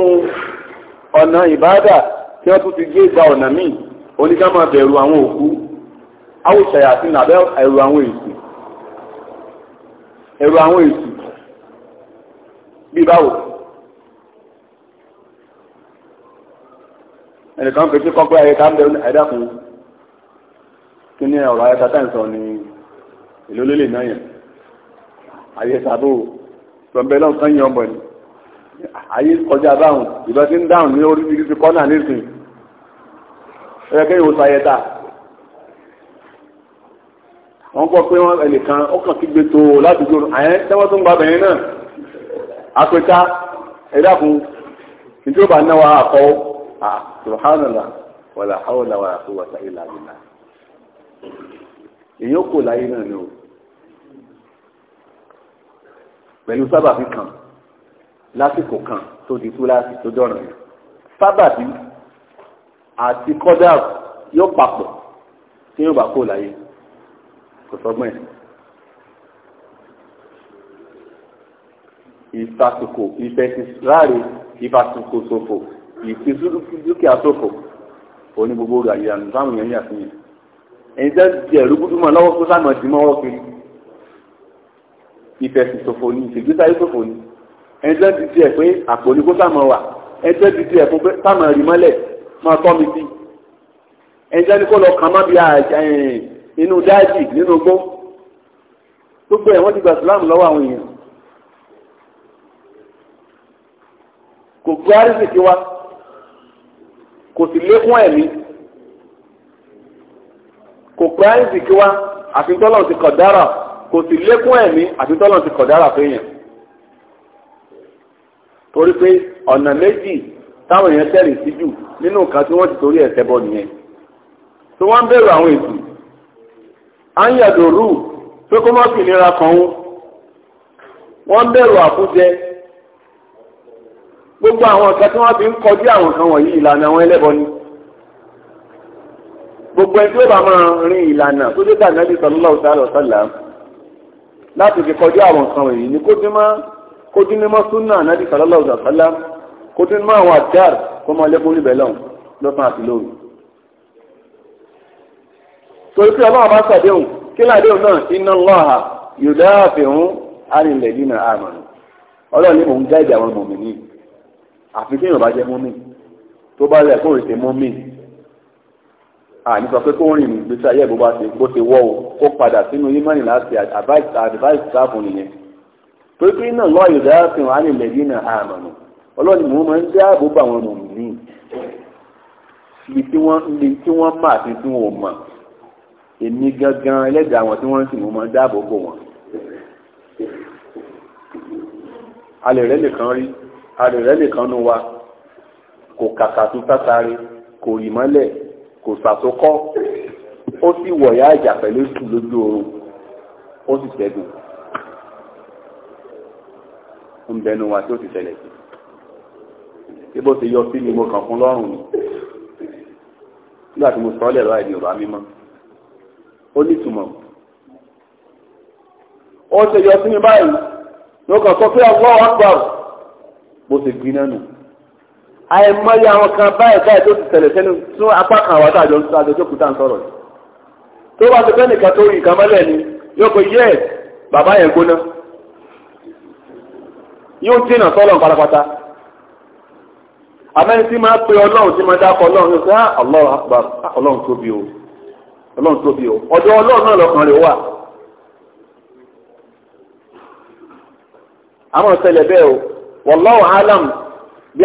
ọ̀nà ìbáàdà tí wọ́n tún ti gbé gba ọ̀nà míì oníkà máa bẹ̀rù àwọn òkú àwòṣàyà àti nàbẹ́ ẹ̀rù àwọn èsì ẹ̀rù àwọn èsì bí báwo ẹnìkan fẹ́ tí kọ́kọ́ ayẹta ń bẹ̀rù ni èlò ló lè náà yàn ayé sàbò pẹ̀mbẹ́ lọ́n kan yàn bọ̀ ni ayé kọjá báwọn ìbá ti ń dáhùn ní oríṣiríṣi kọ́nà nísìn ẹ̀rẹ́ kẹ́yìn oṣù ayẹta wọ́n subhanallah wàlà hawla wàlà quwwata illa billah èyí ó kò láyé náà ni o pẹ̀lú sábàbí kan lásìkò kan tó di túláàsì tó dọ̀ràn yẹn sábàbí àti kọ́dà yóò papọ̀ tí yóò bá kò láyé kò sọ́gbọ́n ẹ̀. ìfàsùkò ìfẹsìláre ìfàsùkò ṣòfò ìfisúdúkìá ṣòfò oní gbogbo olùyàyà nǹkan àwọn èèyàn yà sí yẹn ẹni tẹ́ jẹ ẹ̀rúgúdú mọ̀ lọ́wọ́ kó sàmọ̀ dì mọ́wọ́ kiri ìfẹ̀sìn ṣòfò ni ìṣègbésáyé ṣòfò ni ẹni tẹ́ ti tiẹ̀ pé àpò ní kó sàmọ̀ wà ẹni tẹ́ ti tiẹ̀ fún pé sàmọ̀ rì mọ́lẹ̀ máa tọ́ mi sí ẹni tẹ́ ní kó lọ kàn má bí inú dáàjì nínú gbó gbogbo ẹ̀ wọ́n ti gba ìsìláàmù lọ́wọ́ àwọn èèyàn kò gbé àrísìkí wa kò sì lékún ẹ̀mí kò kọ́ àìsí kí wá àfitọ́lọ̀ ti kọ̀dára kò sì lékún ẹ̀mí àfitọ́lọ̀ ti kọ̀dára fẹ́yàn torí pé ọ̀nà méjì táwọn èèyàn tẹ̀lé sí jù nínú nǹkan tí wọ́n ti torí ẹ̀ tẹ́bọ̀ nìyẹn tí wọ́n ń bẹ̀rù àwọn ètò à pé kó má fi ìnira kan ó wọ́n ń bẹ̀rù àkújẹ gbogbo àwọn nǹkan tí wọ́n fi ń kọjú àwọn nǹkan wọ̀nyí ìlànà àwọn ẹlẹ́bọ ni gbogbo ẹni tí ó bá máa rin ìlànà tó dé tàbí nàbí sọlọ́lá ọ̀sán ọ̀sánlá láti fi kọjú àwọn nǹkan wọ̀nyí ni kójú mímọ́ súnà nàbí sọlọ́lá ọ̀sánlá kójú mímọ́ àwọn àtẹ́r kó máa lékún níbẹ̀ lọ́hùn lọ́sàn àti lóru. torí pé ọlọ́run bá sàdéhùn kí ládéhùn náà iná lọ́ha yòdá àfihàn arìnlẹ̀ dínà àmàlù ọlọ́run ní àní sọ pé kó rìn gbèsè ayé bó bá ti bó ti wọ́ o kó padà sínú yímọ́nì láti advice sáàbù nìyẹn torí pé iná lọ́ọ̀ yóò dára fi hàn nílẹ̀ yìí náà àmọ̀nà ọlọ́ọ̀ni mò ń máa ń dáàbò bá àwọn ọmọ mi ní tí wọ́n ní tí wọ́n mà àti tí wọ́n mọ̀ èmi gangan ẹlẹ́dàá wọn tí wọ́n ń sìn mò ń máa ń dáàbò bò wọ́n. alẹ́ rẹ̀ nìkan rí alẹ́ rẹ̀ nìkan nu wa kò kàkà tó sátari kò rì mọ́lẹ̀ kò sàsókọ́ ó sì wọ̀yá ìjà pẹ̀lú sùn lójú oorun ó sì ṣẹ́gun ń bẹnu wa tí ó ti ṣẹlẹ̀ sí bí bó ṣe yọ sí ni mo kàn fún lọ́rùn ni nígbà tí mo sọ ọ́ lẹ̀ lọ́wọ́ ẹ̀dín ọ̀rọ̀ mímọ́ ó ní ìtumọ̀ ó ṣe yọ sí mi báyìí ló kàn sọ pé ọgbọ́n wa gbà bó ṣe gbiná nù. àìmọye àwọn kan báyìí tó ti tẹ̀lẹ̀ sẹ́nu tún apá kan àwọn àjọ àjọjókòó ń sọ̀rọ̀ tó bá ti nìkan tó rí nǹkan mọ́lẹ̀ ni yóò kó yẹ bàbá yẹn gbóná yóò dènà sọ́lọ̀ pátápátá àmẹ́ni tí máa pe ọlọ́run tí máa dákọ̀ ọlọ́run yóò sọ ọlọ́run ah, ah, ọlọ́run tóbi o ọlọ́run tóbi o ọ̀dọ̀ ọlọ́run náà lọ́kàn rẹ̀ wà bẹ́ẹ̀ o alam bí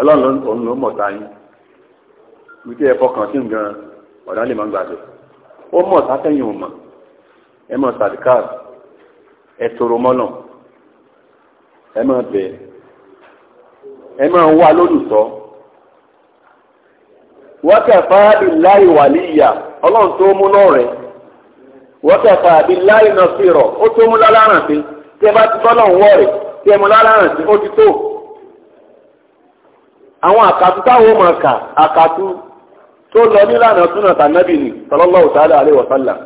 ọlọ́run òun ló mọ̀ta yín wípé ẹ fọkàn sí nǹkan ọ̀dà lè máa gbàgbé ó mọ̀ta tẹ̀yìn ò mọ̀ ẹ mọ̀ sàdíkàr ẹ tòrò mọ́nà ẹ mọ̀ bẹ̀ ẹ mọ̀ wá lólùsọ. wákàfà ìláì wàlíyà ọlọ́run tó mú lọ́rẹ̀ẹ́ wákàfà ìláì nọ̀sírọ̀ ó tó mú láláràn tí ẹ bá ti bọ́ tí ẹ mú ó ti tó. àwọn àkàtú táwọn ọmọ kà àkàtú tó lọ nílànà súnà tànàbì ni sallallahu ta'ala alaihi wa sallam.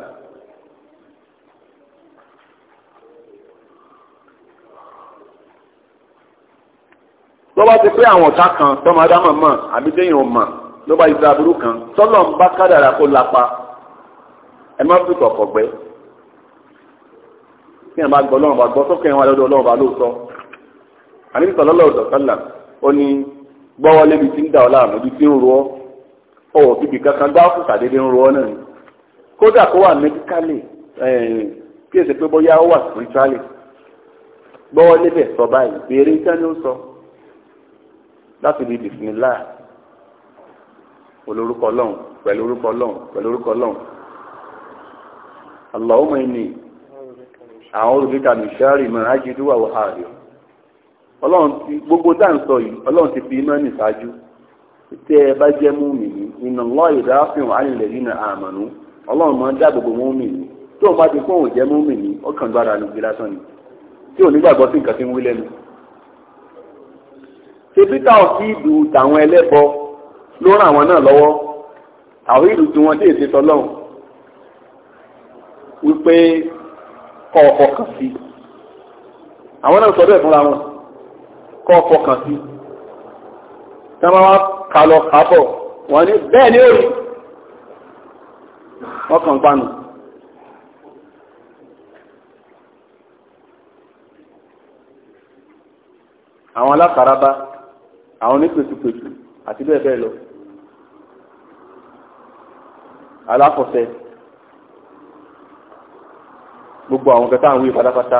tó bá ti pé àwọn ọ̀tá kan tọ́mọ adámọ̀ mọ̀ àbí téèyàn mọ̀ ló bá ìdá burú kan tọ́lọ̀ ń bá kádàrà kó lapa ẹ má fi kọ̀kọ̀ gbẹ. kí ẹ bá gbọ́ lọ́wọ́ bá gbọ́ sókè wọn lọ́dọ̀ lọ́wọ́ bá lóòótọ́ àníbi sọ̀lọ́lọ́ ọ̀dọ̀ sọ́là ó ní gbọ́wọ́ lébi tí ń dà ọ́ láàmú ibi tí ń rọ ọ́ ọ̀wọ́ bíbi kankan gbá fúta dédé ń rọ ọ́ náà ni kódà kó wà mẹ́díkálì eh, kí èsì pé bóyá ó wà spiritually gbọ́wọ́ lébẹ̀ sọ báyìí béèrè iṣẹ́ ni ó sọ láti di bisimilá olórúkọ ọlọ́run pẹ̀lú orúkọ ọlọ́run pẹ̀lú orúkọ ọlọ́run Allahumma inni àwọn olùdíkà mi ṣáàrì mọ́ ajídúwà wàhálà ọlọ́run ti gbogbo tá à ń sọ yìí ọlọ́run ti fi iná nìṣáájú tẹ́ ẹ bá jẹ́ múmìnì iná lọ́ ìdáfihàn àyìnlẹ̀ yìí náà àmọ̀nù ọlọ́run máa ń dá gbogbo múmìnì tó o bá ti fóun jẹ́ múmìnì ọkàn gbára lùgbé lásán ni tí ò nígbàgbọ́ sí nǹkan tí ń wí lẹ́nu. ṣé peter ọ̀sí ìlú tàwọn ẹlẹ́bọ ló ràn àwọn náà lọ́wọ́ àwọn ìlú tí wọ́n dé tọ́lọ́run wípé kọ́ kàn sí àwọn náà sọ bẹ́ẹ̀ fúnra wọn kọ́ fọkàn sí tí wọ́n wá kàlọ̀ kábọ̀ wọ́n ní bẹ́ẹ̀ ni ó rí wọ́n kàn gbanù àwọn alákàrábá àwọn onípètùpètù àti bẹ́ẹ̀ bẹ́ẹ̀ lọ aláfọ̀fẹ́ gbogbo àwọn kẹta àwọn ìpadàpátá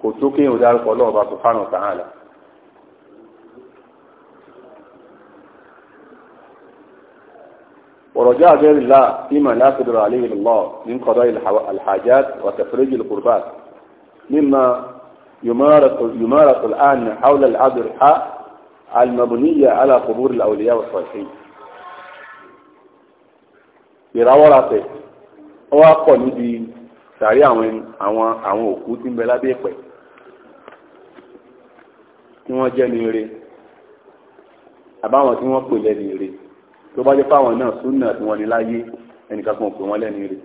kò tó kéèyàn dárúkọ lọ́wọ́ bá sùfánà tààlà ورجاء غير الله فيما لا قدر عليه الله من قضاء الحاجات وتفريج القربات مما يمارس, يمارس الآن حول الأضرحة المبنية على قبور الأولياء والصالحين ìràwọ́ra tẹ̀ ó wá pọ̀ níbi sàárì àwọn àwọn àwọn òkú tí ń bẹ lábẹ́ ìpẹ̀ tí wọ́n jẹ́ ní ire tó bá jẹ́ fáwọn náà súnà tí wọ́n ní láyé ẹnìkan kan pè wọ́n lẹ́ni rẹ̀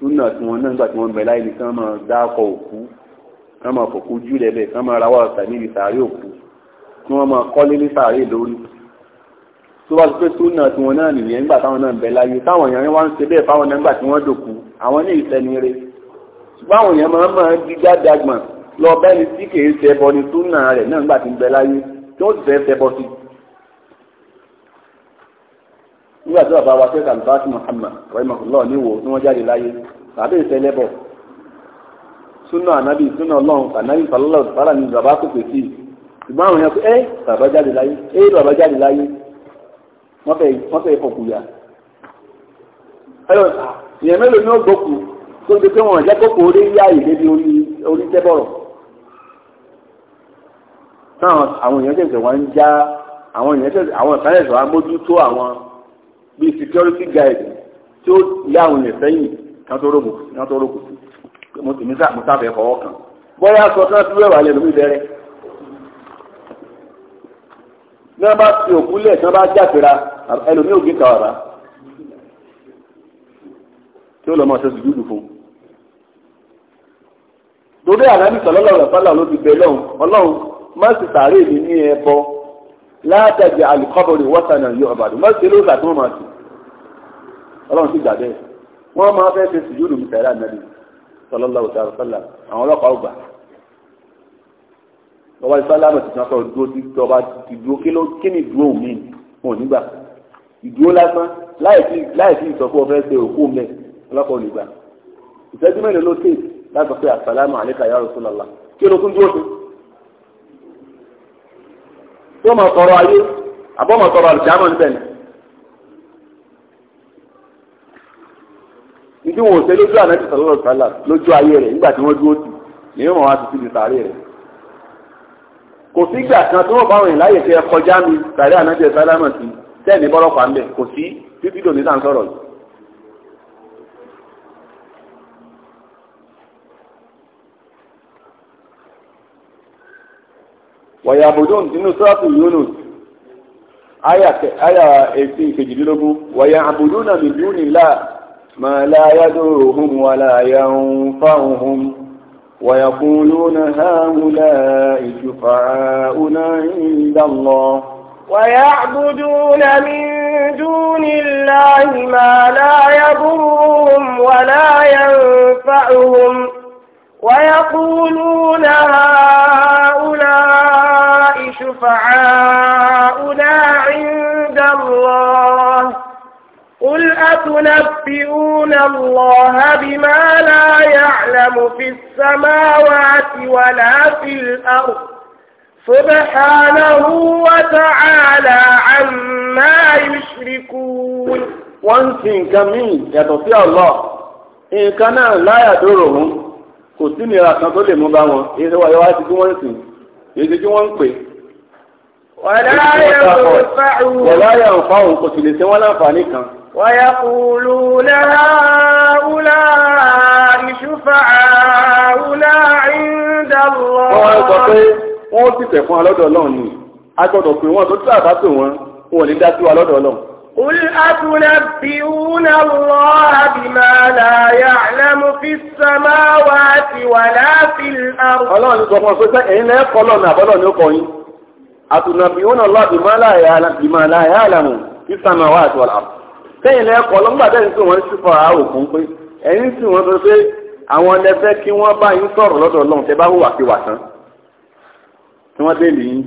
súnà tí wọ́n náà nígbà tí wọ́n bẹ láyé ni kán máa dákọ̀ òkú kán máa fòkú jù lẹ́lẹ̀ kán máa rawọ́ ọ̀sà níbi sàárè òkú kí wọ́n máa kọ́lé ní sàárè lórí tó bá pé súnà tí wọ́n náà nìyẹn nígbà táwọn náà bẹ láyé táwọn èèyàn wá ń ṣe bẹ́ẹ̀ fáwọn náà nígbà tí wọ́n dòkú àwọn ní ìsẹ́ni rẹ̀ ṣùgbọ́n àwọn èèyàn máa ni súnà rẹ̀ náà nígbà tí ń bẹ láyé nígbà tí bàbá wa sẹ́kà lùfáàtì Muhammad rahimahullah níwò tí wọ́n jáde láyé tàbí ìfẹ́lẹ́bọ̀ súnà ànábì súnà ọlọ́run ànábì falọ́lọ́ fara ni bàbá kò pè sí ṣùgbọ́n àwọn yẹn pé ẹ́ bàbá jáde láyé ẹ́ bàbá jáde láyé wọ́n fẹ́ fọkùyà ìyẹn mélòó ni ó gbókù tó ti pé wọn jẹ́ kókò orí yá ìlébi orí tẹ́bọ̀rọ̀ táwọn àwọn èèyàn tẹ̀sẹ̀ wọn ń já àwọn èèyàn tẹ̀sẹ̀ àwọn ìfẹ́lẹ́sọ̀ bíi security guide tí ó yá àwọn sẹ́yìn kan tó rògbò sí mo sì ní sàmùsàfẹ́ fọwọ́ kan bọ́yá sọ kan tí wẹ́wà lè lómi bẹ̀rẹ̀ ní wọ́n bá fi òkú lẹ̀ tí wọ́n bá jàpéra ẹlòmí ògì kàwàrà tí ó lọ́ máa ṣe sùjúdù fún un àlámì sọlọ́lọ́ rẹ̀ ló ti bẹ lọ́hùn ọlọ́hùn má sì sàárè mi ní látàjẹ alùkọ́bọ̀rì wọ́tànà yóò ọ̀bàdàn má ṣe lóòsà tó máa sùn ọlọ́run sì gbàgbé wọ́n máa fẹ́ ṣe sùjúdù mi tẹ̀lé ànábì sallallahu ta'ala sallam àwọn ọlọ́pàá ọgbà ọba ìsálámù ti sàn sọ dúró ti ọba ti dúró kí ló kí ni dúró mi ò nígbà ìdúró lásán láì sí ìsọfún ọfẹ ṣe òkú mẹ ọlọ́pàá ò nígbà ìṣẹ́jú ló tè láti sọ pé àsàlámù àlékà ya Rasulullah kí ló tún dúró sí wọ́n máa tọrọ ayé àbọ̀ máa tọrọ àlùjáàmọ̀ níbẹ̀ ni. ìdí wọn ò ṣe lójú ànábì sọlọ́lọ́ sálà lójú ayé rẹ̀ nígbà tí wọ́n dúró tì ní ìwọ̀n wọn àti síbi sàárè rẹ̀. kò sí ìgbà kan tí wọ́n bá wọn láyè kẹ́ kọjá mi sàárè ànábì sálà náà tẹ́ẹ̀ ní bọ́lọ́pàá ń bẹ̀ kò sí títí dòní sàn sọ̀rọ̀ yìí. wàyàbùdùn nínú sọ́ọ̀tù Yunus آية èsì kejìdínlógún wàyàbùdùn ويعبدون من دون الله ما لا يدرهم ولا ينفعهم ويقولون هؤلاء شفعاؤنا عند الله ويعبدون من دون الله ما لا يضرهم ولا ينفعهم ويقولون هؤلاء شفعاؤنا عند الله قل أتنبئون الله بما لا يعلم في السماوات ولا في الأرض سبحانه وتعالى عما يشركون wọ́n ti nǹkan míì yàtọ̀ sí Allah nǹkan náà láyà dóró òun kò sí nira kan tó lè mú bá wọn èyí tó wáyé ti kí wọ́n sìn èyí tí wọ́n pè wọ́lá yẹn fa òun kò sì lè ṣe wọ́n láǹfààní kan. wọ́yà kúlù lẹ́hà wúlà ìṣúfà wúlà ìdàlọ́. wọ́n sọ pé wọ́n ti tẹ̀ fún alọ́dọ̀ náà ni a gbọ́dọ̀ pé wọ́n tó tí àbá pè wọ́n wọn ò ní dá sí wa náà. قل أتنبئون الله بما لا يعلم في السماوات ولا في الأرض. ọlọ́run sọ fún ọ pé sẹ́yìn lẹ́ẹ̀kọ́ lọ́nà àtùnàbíwọ́n Allah bima la ya'lam bima la ya'lamu fis samawati wal ard. sẹ́yìn lẹ́kọ̀ọ́ lọ́gbà bẹ́ẹ̀ tí wọ́n ṣùfọ́ àwòkún pé ẹ̀yìn tí wọ́n sọ pé àwọn ẹlẹ́fẹ́ kí wọ́n bá yín sọ̀rọ̀ lọ́dọ̀ Ọlọ́run tẹ́ bá hùwà kí wà tán tí wọ́n dé lìyín.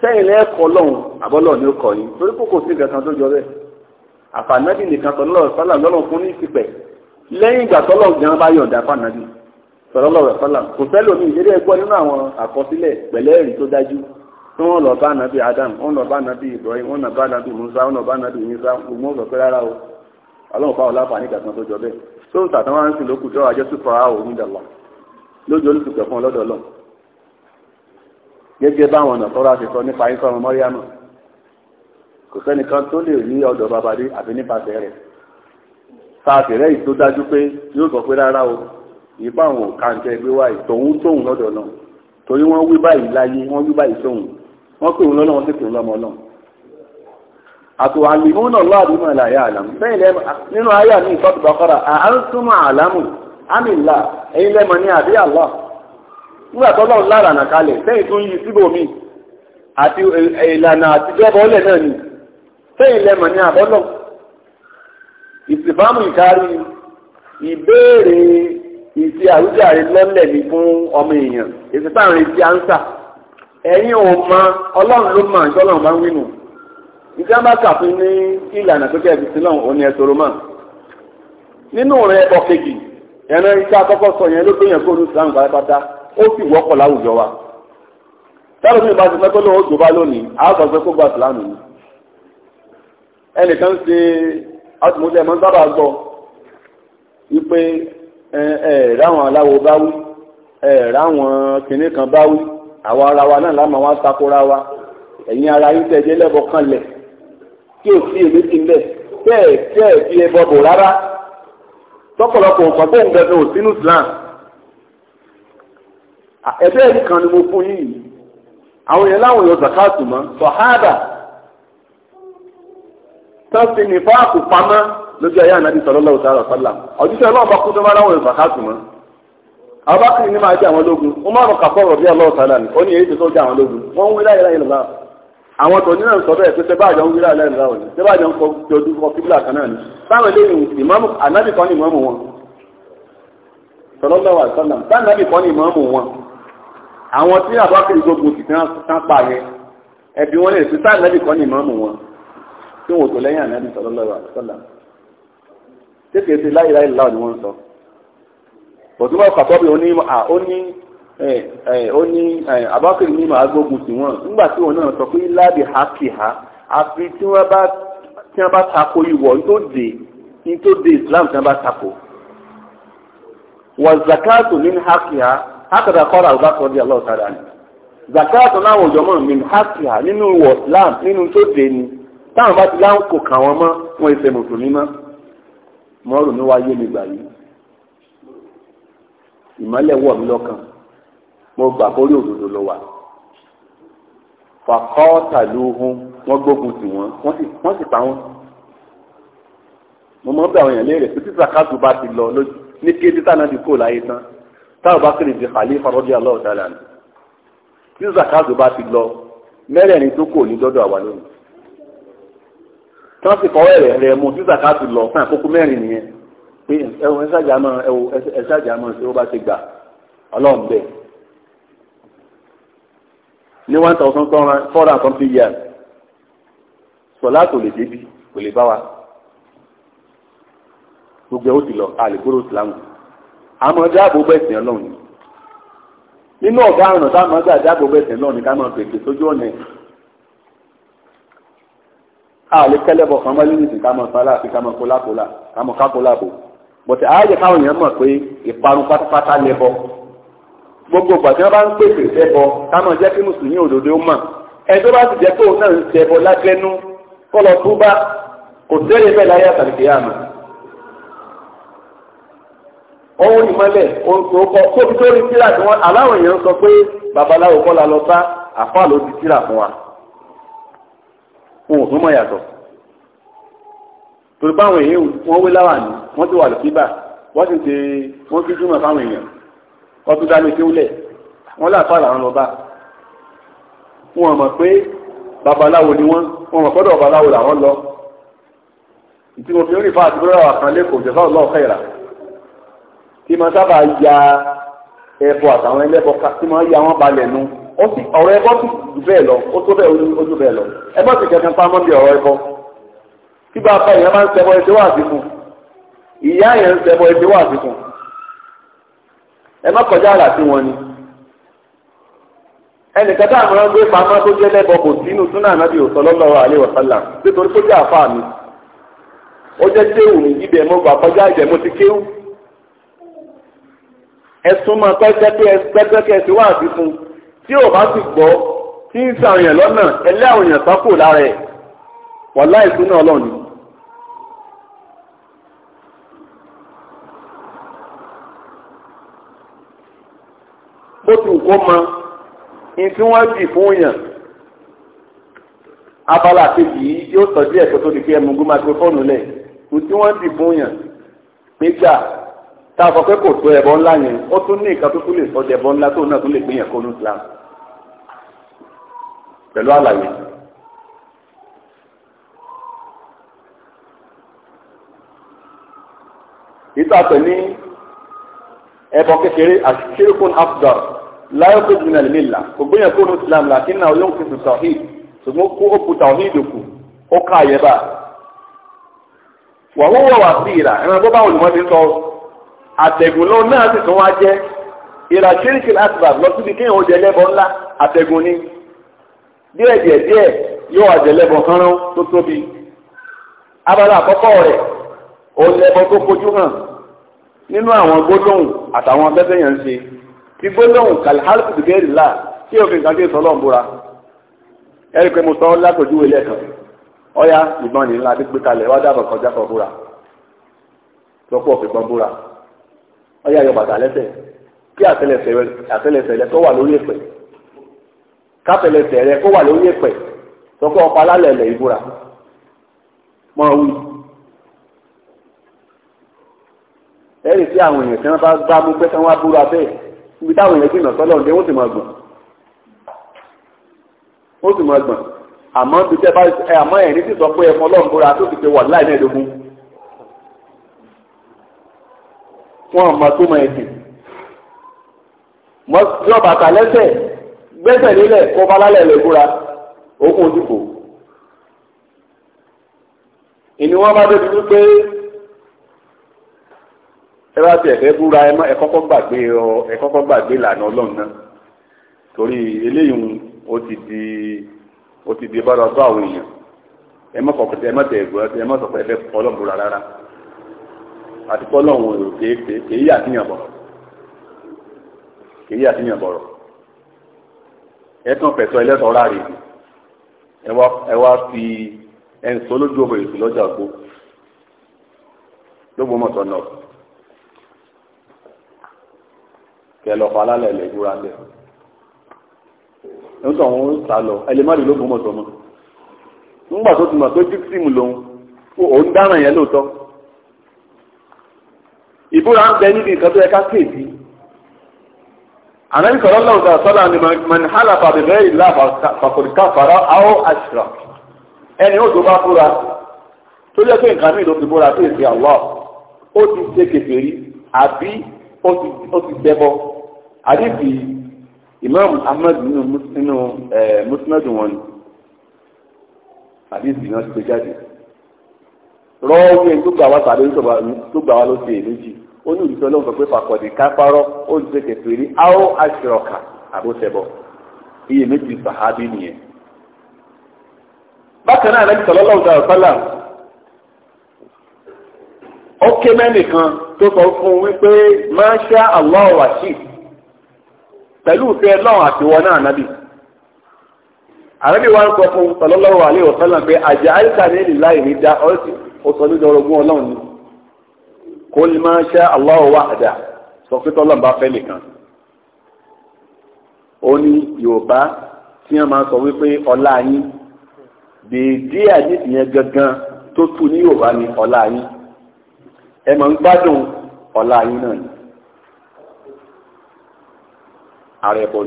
sẹ́yìn lẹ́kọ̀ọ́ lọ́hùn àbọ́lọ̀ ni ó kọ̀ yín torí kò kò sí nǹkan kan tó jọ bẹ́ẹ̀. àfànàbì nìkan sọ lọ́rọ̀ sálà lọ́rùn fún ní ìsìpẹ̀ lẹ́yìn ìgbà tọ́lọ̀ gan bá sọ̀rọ̀ tí wọ́n lọ bá nàbí Adam wọ́n lọ bá nàbí Ibrahim wọ́n lọ bá nàbí Musa wọ́n lọ bá nàbí Musa gbogbo wọn sọ pé rárá o ọlọ́run fáwọn láǹfààní kàtàn tó jọ bẹ́ẹ̀ tó ń tàtàn wá ń sìn lókù tó àjọ sípò àwọn òun dàgbà lójú olùsùpẹ̀ fún ọlọ́dọ̀ lọ gẹ́gẹ́ báwọn ọ̀nà tọ́ra ti sọ nípa ikọ̀ ọmọ mọ́ríámù kò sẹ́nìkan tó lè rí ọ̀dọ̀ babadé àfi nípasẹ̀ rẹ̀ sáàtì rẹ̀ yìí tó dájú pé yóò sọ pé rárá o ìbáwọn kàǹtẹ̀ gbé wáyé tòun tóun lọ́dọ̀ náà torí wọ́n wí báyìí láyé wọ́n wí báyìí tóun wọ́n kò wọ́n lọ́nà wọ́n sì pè wọ́n lọ́mọ ya àtùwàlìmú náà bẹ́ẹ̀ lẹ́ nínú ayé àmì ní àbí àlọ́ nígbà tó lọ́run lára nà kalẹ̀ tó ń yí síbò àti ìlànà ni ní àbọ́lọ̀ ìsìfàmù ìkárí ìbéèrè lọ́lẹ̀ fún ọmọ èèyàn ẹ̀yin ò mọ ọlọ́run ló mọ̀ àjọ ọlọ́run bá ń wínú ìjọba bá kàfin ní ìlànà tó kẹ́ ẹ̀ fi sílọ̀ òní ẹ̀ sọ̀rọ̀ mọ́ nínú rẹ̀ ẹ̀kọ́ kejì ẹ̀rọ iṣẹ́ akọ́kọ́ sọ yẹn ló gbéyàn kó olùsàn pátápátá ó sì wọ́pọ̀ láwùjọ wa táwọn mi bá ti mẹ́tọ́ lọ́wọ́ jọba lónìí àgbà sọ kó gba ìsìlámù ni ẹnìkan ṣe àtúmọ̀tẹ́ ẹ̀mọ́ sábà gbọ́ wípé ẹ̀ẹ̀ráwọn aláwo báwí ẹ̀ẹ̀ráwọn kìnnìkan báwí àwa ara wa náà láàmú àwọn atakora wa ẹ̀yin ara yín tẹ̀jẹ́ lẹ́bọ̀ kanlẹ̀ tí ò sí èmi ti lẹ̀ bẹ́ẹ̀ bẹ́ẹ̀ fi ẹbọ bò rárá tọ́pọ̀lọpọ̀ nǹkan tó ń gbẹ̀gbẹ̀ ò sínú Islam ẹ̀bẹ́ ẹ̀rí kan ni mo fún yín yìí àwọn èèyàn láwọn èèyàn zakatu mọ́ sọ̀hádà tán sí ní fáàkù pamọ́ lójú ayé ànábì sallallahu ta'ala sallam ọ̀jíṣẹ́ ọlọ́run bá kú tó bá láwọn èèyàn zakatu mọ́ abubakar ni máa jẹ àwọn lógun wọn máa rọ kàfọ rọbí ọlọ́run sálà ni ó ní èyí tó jẹ àwọn lógun wọn ń wí láyé láyé lọlá àwọn tó nínú sọ bẹ́ẹ̀ pé ṣe báàjọ ń wí láyé láyé lọlá òní ṣe báàjọ ń kọ jọdún kọ kíbílà kan náà ni báwọn eléyìí ìmọ̀mù ànábì kan ní ìmọ̀mù wọn sọlọ́lọ́wà sọ́nà báwọn ànábì kan ní ìmọ̀mù wọn àwọn tí abubakar gbogbo ti tán pa yẹn ẹbí wọn lè ṣe sáà kan ní ìmọ̀mù wọn tí wọn ò tó lẹ́yìn ànábì sọlọ́lọ́wà sọ́nà òtúmọ̀ kàtọ́bì ó ní ó ní ó ní abákùnrin ní màá gbógun tì wọ́n nígbà tí wọn náà sọ pé láàbì ha kì ha àfi tí wọ́n bá tí wọ́n bá tako ìwọ̀ ní tó dé ní tó dé Islam tí wọ́n bá tako wà zakatu ní ha kì ha hakada kọ́ra di aláwọ̀ sára ni zakatu láwọn òjò mọ́ mi ha ha nínú ìwọ̀ Islam nínú tó dé ni táwọn bá ti láwọn kò kà wọ́n mọ́ wọn ìfẹ́ mùsùlùmí mọ́ mọ́rùn-ún wáyé mi gbà yìí ìmọ́lẹ̀ wọ̀ mí lọ́kàn mo gbà bórí òdodo lọ wà fàkọ́tàlóhun wọ́n gbógun tì wọ́n wọ́n sì pa wọ́n mo mọ̀ bí àwọn èèyàn léèrè pé títà káàtó bá ti lọ ní kí títà náà ti kó láyé tán táwọn bá kéde di khalifa rọ́dí aláwọ̀ dáadáa ni tí zakato bá ti lọ mẹ́rẹ̀ẹ̀rin tó kò ní dọ́dọ̀ àwa lónìí tí wọ́n sì kọ́ ẹ̀rẹ̀ rẹ̀ mu tí zakato lọ fún àkókò mẹ́rin nìyẹn pé ẹwọn ẹsàjàmọ ẹwọ ẹsàjàmọ tí ó bá ti gbà ọlọ́run bẹ̀ ní one thousand four hundred and something years sọlá tó lè débi kò lè bá wa gbogbo ẹ ó ti lọ àlèkóró ìsìlámù àmọ́ dáàbò bẹsẹ ọlọ́run yìí nínú ọ̀gá àrùn táwọn ọgbà dáàbò bẹsẹ náà ni ká máa pèsè sójú ọ̀nà ẹ̀ àlè kẹlẹ́bọ̀ kan mọ́lẹ́ nìsín ká máa sálà àti ká máa kólákólà ká máa kákólà bò bọ̀tẹ̀ ààyè káwọn èèyàn mọ̀ pé ìparun pátápátá lẹ́bọ gbogbo ìgbà tí wọ́n bá ń pèsè sẹ́bọ táwọn jẹ́ kí mùsùlùmí òdodo mọ̀ ẹni tó bá sì jẹ́ pé òun náà ń sẹ́bọ lágbẹ́nú kọ́lọ̀ túbá kò sẹ́rẹ̀ bẹ́ẹ̀ láyé àtàlùkè àmì òun ìmọ̀lẹ̀ òkò tóbi tó rí tíra tí wọ́n aláwọ̀ èèyàn sọ pé babaláwo kọ́ la lọ bá àfáà ló di tíra fún wa òun ò tún mọ̀ yàtọ̀ torí báwọn èèyàn wọ́n wé láwà ní wọ́n ti wà lọ síbà wọ́n sì ṣe wọ́n fi júmọ̀ fáwọn èèyàn wọ́n tún dání sí wúlẹ̀ wọ́n láàfà làwọn lọ bá wọn mọ̀ pé babaláwo ni wọ́n wọn mọ̀ kọ́dọ̀ babaláwo làwọn lọ tí mo fi ń rí fáwọn àtúntò àwọn kan lẹ́kọ̀ọ́ jẹ́ fáwọn lọ́ọ̀kẹ́ ìrà tí mo sábà ya ẹ̀fọ́ àtàwọn ẹlẹ́bọ tí mo ya wọn balẹ̀ nu ọ̀rọ̀ ẹbọ tún bẹ́ẹ̀ lọ ó tó bẹ́ẹ̀ ojú bẹ́ẹ̀ lọ ẹbọ ti kẹ̀kẹ́ pamọ́ bí ọ̀rọ̀ ẹbọ tí bàbá yẹn máa ń ṣẹbọ ẹṣẹ wà sí fún ìyá yẹn ń ṣẹbọ ẹṣẹ wà sí fún ẹ má kọjá àlà sí wọn ni ẹnìkan tá àwọn ọgbẹ pamọ́ tó jẹ lẹbọ kò sínú súnà ànábì sallallahu alaihi wasallam nítorí tó àfa mi ó jẹ kéwù ní ibẹ̀ mo gbà kọjá ibẹ̀ mo ti kéwù ẹsùn máa pẹ́ẹ́sẹ́ pé ẹsẹ́ kẹsì wà sí fún tí ò bá sì gbọ́ tí ń sàrìyàn lọ́nà ẹlẹ́ àwòyàn sápò lára ẹ̀ wọ́n láìsí náà lọ́nìí. ó tún kó mọ ìtí wọ́n dì fún yàn abala kejì yìí yóò sọ díẹ̀ kó tó di pé ẹmu gún microphone lẹ̀ ìtí wọ́n dì fún yàn gbéjà tá a sọ pé kò tó ẹbọ ńlá yẹn ó tún ní nǹkan tó tún lè sọ ẹbọ ńlá tó náà tún lè gbé yàn kó ní Islam pẹ̀lú àlàyé. ìtàpẹ̀ ní ẹbọ kékeré àti ṣírkùn afdal láyọ̀ tó jìnnà lè là kò gbéyàn kó ní islam là kí náà yóò fèsì tawhid ṣùgbọ́n kó o kú tawhid kù ó ká àyè bá. wà wọ́n wọ̀ wá sí ìlà ẹ̀rọ bó bá olùmọ̀ ti sọ àtẹ̀gùn lọ náà sì tún wá jẹ́ ìlà ṣíríkì asbab lọ síbi kéèyàn ó jẹ lẹ́bọ ńlá àtẹ̀gùn ni díẹ̀ díẹ̀ díẹ̀ yóò wá jẹ lẹ́bọ kánrán tó tóbi abala àkọ́kọ́ rẹ̀ òun lẹ́bọ tó fojú hàn nínú àwọn gbólóhùn àtàwọn abẹ́fẹ́ yẹn ń ṣe gbígbónáhùn kàlíhálùkù dùgẹ́rì là tí òfin kan tí ń sọ lọ́n búra ẹ̀rí pé mo sọ ọ́ lápèjúwe lẹ́ẹ̀kan ọ̀yá ìbọn ní ńlá gbígbé kalẹ̀ wá dábọ̀ kọjá kan búra lọ́pọ̀ òfin kan búra ọ̀yá yọ bàtà lẹ́sẹ̀ kí àtẹlẹsẹ̀ rẹ kó wà lórí ẹ̀pẹ̀ kátẹlẹsẹ̀ rẹ kó wà lórí ẹ̀pẹ̀ lọ́pọ̀ ọ̀pá alálẹ̀ ìbúra mọ́ wí ẹ̀rí tí àwọn èèyàn tí wọ́n bá gbá mú pé kí búra bẹ́ẹ̀ níbi táwọn èèyàn jìnnà sọ́lọ́run dé wọ́n sì máa gbọ̀n wọ́n sì máa gbọ̀n àmọ́ bí tẹ́ bá ẹ àmọ́ ẹ̀ ní sì sọ pé ẹ̀fọn ọlọ́run bóra tó ti pe wà láì mẹ́ẹ̀ẹ́dógún wọn ò máa tó máa ẹ̀sìn mọ́tò bàtà lẹ́sẹ̀ gbẹ́sẹ̀ nílẹ̀ kó balálẹ̀ lè bóra òkun òdìbò ìní wọn bá débi wípé ẹ bá ti ẹ̀fẹ́ búra ẹ kọ́kọ́ gbàgbé ọ ẹ kọ́kọ́ gbàgbé ìlànà ọlọ́run náà torí eléyìí ó ti di ó ti di bára ọgbà àwọn èèyàn ẹ má kọ̀kọ́ ẹ má tẹ̀ ẹ̀gbọ́n ẹ má sọ̀kọ́ ẹ fẹ́ ọlọ́run búra rárá àti kọ́lọ́run èrò kéèyí àtìyàn bọ̀rọ̀ kéèyí àtìyàn bọ̀rọ̀ ẹ kàn fẹ̀sọ́ ẹlẹ́sọ̀ọ́ rárẹ̀ ẹ wá fi ẹ̀ ń sọ lójú ọmọ èsì lọ́jà gbó lógbó mọ̀tọ́ náà. kẹlọ ọkọ alálẹ̀ ilẹ̀ ìbúra lẹ̀ ń sọ àwọn sá lọ ẹlẹ́mọ́rì ló gbọ́mọ̀ sọmọ ńgbà tó ti mọ̀ pé fíksìm lòun òun dáràn yẹn lóòótọ́ ìbúra ń bẹ níbi nǹkan tó yẹ ká kéèdì ànábì sọ̀rọ̀ lọ́wọ́ sọ̀rọ̀ ni mọ̀n hàlà fàbẹ̀bẹ̀ ìlà fàkòrìkà fara áwọ̀ àṣìrà ẹni ó tó bá búra tó yẹ pé nǹkan mìíràn ti búra tó èsì àwọ̀ ó ti ṣe kékeré àbí ó ti bẹ́bọ̀ àdìbì imam ahmed nínú muslims eh, wọn àdìbì náà ti gbé jáde rọ́ọ̀wé tó gbà wá tàbí tó gbà wá ló ṣe èméjì ó ní ìdíjọ́ lóun sọ pé ó ti ṣe rí àbóṣẹbọ iye méjì sàhábì nìyẹn. bákan náà lẹ́yìn ọ̀dà fún un wípé máa ṣá pẹ̀lú ìfẹ́ lọ́wọ́ àti wọn náà nábì àrẹ́bí wa ń sọ fún sallallahu alaihi wasallam pé àjẹ́ àìsàn ní ìlà ìní dá ọ́sì ọ̀sán ní ọ̀rọ̀gún ọlọ́run ni qul ma sha Allahu wahda sọ pé tọ́lọ́n bá fẹ́ nìkan ó ní yorùbá tí wọ́n máa sọ wípé ọlá yín dèédé àdìsí yẹn gangan tó tu ní yorùbá ni ọlá yín ẹ máa ń gbádùn ọlá yín náà yìí ààrẹ bọ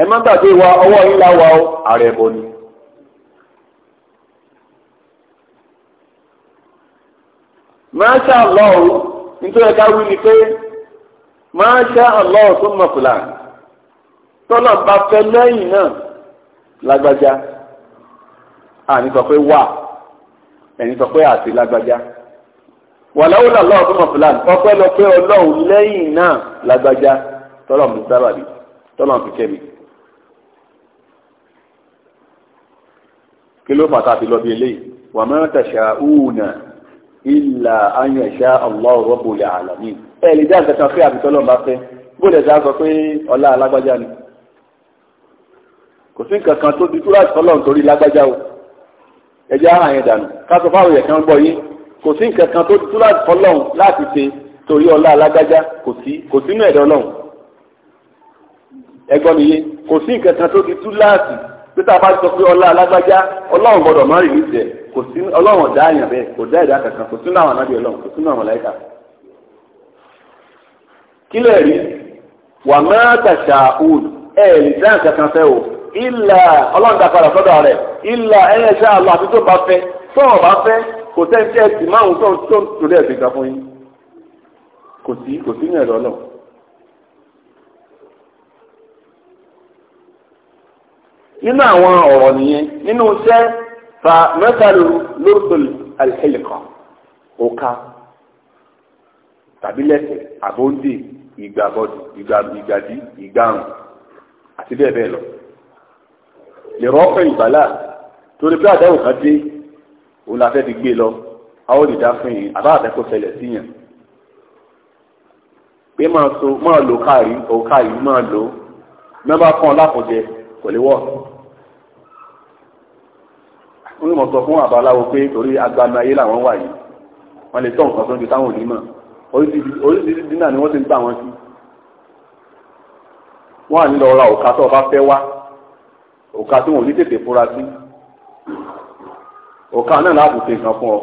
ẹ má gbàgbé wa ọwọ́ yín la wa ó ààrẹ bọ ni. Masha Allah nítorí ẹ̀ka wí ni pé Masha Allah tó mọ̀ fúlàní tọ́lọ̀ bá fẹ́ lẹ́yìn náà lágbájá àní sọ pé wà ẹ̀yìn sọ pé àti lágbájá. wàláwùlà lọ́wọ́ fún mọ̀fìlán ọpẹ́ lọ pé ọlọ́run lẹ́yìn náà lágbájá tọ́lọ̀ mi sábàbí tọ́lọ̀ fi kẹ́ mi. kí ló fàtà fi lọ bí eléyìí wà ma tasha'una illa an yasha Allahu rabbul alamin. ẹ lè dá nǹkan fẹ́ àbí tọ́lọ̀ bá fẹ́ gbọ́dọ̀ dá sọ pé ọlá alágbájá ni. kò sí nǹkan kan tó di túrà tọ́lọ̀ nítorí lágbájá o ẹ jẹ́ àyẹ̀dànù ká sọ fáwọn yẹ̀ kò sí nǹkan kan tó tú láti fọlọ́hún láti ṣe torí ọlá alágbájá kò sí kò sínú ẹ̀dọ́ lọ́hún ẹgbọ́n mi yé kò sí nǹkan kan tó ti tú láti pé tá a bá sọ pé ọlá alágbájá ọlọ́run gbọ́dọ̀ má rìn níjẹ kò sí ọlọ́run ọ̀dá àyàn bẹ́ẹ̀ kò dá ẹ̀dá kankan kò sínú àwọn anábì ọlọ́run kò sínú àwọn láìka. kílẹ̀ rí wà máa tàṣà òòlù ẹ̀ lè dá nǹkan kan fẹ́ o ìlà ọlọ́run dàpadà sọ́dọ̀ rẹ̀ ìlà ẹ̀yẹ kò sẹ́ńtì ẹ̀sìn márùn tó tó torí ẹ̀sìn gbà fún yín kò sí kò sí yẹn lọ́lọ́. nínú àwọn ọ̀rọ̀ nìyẹn nínú iṣẹ́ fa mẹ́tàlú lóṣùl àlẹ́lẹ́kọ̀ òka tàbí lẹ́sẹ̀ àbóńdè ìgbàbọ̀dì ìgbàdí ìgbàrùn àti bẹ́ẹ̀ bẹ́ẹ̀ lọ. lè rọ́pẹ́ ìbálà torí pé àdáwò kan dé òun la fẹ́ fi gbé lọ a ó lè dá fún yìí àbá àtẹ́kọ̀ọ́ ṣẹlẹ̀ sí yẹn pé máa so máa lò káàrí òkà yìí máa lò mẹ́bà kan lákòjẹ kò lè wọ̀ wọ́n mọ̀ sọ fún àbáláwo pé torí agbami ayé làwọn wà yìí wọ́n lè tọ́ nǹkan tó ń ju táwọn onímọ̀ oríṣiríṣi dínà ni wọ́n ti ń gbà wọ́n sí wọ́n à ń lọ ra òkà tó o bá fẹ́ wá òkà tó wọn ò ní tètè fura sí òkà náà láàbò ṣe nǹkan fún ọ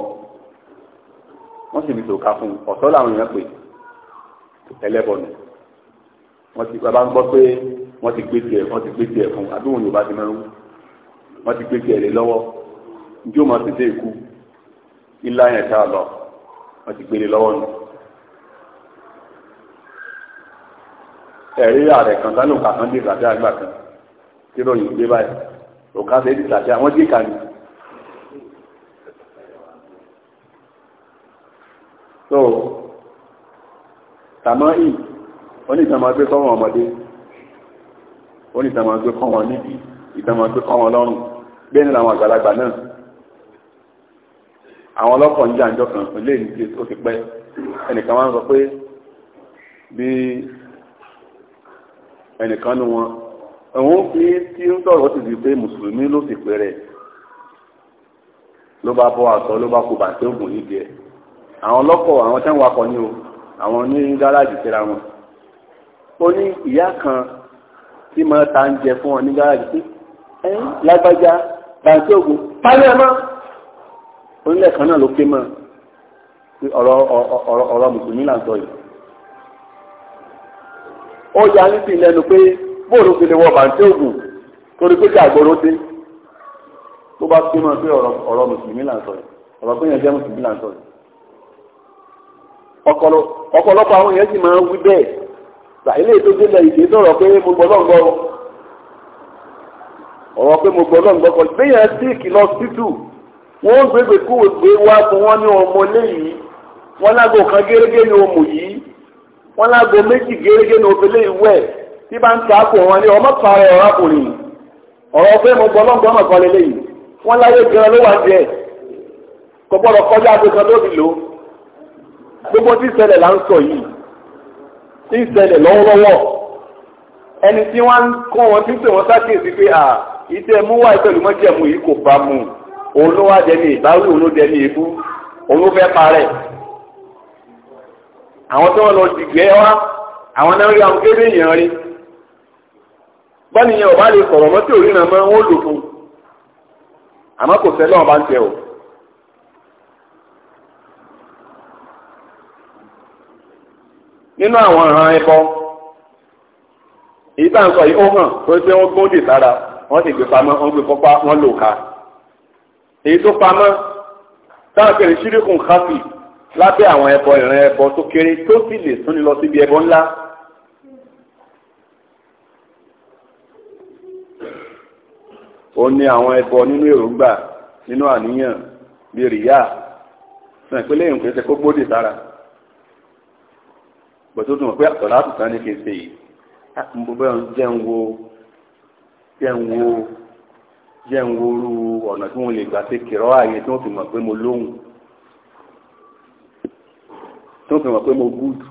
wọ́n sì fi ṣòkà fún un ọ̀tọ̀ làwọn èèyàn pè ẹlẹ́bọ̀nù wọ́n ti bá ń gbọ́ pé wọ́n ti gbé tiẹ̀ wọ́n ti gbé tiẹ̀ fún àbí wọn yorùbá ti máa ń wú wọ́n ti gbé tiẹ̀ lé lọ́wọ́ njó máa ti dé ikú ilá yẹn tá a lọ wọ́n ti gbé lọ́wọ́ nù. ẹ̀rí ààrẹ kan sánú kàkán dé ìgbàdí àgbà kan tí lóyún gbé báyìí òkà ṣe é ti tàṣà wọ́n dé kàní so tàmọ́ ì onítàmọ́ gbé kọ́ wọn ọmọdé onítàmọ́ gbé kọ́ wọn níbi ìtàmọ́ gbé kọ́ wọn lọ́rùn bẹ́ẹ̀ ni làwọn àgbàlagbà náà àwọn ọlọ́pọ̀ ń jàǹjọ kan ilé ìdíje ó ti pẹ́ ẹnìkan wá ń sọ pé bí ẹnìkan nu wọn òun fi tí ń sọ̀rọ̀ ti di pé mùsùlùmí ló sì pẹ́rẹ̀ ló bá bọ́ àṣọ ló bá kó bàtẹ́ ògùn yìí jẹ́ àwọn lọ́kọ̀ àwọn tẹ́ ń wakọ̀ ní o àwọn ní gáràjì síra wọn ó ní ìyá kan tí máa ta ń jẹ fún wọn ní gáràjì pé ẹ lágbájá tàǹtí ògùn pálẹ̀ mọ́ onílẹ̀ kan náà ló ké mọ́ ọ̀rọ̀ ọ̀rọ̀ mùsùlùmí là ń sọ yìí ó ya ní sí pé bóòlù fi lè wọ bàǹtí ògùn torí pé kí àgbòrò dé tó bá ké mọ́ pé ọ̀rọ̀ mùsùlùmí là ń sọ yìí ọ̀rọ̀ pé yẹn jẹ́ mùsùlùmí là ń sọ yìí ọ̀pọ̀lọpọ̀ àwọn èèyàn sì máa ń wí bẹ́ẹ̀ gbà ilé ètò délẹ̀ ìdè sọ̀rọ̀ pé mo gbọ́ náà gbọ́ ọ̀rọ̀ pé mo gbọ́ náà gbọ́ kọ́ gbéyàn síìkì lọ títù wọ́n gbégbé kú ògbé wá fún wọn ní ọmọ léyìí wọ́n lágbo kan gérégé ní ọmọ yìí wọ́n lágbo méjì gérégé ní obìnrin ìwẹ̀ tí bá ń ta àpò wọn ní ọmọ kan rẹ̀ ọ̀rá kò rìn pé mo gbọ́ náà gbọ́ náà kọ́ lélẹ́yìí wọ́n láyé gan ló wà jẹ́ kọ́gbọ́dọ̀ kọjá àgbẹ̀kan lóbi lòó gbogbo tí ìṣẹ̀lẹ̀ là ń sọ yìí tí ìṣẹ̀lẹ̀ lọ́wọ́lọ́wọ́ ẹni tí wọ́n ń kọ́ wọn tí ń pè wọ́n sákèsí pé à ìtẹ́ mú wá ìpẹ̀lú mọ́jẹ̀mú yìí kò bá mu òun ló wá dẹni ìbáwí òun ló dẹni ebú òun ló fẹ́ parẹ́ àwọn tí wọ́n lọ dìgbẹ́ wá àwọn náà rí àwọn kébé èèyàn rí bọ́nìyàn ọ̀bá lè sọ̀rọ̀ mọ́ tí òríran mọ́ wọn ò lò fún àmọ́ kò sẹ́lẹ̀ ọ̀bá ń tẹ o. nínú àwọn ìran ẹbọ èyí tá à ń sọ yìí ó hàn tó ṣe wọn gbódì sára wọn sì gbé pamọ́ wọn gbé pọpá wọn lò ká èyí tó pamọ́ táwọn pèrè ṣírìkùn káfí lábẹ́ àwọn ẹbọ ìran ẹbọ tó kéré tó sì lè súnni lọ síbi ẹbọ ńlá. ó ní àwọn ẹbọ nínú èròǹgbà nínú àníyàn bíi rìyà sàn ìpínlẹ̀ èyí kò ṣe kó gbódì sára pẹ̀tọ́ tó mọ̀ pé àtọ̀lá àtúntà ní kí n ṣe yìí mo bẹ́ẹ̀ ń jẹ́ ń wo jẹ́ ń wo jẹ́ ń worú ọ̀nà tí wọ́n lè gbà ṣe kìrọ́ ààyè tí wọ́n fi mọ̀ pé mo lóhùn tí wọ́n fi mọ̀ pé mo gúdù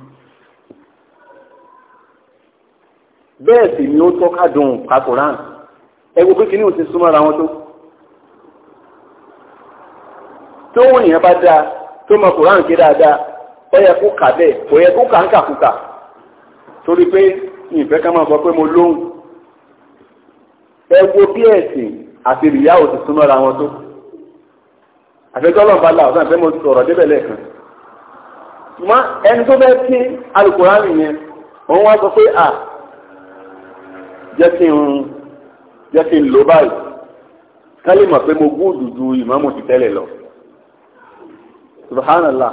bẹ́ẹ̀ sì ni ó tọ́ka dùn kakoran ẹ wo pé kí ni ò ti súnmọ́ra wọn tó tó wọ́n yẹn bá dáa tó mọ koran ké dáadáa ó yẹ kó kà bẹ́ẹ̀ kò yẹ kó kà ń kàkúkà torí pé ìfẹ́ ká máa sọ pé mo lóhùn ẹ wo bí ẹ̀sìn àti ìrìyá ò sì súnmọ́ ra wọn tó àfẹ́tọ́lọ́ba là ọ̀sán ìfẹ́ mo sọ̀rọ̀ débẹ̀ lẹ́ẹ̀kan ṣùgbọ́n ẹni tó fẹ́ kí alukóránì yẹn òun wá sọ pé à jẹ́ kí n jẹ́ kí n lò báyìí ká lè mọ̀ pé mo gún òdùdú ìmáàmù ti tẹ́lẹ̀ lọ subhanallah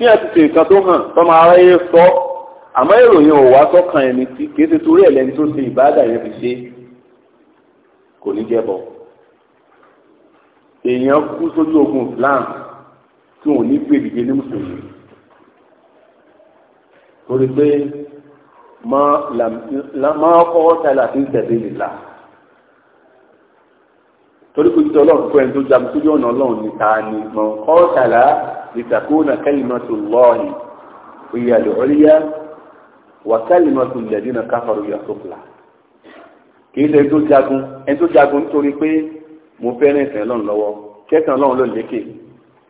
kí ẹ ti ṣe nǹkan tó hàn tọ́mọ aráyé sọ àmọ́ ìròyìn ò wá sọ́kàn ẹni tí kì í ṣe torí ẹ̀ lẹ́ni tó ṣe ìbáàdà yẹn fi ṣe kò ní jẹ́bọ. èèyàn kú sójú ogun Islam tí wọn ò ní gbé ìdíje ní mùsùlùmí torí pé máa kọ́ tàlà sí ìtẹ̀lé nìlá torí pé jíjọ ọlọ́run fún ẹni tó jagun sójú ọ̀nà ọlọ́run ní ta ni mọ̀nkọ́tàlá ìtàkùnà kẹ́lìmọ́tò lọ́ọ̀hì ìyàlẹ̀ ọ̀ríyá wà kẹ́lìmọ́tò lẹ́dínà káfàrọ̀ yàtọ̀kùlà kì í ṣe tó jagun ẹni tó jagun nítorí pé mo fẹ́ràn ìfẹ́ lọ́run lọ́wọ́ kẹ́sàn lọ́run ló lékè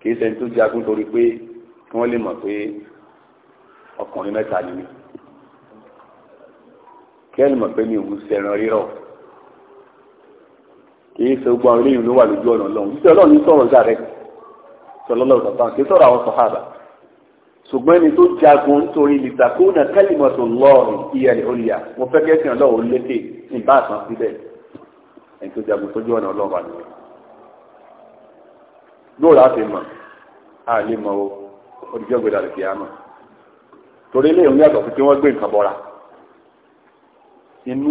kì í ṣe tó jagun torí pé kí wọ́n lè mọ̀ pé ọkùnrin mẹ́ta ni mí pé mi òun ṣẹran rírọ̀ èyí ṣe gbọ́ àwọn eléyìí ló wà lójú ọ̀nà lọ́hùn títí ọlọ́run ní sọ̀rọ̀ sáré sọlọ́lọ́ bàbá kí sọ̀rọ̀ àwọn sọ̀hábà ṣùgbọ́n ẹni tó jagun nítorí lìtàkùnà kálímọ̀tò lọ́ọ̀rùn ìyẹlẹ̀ olùyà mo fẹ́ kẹ́sì ọlọ́run lékè ní bá àtàn síbẹ̀ ẹni tó jagun sójú ọ̀nà ọlọ́run wà nìyẹn. lóòrà ti mọ̀ a lè mọ o olùjọ́ gbé nǹkan bọ́ra inú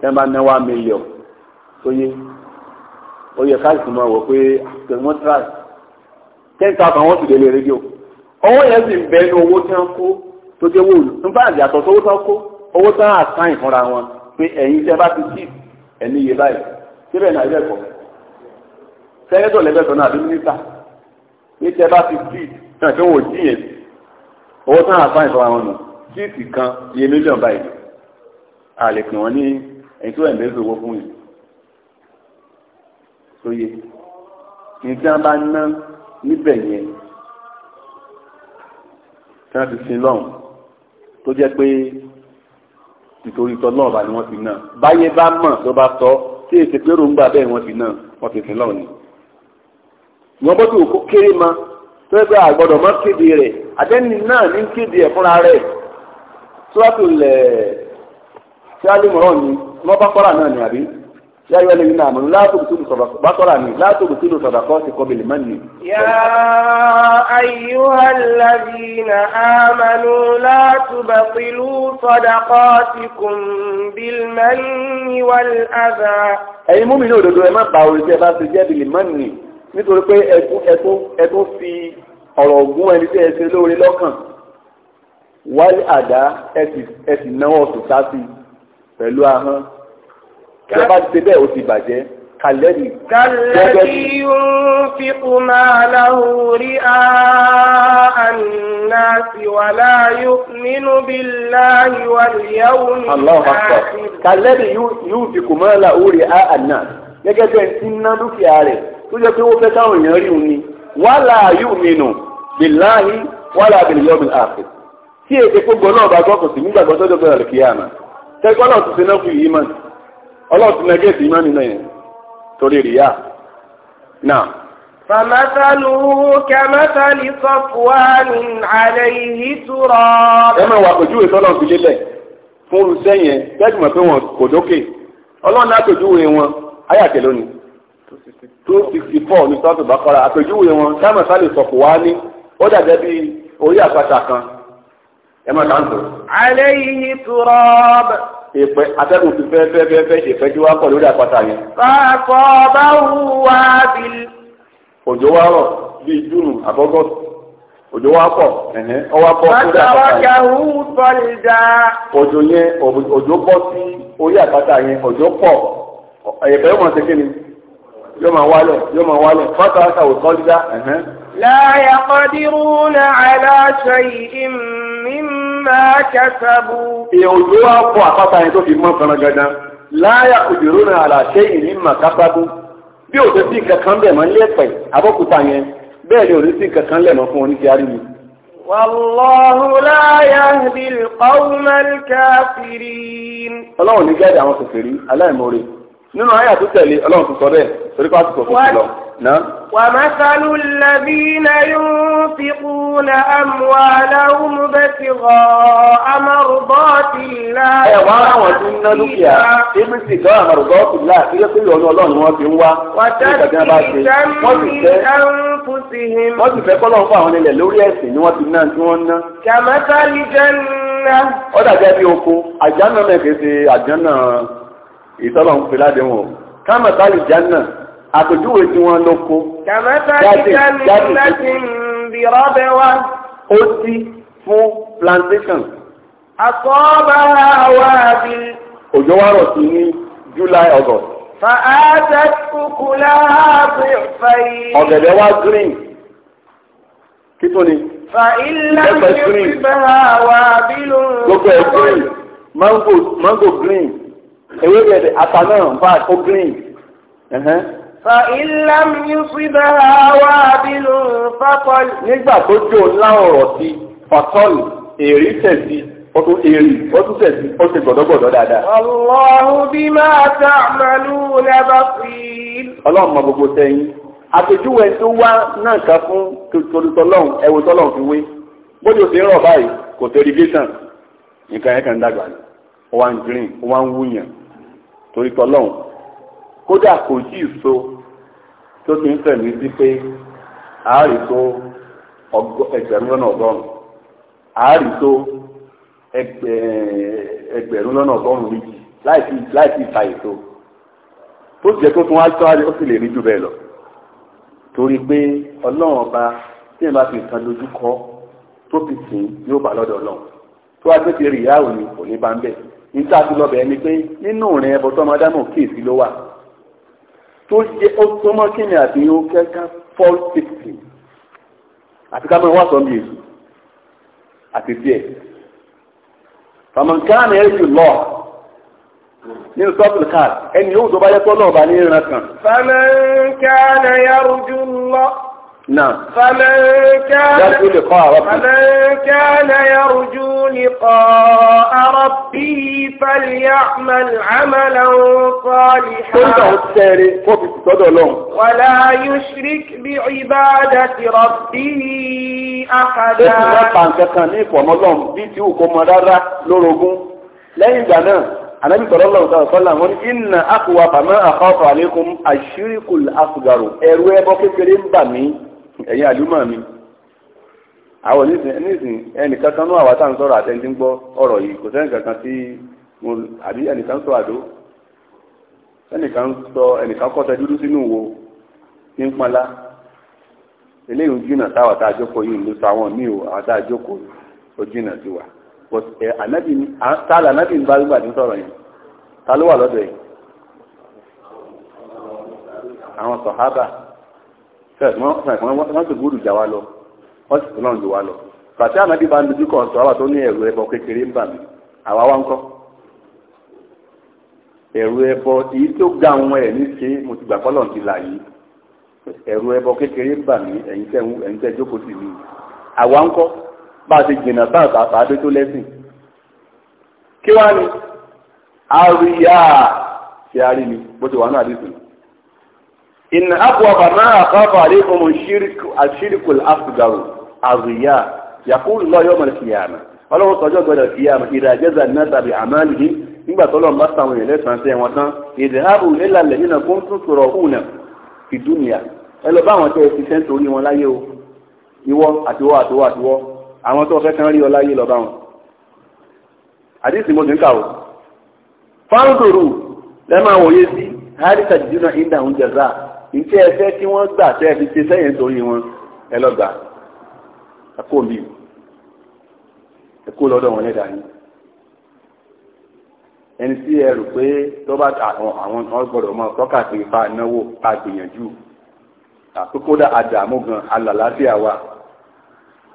tẹ́ bá ná one tó yé ó yẹ ká sì máa pé àtẹ̀wọ́n try ten thousand wọ́n sì rédíò owó yẹn sì ń bẹ ní owó tí wọ́n kó tó jẹ́ wọ́ọ̀lù nígbà àjàtọ̀ tó wọ́n kó owó tí wọ́n àtàyìn fúnra wọn pé ẹ̀yin tẹ́ bá ti kí ẹ̀mí iye báyìí síbẹ̀ náà ilé ẹ̀kọ́ sẹ́yẹ́dọ̀ lẹ́gbẹ̀ẹ́ náà àbí mínísítà ní tẹ́ bá ti kí náà tí wọ́n ò jí yẹn owó tí wọ́n àtàyìn fúnra wọn nù kíìtì ẹni tí wọ́n ń bẹ́ẹ̀ wọ́ fún yìí sóye ní tí wọ́n bá ná níbẹ̀ yẹn tí wọ́n ti sin lọ́hùn tó jẹ́ pé nítorí tọ́ náà bá ní wọ́n ti náà báyé bá mọ̀ tó bá sọ tí èsì pé ròǹgbà bẹ́ẹ̀ wọ́n ti náà wọ́n ti sin lọ́hùn ni wọ́n bọ́ tó kéré ma tó yẹ pé àgbọ̀dọ̀ mọ́ kéde rẹ̀ àtẹ́ni náà ní kéde ẹ̀ fúnra rẹ̀ tó bá tó lẹ̀ ṣáálí mọ́rán ni mọ́ bákọ́rà náà ni àbí yáyọ lè nínú àmọ́ látòkùtù bákọ́rà ni látòkùtù sọ̀dọ̀kọ́ ti kọ́ bìlì mọ́ni. yá ayyuhal ladhina amanu la tubtilu sadaqatikum bil manni wal adha. ẹ̀yin mú mi ní òdodo ẹ má bá orí tí ẹ bá ti jẹ́ bìlì mọ́ni nítorí pé ẹtún fi ọ̀rọ̀ ògún ẹni tí ẹ ṣe lóore lọ́kàn wálé àdá ẹ sì náwó ọ̀sùn sá sí pẹ̀lú ahọ́n tí a bá ti ṣe bẹ́ẹ̀ ó ti bàjẹ́ kàlẹ́rì. kàlẹ́rì yóò fi kùnà aláwọ̀ rí a àná sí wà láàyò nínú bí láàyè wà níyàwó ní àná. kàlẹ́rì yóò fi kùnà aláwọ̀ rí a àná gẹ́gẹ́ bẹ́ẹ̀ ti ná dúkìá rẹ̀ tó jẹ́ pé ó fẹ́ táwọn èèyàn rí òun ni wà láàyò nínú bí láàyè wà láàbì níyàwó ní àná. tí èdè gbogbo náà bá gbọ́ kò sí nígbàgbọ́ sọ́dọ̀ bẹ́ẹ̀ ọlọ́run ti nẹgẹ́tì ìmánì náà yẹn torí rìyà náà. فمثله كمثل صفوان عليه تراب. ẹ máa wà pẹ̀jú ìtọ́lọ́ fi lélẹ̀ fún olùsẹ́ yẹn bẹ́ẹ̀ mọ̀ pé wọn kò dókè ọlọ́run náà pẹ̀júwe wọn ayàtẹ̀ lónìí two sixty four ní sọ́ọ̀tù bàkọ́ra àpèjúwe wọn kamathali safwani ó bí orí kan ẹ máa ìpẹ́ atẹ́gùn ti fẹ́ fẹ́ fẹ́ fẹ́ ìpẹ́ tí wá pọ̀ lórí àpáta yẹn. Fàkọ̀ bá wà bí. Òjò wá rọ̀ bíi Júùnù àkọ́kọ́. Òjò wá pọ̀ ọwá pọ̀ lórí àpáta yẹn. Bàtàwọ́jà ń sọ̀lì dá. Òjò yẹn òjò pọ̀ sí orí àpáta yẹn òjò pọ̀ ìpẹ́ yóò máa ṣe kíni yóò máa wálẹ̀ yóò máa wálẹ̀ fàtàwọ́jà ò sọ̀lì dá. La yaqdiruna ala máa kẹsàbù. èèyàn òjò wá fọ àpáta yẹn tó fi mọ́ fanagandan láyà òjòrò náà àlàṣẹ ìní mà kápákú bí òjò sí kankan bẹ̀ mọ́ lẹ́pẹ̀ abọ́kúta yẹn bẹ́ẹ̀ ni òjò sí kankan lẹ̀mọ́ fún oníṣẹ́ àríwí. Wàlọ́hu láyà ìdílé kọ́wọ́mẹ́lì káfírin nínú àyà tó tẹ̀lé ọlọ́run tó sọ bẹ́ẹ̀ torí pé àtúntò fún ìlọ. ومثل الذين ينفقون أموالهم ابتغاء مرضات الله ẹ wá àwọn tó ń ná dúkìá ibi tí ìgbà àmọ̀rọ̀dọ́ ti là ilé pé ìyọnu ọlọ́run wọn fi ń wá ní ìgbàgbé bá ṣe wọ́n sì fẹ́ wọ́n sì fẹ́ kọ́lọ́run fún àwọn ilẹ̀ lórí ẹ̀sìn ni wọ́n ti ná tí wọ́n ná. كمثل جنة ó dàbí ẹbí oko àjánà náà kì í ṣe àjánà ìtọ́lọ̀ ń pè ládé wọn kámà tálì jánà àpèjúwe tí wọ́n ló kó jáde jáde ó ti fún plantation. àtọ́bà wà bí. òjò wa rọ̀ sí ní July August. fàájà kúkúlá bí fàyè. ọ̀gẹ̀dẹ̀ wa green kí tó ni. fàílà yóò fi bá wà bí lóun. gbogbo ẹ̀ green mango mango green ewé bẹ̀rẹ̀ ata náà bá a tó green. Fàílám Yusufa wá bínú fákọ́lì. Nígbà tó jó ńlá ọ̀rọ̀ sí fàkọ́lì, èrí tẹ̀sí, ọdún èrí, ọdún tẹ̀sí, ó ṣe gbọ̀dọ́gbọ̀dọ́ dáadáa. Allahu bima ta'maluna basir. Ọlọ́run mọ gbogbo sẹ́yìn. Àpèjúwe tó wá náà ká fún tolutọ́lọ́hún, ẹ̀wò tọ́lọ́hún fi wé. Bójú ti ń rọ̀ báyìí, kò tẹ́rí gé tàn, nǹkan yẹn kan dàgbà ni ó wá ń green ó wá ń wúyàn torí tọlọ́hún kódà kò jí ìso tó ti ń tẹ̀lé sí pé àárí tó ẹgbẹ̀rún lọ́nà ọgọ́rùn-ún àárí tó ẹgbẹ̀rún lọ́nà ọgọ́rùn-ún méjì láì sí ìta èso tó jẹ́ tó tún wá sọ́ọ́rí ó sì lè rí jù bẹ́ẹ̀ lọ torí pé ọlọ́run ọba tí ẹ̀ bá fi nǹkan dojú kọ tó fi sìn yóò bá lọ́dọ̀ ọlọ́run tó wá tó ti rí ìyá òní kò ní bá ń bẹ̀ níta ti lọ bẹ̀rẹ̀ ni pé nínú ìrìn ẹbọ tó máa dáná kéèsì ló wà tó jẹ ó tó mọ́ kí ni àti ó kẹ́kẹ́ fall sixty àti ká máa wá sọ bí èsù àti díẹ̀ fàmùkánì ẹ̀rù lọ nínú sọ́ọ̀tù káàdì ẹni yóò tó bá yẹ kó lọ́ọ̀bá ní ìran kan. fàmùkánì ẹ̀rù lọ. نعم فمن كان فمن كان يرجو لقاء ربه فليعمل عملا صالحا ولا يشرك بعبادة ربه أحدا lẹ́yìn ìgbà náà anábì sallallahu alaihi wasallam wọn inna aqwa fama akhafu alaykum ashirikul asgaru ẹ̀rù ẹbọ kékeré ń bà mí ẹ̀yin àlùmọ̀ mi àwọn onísìn ẹnìkan kan náà àwátà ń sọ̀rọ̀ àtẹ́ntí ń gbọ́ ọ̀rọ̀ yìí kò sẹ́nìkan kankan tí mo àbí ẹnìkan sọ àdó ẹnìkan sọ ẹnìkan kọ́sẹ̀ dúdú sínú wo ní pọnlá eléyìí ń jìnnà táwọn tá a yìí àwọn míì o àwọn tá ó jìnnà anabi tààlà anabi ń bá sọ̀rọ̀ ta ló wà lọ́dọ̀ yìí wọ́n sì gbúdù jà wá lọ wọ́n sì tọ́lọ́run jù wá lọ pàṣẹ ànábì bá ń dojú kọ̀ sọ àwọn tó ní ẹ̀rù ẹbọ kékeré ń bà mí àwa wá ń kọ́ ẹ̀rù ẹbọ èyí tó ga àwọn ẹ̀ ní ṣe mo ti gbà fọ́lọ́run ti là yìí ẹ̀rù ẹbọ kékeré ń bà mí ẹ̀yin tẹ́ jókòó sí mi àwa ń kọ́ bá a ti jìnnà bá a bá a tó lẹ́sìn kí wá ni àríyá ṣe a rí mi bó ti wà náà dé إن أبوغ ما أخاف عليكم الشرك الشرك الأصغر الرياء يقول الله يوم القيامة ọlọ́run sọjọ́ gbọ́dọ̀ fi àmà ìdájẹ́zà náà àmàlìhì nígbà tọ́lọ́ bá sàwọn èèyàn lẹ́sàn-án sí ẹ̀wọ̀n tán ìdáàbò nílà lẹ́yìn náà fún tún sọ̀rọ̀ òun náà ìdúnìyà ẹ lọ bá àwọn tó ti fẹ́ torí wọn láyé o ìwọ àtiwọ àtiwọ àtiwọ àwọn tó fẹ́ kán rí ọ láyé lọ bá wọn. àdìsí mo ti ń o ntí ẹ fẹ́ kí wọ́n gbà tẹ́ ẹ fi ṣe sẹ́yìn nítorí wọn ẹ lọ gbà ẹ kó mi ẹ kó lọ́dọ̀ wọn lẹ́dàá yín ẹni tí ẹ rò pé tọ́ba àwọn àwọn kan tọ́ka sí ipa náwó a gbìyànjú àkókòdà àdààmú gan alàlàáfíà wa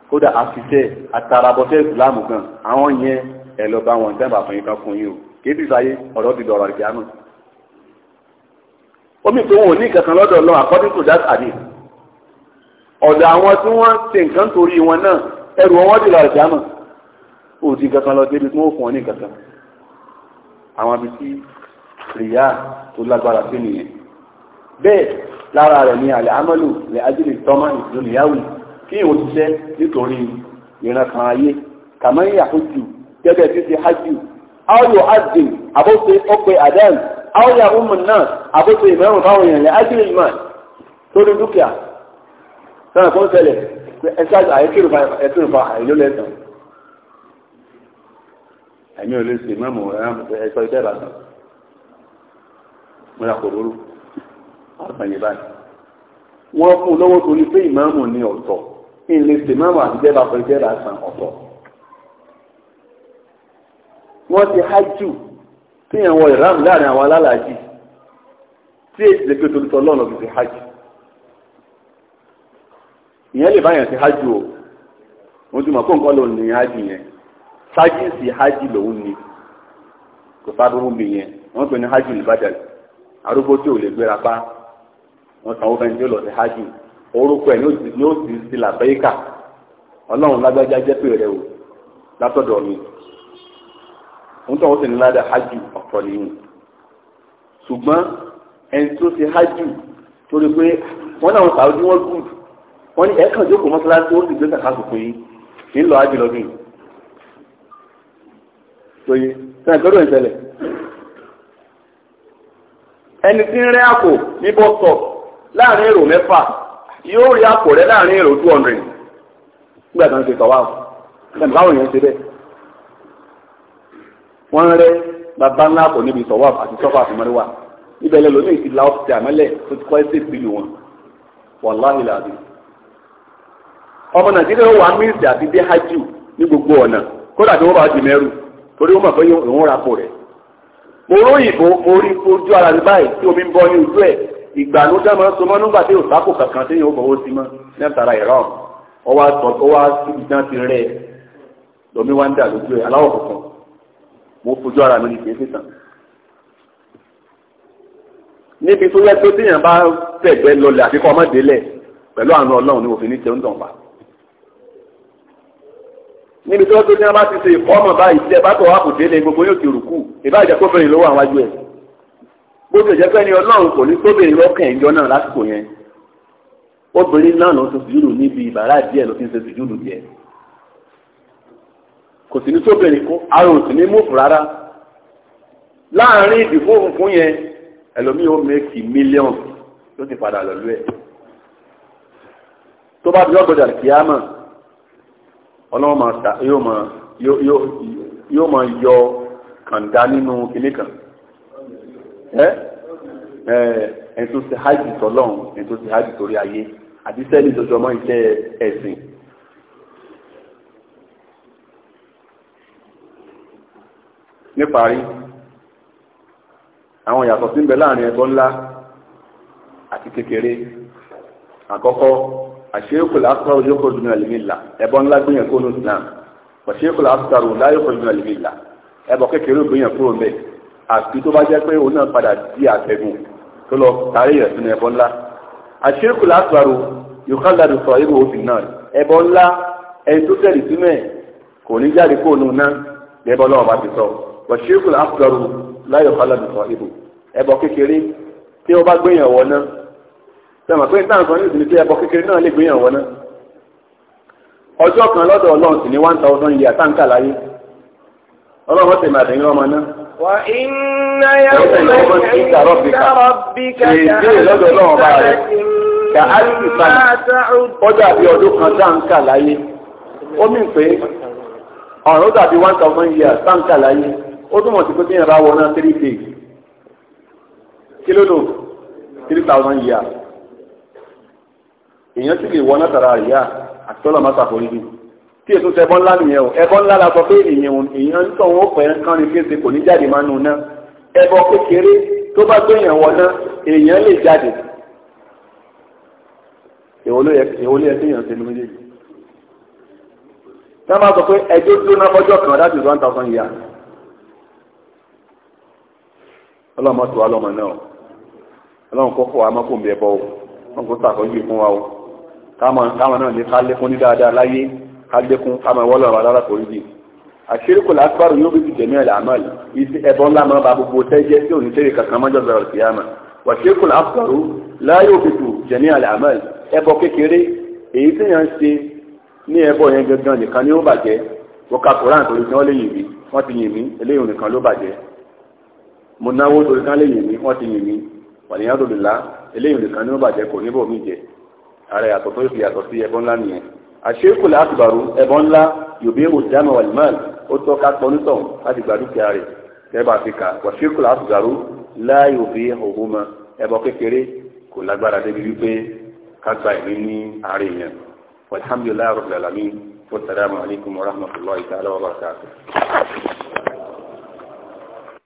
kódà àfisẹ́ àtàràbọ̀tẹ́ ìsìlámù gan àwọn yẹn ẹ lọ bá wọn dábàá fún yín kan fún yín o kébìsáyé ọ̀rọ̀ ti dọ̀rọ̀ ìdáná omi tó wọn ò ní kankan lọ́dọ̀ lọ according to that hadith ọ̀dọ̀ àwọn tí wọ́n ṣe nǹkan torí wọn náà ẹrù wọn dì lọ àjàmà ò ti kankan lọ débi tí wọ́n fún ọ ní kankan àwọn ibi tí rìyá tó lágbára sí nìyẹn bẹ́ẹ̀ lára rẹ̀ ní alẹ́ amọ́lù lẹ́ ajílẹ̀ tọ́mà ìlú nìyáwó kí ìwọ̀n ṣiṣẹ́ nítorí ìran kan ayé kàmáyé àkójù gẹ́gẹ́ bí ti hajj àwòyà ọmọ náà àbóso ìmọ̀ràn fáwọn èèyàn lẹ́ ájúlẹ̀ ìmọ̀ lórí dúkìá náà kó ń ṣẹlẹ̀ ẹ̀ṣẹ́ àìkírùfà àìló lẹ́sàn ẹ̀mí ò lè ṣe mọ́mù ẹ̀ṣọ́ iṣẹ́ ìbàdàn múra kò rúrú àgbàyè báyìí wọ́n fún lọ́wọ́ torí pé ìmọ̀mù ni ọ̀tọ̀ kí n lè ṣe mọ́mù àtijẹ́bà pẹ̀lú ìjẹ́bà san ọ̀tọ̀ wọ́n ti hájú tíyẹn wọ ìram láàrin àwọn alálàájì tí èsì lè pé torítọ lọ́nà fi ti hajj ìyẹn lè báyàn ti hajj o wọ́n ti mọ̀ kó nǹkan ní hajj yẹn hajj lòun ni kò sábúrú mi yẹn wọ́n ní hajj nìbàdàn arúgbó tí ò lè gbéra pa wọ́n sanwó fẹ́ni tí ó lọ sí hajj orúkọ ẹ̀ ní ó o látọ̀dọ̀ òun tó àwọn sì ní ládàá hajj ọ̀tọ̀ nìyí ṣùgbọ́n ẹni tó ṣe hajj torí pé wọ́n náà sàrò ní wọ́n gùn wọ́n ní ẹ̀ẹ́kan jókòó mọ́ṣáláṣí ó sì gbé kàkà sùn fún yín kì í lọ hajj lọ́dún yìí tóye sẹ́yìn gbọ́dọ̀ ìṣẹ̀lẹ̀ ẹni tí ń rẹ́ àpò ní bọ́sọ̀ láàrin èrò mẹ́fà yóò rí àpò rẹ̀ láàrin èrò two hundred nígbà tí wọ́n ṣe tọ́wá ọ̀ wọ́n rẹ́ bàbá ńlá pọ̀ níbi sọ̀wọ́ àti sọ́kọ̀ àti mọ́ríwá ibẹ̀ ti la ọ́fíìsì àmọ́lẹ̀ tó ti kọ́ ẹ́ wọn wàláhì làbí. ọmọ nàìjíríà wà mílíọ̀tì àti dé hajj ní gbogbo ọ̀nà kódà tí wọ́n bá mẹ́rù torí wọ́n mọ̀ pé òun ra pò rẹ̀. mo mo rí ojú ara báyìí tí omi ń ní ojú ẹ̀ ìgbà ló dá mo fojú ara mi ní kìí sísan. níbi tó yẹ pé téèyàn bá tẹ̀gbẹ́ lọlẹ̀ àfikọ́ ọmọdélẹ̀ pẹ̀lú àánú ọlọ́run ni mo fi ní tẹun dàn pa. níbi tó yẹ pé téèyàn bá ti ṣe ìfọ́mọ̀ báyìí tí ẹ bá tọ̀ wá kò délé gbogbo yóò ti rùkú ìbáàjẹ́ kóbìnrin ló wà wájú ẹ̀. bó ti jẹ́ pé ni ọlọ́run kò ní kóbìnrin lọ́kàn ìjọ náà lásìkò yẹn obìnrin náà ló ti sùjúdù níbi ìbàrá díẹ̀ ló fi ń ṣe sùjúdù díẹ̀ kò sì ní sóbìnrin kún ara ò sì ní múfù rárá láàrin ìdìbò òfin yẹn ẹlòmíì ó mẹ́kì mílíọ̀n ló ti padà lọ́lú ẹ̀ tó bá bí ọgbọ̀dà kìámà ọlọ́wọ́ máa ta yóò máa yóò máa yọ kànga nínú kinní kan ẹ ẹ ẹ̀ tó ti hájì tọ́lọ́run ẹ̀ tó ti hájì torí ayé àti sẹ́ni tó jọmọ́ iṣẹ́ ẹ̀sìn. níparí àwọn ìyàtọ̀ tí ń bẹ láàrin ẹbọ ńlá àti kékeré àkọ́kọ́ àṣeyọkùlá asọ́rọ̀ ojókòó jùmọ̀ àlùmíìlà ẹbọ ńlá gbìyàn kó nù Islam àṣeyọkùlá asọ́rọ̀ láyé kó jùmọ̀ àlùmíìlà ẹbọ kékeré gbìyàn kúrò mẹ́ àti tó bá jẹ́ pé òun náà padà di àtẹ̀gùn tó lọ kárí rẹ̀ sínú ẹbọ ńlá àṣeyọkùlá asọ́rọ̀ yòókàládù sọ ibò òfin náà ẹbọ ńlá ẹni tó tẹ̀lé sínú ẹ̀ kò ní jáde kó náà lẹ́bọ́ lọ́wọ́ bá ti sọ wàṣíkùn afgaru láyọ̀ kọ́lá nìkan ibò kékeré tí wọ́n bá gbéyàn wọ náà sọ̀rọ̀ pé kan pé ẹbọ kékeré náà lè gbéyàn wọ náà ọjọ́ kan lọ́dọ̀ ọlọ́run sì ní one thousand years láyé ọlọ́run ọmọ náà. wà iná lọ́dọ̀ ọlọ́run bá rẹ̀ kà á ó túmọ̀ sí pé tí yẹn bá wọ náà three days kí three thousand years èèyàn sì lè wọ náà tara àríyá àtọ́lọ̀ máta forí bí tí èso ṣẹbọ ńlá nìyẹn o ẹbọ ńlá la sọ pé èèyàn èèyàn ń tọ̀ wọ́n pẹ̀ kán ní kése kò ní jáde máa nù náà ẹbọ kékeré tó bá gbé èèyàn wọ náà èèyàn lè jáde èwo ló yẹ kí èèyàn ṣe ní méjèèjì. tí wọ́n sọ pé ẹjọ́ dúró náà fọjọ́ kan that is one thousand years. ọlọ́mọ tó wá lọ́mọ náà ọlọ́run kọ́ fọ́ wa mọ́ kò ń bẹ̀ bọ́ wọn kò sàkọ́jú fún wa o káwọn náà ní ká lékún ní dáadáa láyé ká lékún ká máa wọ́lọ́run alára kò rí bì àṣírìkò làásùbárò yóò fi jẹ̀mí ẹ̀ làmọ́lì iṣẹ́ ẹ̀bọ́n ńlá máa ba gbogbo tẹ́ jẹ́ sí òníṣẹ́rì kankan mọ́jọ́ sọ̀rọ̀ sí àmà wàṣírìkò làásùbárò láyé òfìtù jẹ̀mí ẹ̀ làmọ́lì ẹbọ kékeré èyí tí yẹn ń ṣe ní ẹbọ yẹn gangan nìkan ni ó bàjẹ́ wọ́n ka koran torí tí wọ́n lè yìn mí wọ́n ti yìn mí eléyìí nìkan ló bàjẹ́ mo náwó lórí kán lè yìn mí wọ́n ti yìn mí wàlíyàn tó lè la eléyìí nìkan ní ó bàjẹ́ kò níbò mí jẹ ara yàtọ̀ tó fi yàtọ̀ sí ẹbọ ńlá nìyẹn àṣekù látìbàrú ẹbọ ńlá yòbí òjàmọ̀ wàlímàn ó tọ́ ká tọ́ nítọ̀ láti gba dúkìá rẹ̀ kẹ́bà fi kà wàṣekù látìbàrú láyò fi òhun mọ ẹbọ kékeré kò lágbára débi wípé ká ìlú ní àárín yẹn walhamdulilayi rabbil